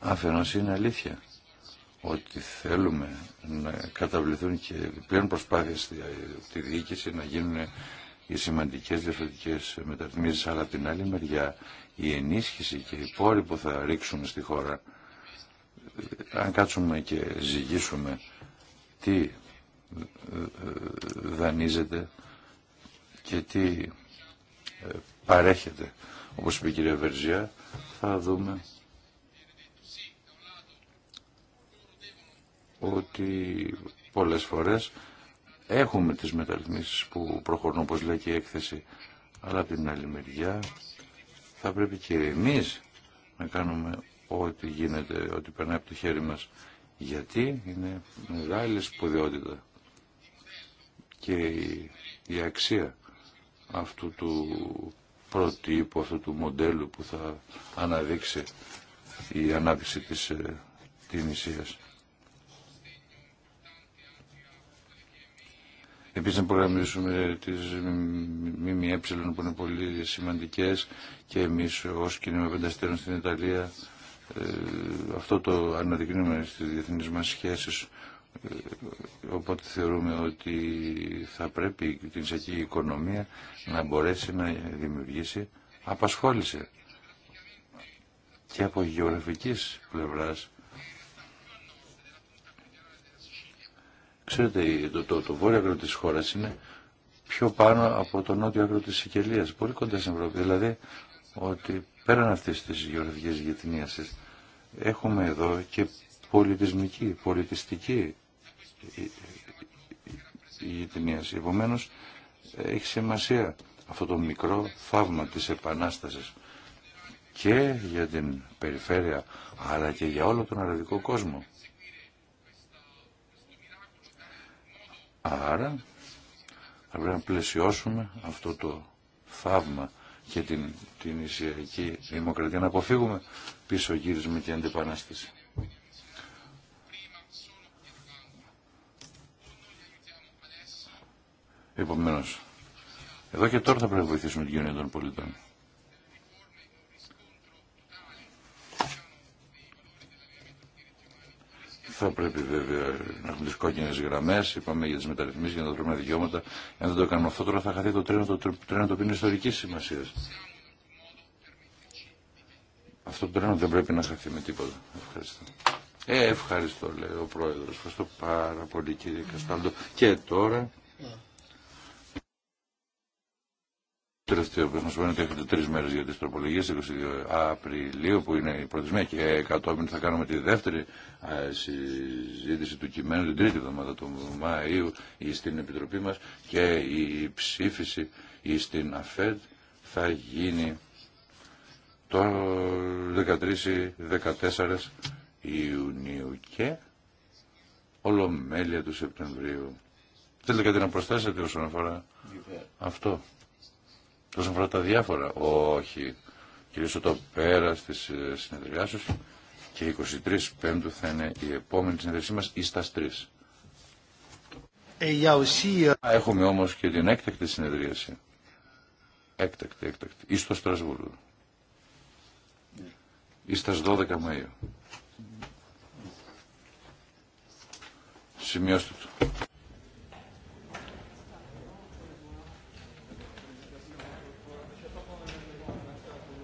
Αφενός είναι αλήθεια ότι θέλουμε να καταβληθούν και πλέον προσπάθειες στη διοίκηση να γίνουν οι σημαντικές διαφορετικές μεταρρυθμίσεις, αλλά την άλλη μεριά η ενίσχυση και οι πόροι που θα ρίξουμε στη χώρα, αν κάτσουμε και ζυγίσουμε τι ε, ε, δανείζεται και τι ε, παρέχεται, όπως είπε η κυρία Βερζιά, θα δούμε ότι πολλές φορές έχουμε τις μεταρρυθμίσεις που προχωρούν όπως λέει και η έκθεση αλλά από την άλλη μεριά θα πρέπει και εμείς να κάνουμε ό,τι γίνεται, ό,τι περνάει από το χέρι μας γιατί είναι μεγάλη σπουδαιότητα και η, αξία αυτού του προτύπου, αυτού του μοντέλου που θα αναδείξει η ανάπτυξη της ε, Επίσης να προγραμμίσουμε τις ΜΜΕ που είναι πολύ σημαντικές και εμείς ως κίνημα πενταστέρων στην Ιταλία ε, αυτό το αναδεικνύουμε στις διεθνείς μας σχέσεις ε, οπότε θεωρούμε ότι θα πρέπει την κινησιακή οικονομία να μπορέσει να δημιουργήσει απασχόληση και από γεωγραφικής πλευράς Ξέρετε, το, το, το βόρειο άκρο της χώρας είναι πιο πάνω από το νότιο άκρο της Σικελίας, πολύ κοντά στην Ευρώπη. Δηλαδή, ότι πέραν αυτής της γεωγραφικής γειτονίασης, έχουμε εδώ και πολιτισμική, πολιτιστική γειτονίαση. Επομένω, έχει σημασία αυτό το μικρό θαύμα της Επανάστασης και για την περιφέρεια, αλλά και για όλο τον αραβικό κόσμο. Άρα θα πρέπει να πλαισιώσουμε αυτό το θαύμα και την, την ισιακή δημοκρατία να αποφύγουμε πίσω γύρισμα και αντιπανάσταση. Επομένως, εδώ και τώρα θα πρέπει να βοηθήσουμε την κοινωνία των πολιτών. θα πρέπει βέβαια να έχουμε τι κόκκινε γραμμέ. Είπαμε για τι μεταρρυθμίσει, για να ανθρώπινα δικαιώματα. Εάν δεν το κάνουμε αυτό, τώρα θα χαθεί το τρένο το, τρένο, το οποίο είναι ιστορική σημασία. Αυτό το τρένο δεν πρέπει να χαθεί με τίποτα. Ευχαριστώ. Ε, ευχαριστώ, λέει ο πρόεδρο. Ευχαριστώ πάρα πολύ, κύριε Καστάλτο. Και τώρα τελευταίο που μας ότι έχετε τρεις μέρες για τις τροπολογίε 22 Απριλίου που είναι η πρώτη και κατόπιν θα κάνουμε τη δεύτερη συζήτηση του κειμένου την τρίτη εβδομάδα του Μαΐου στην Επιτροπή μας και η ψήφιση στην ΑΦΕΔ θα γίνει το 13-14 Ιουνίου και ολομέλεια του Σεπτεμβρίου. Θέλετε κάτι να προσθέσετε όσον αφορά αυτό. Όσον αφορά τα διάφορα, όχι. Κυρίως το πέρα στις ε, συνεδριάσεις και 23 Πέμπτου θα είναι η επόμενη συνεδρίασή μα ή στα 3. Ε, έχουμε όμως και την έκτακτη συνεδρίαση. Έκτακτη, έκτακτη. Ή στο Στρασβούργο. Ή στα 12 Μαΐου. Σημειώστε το.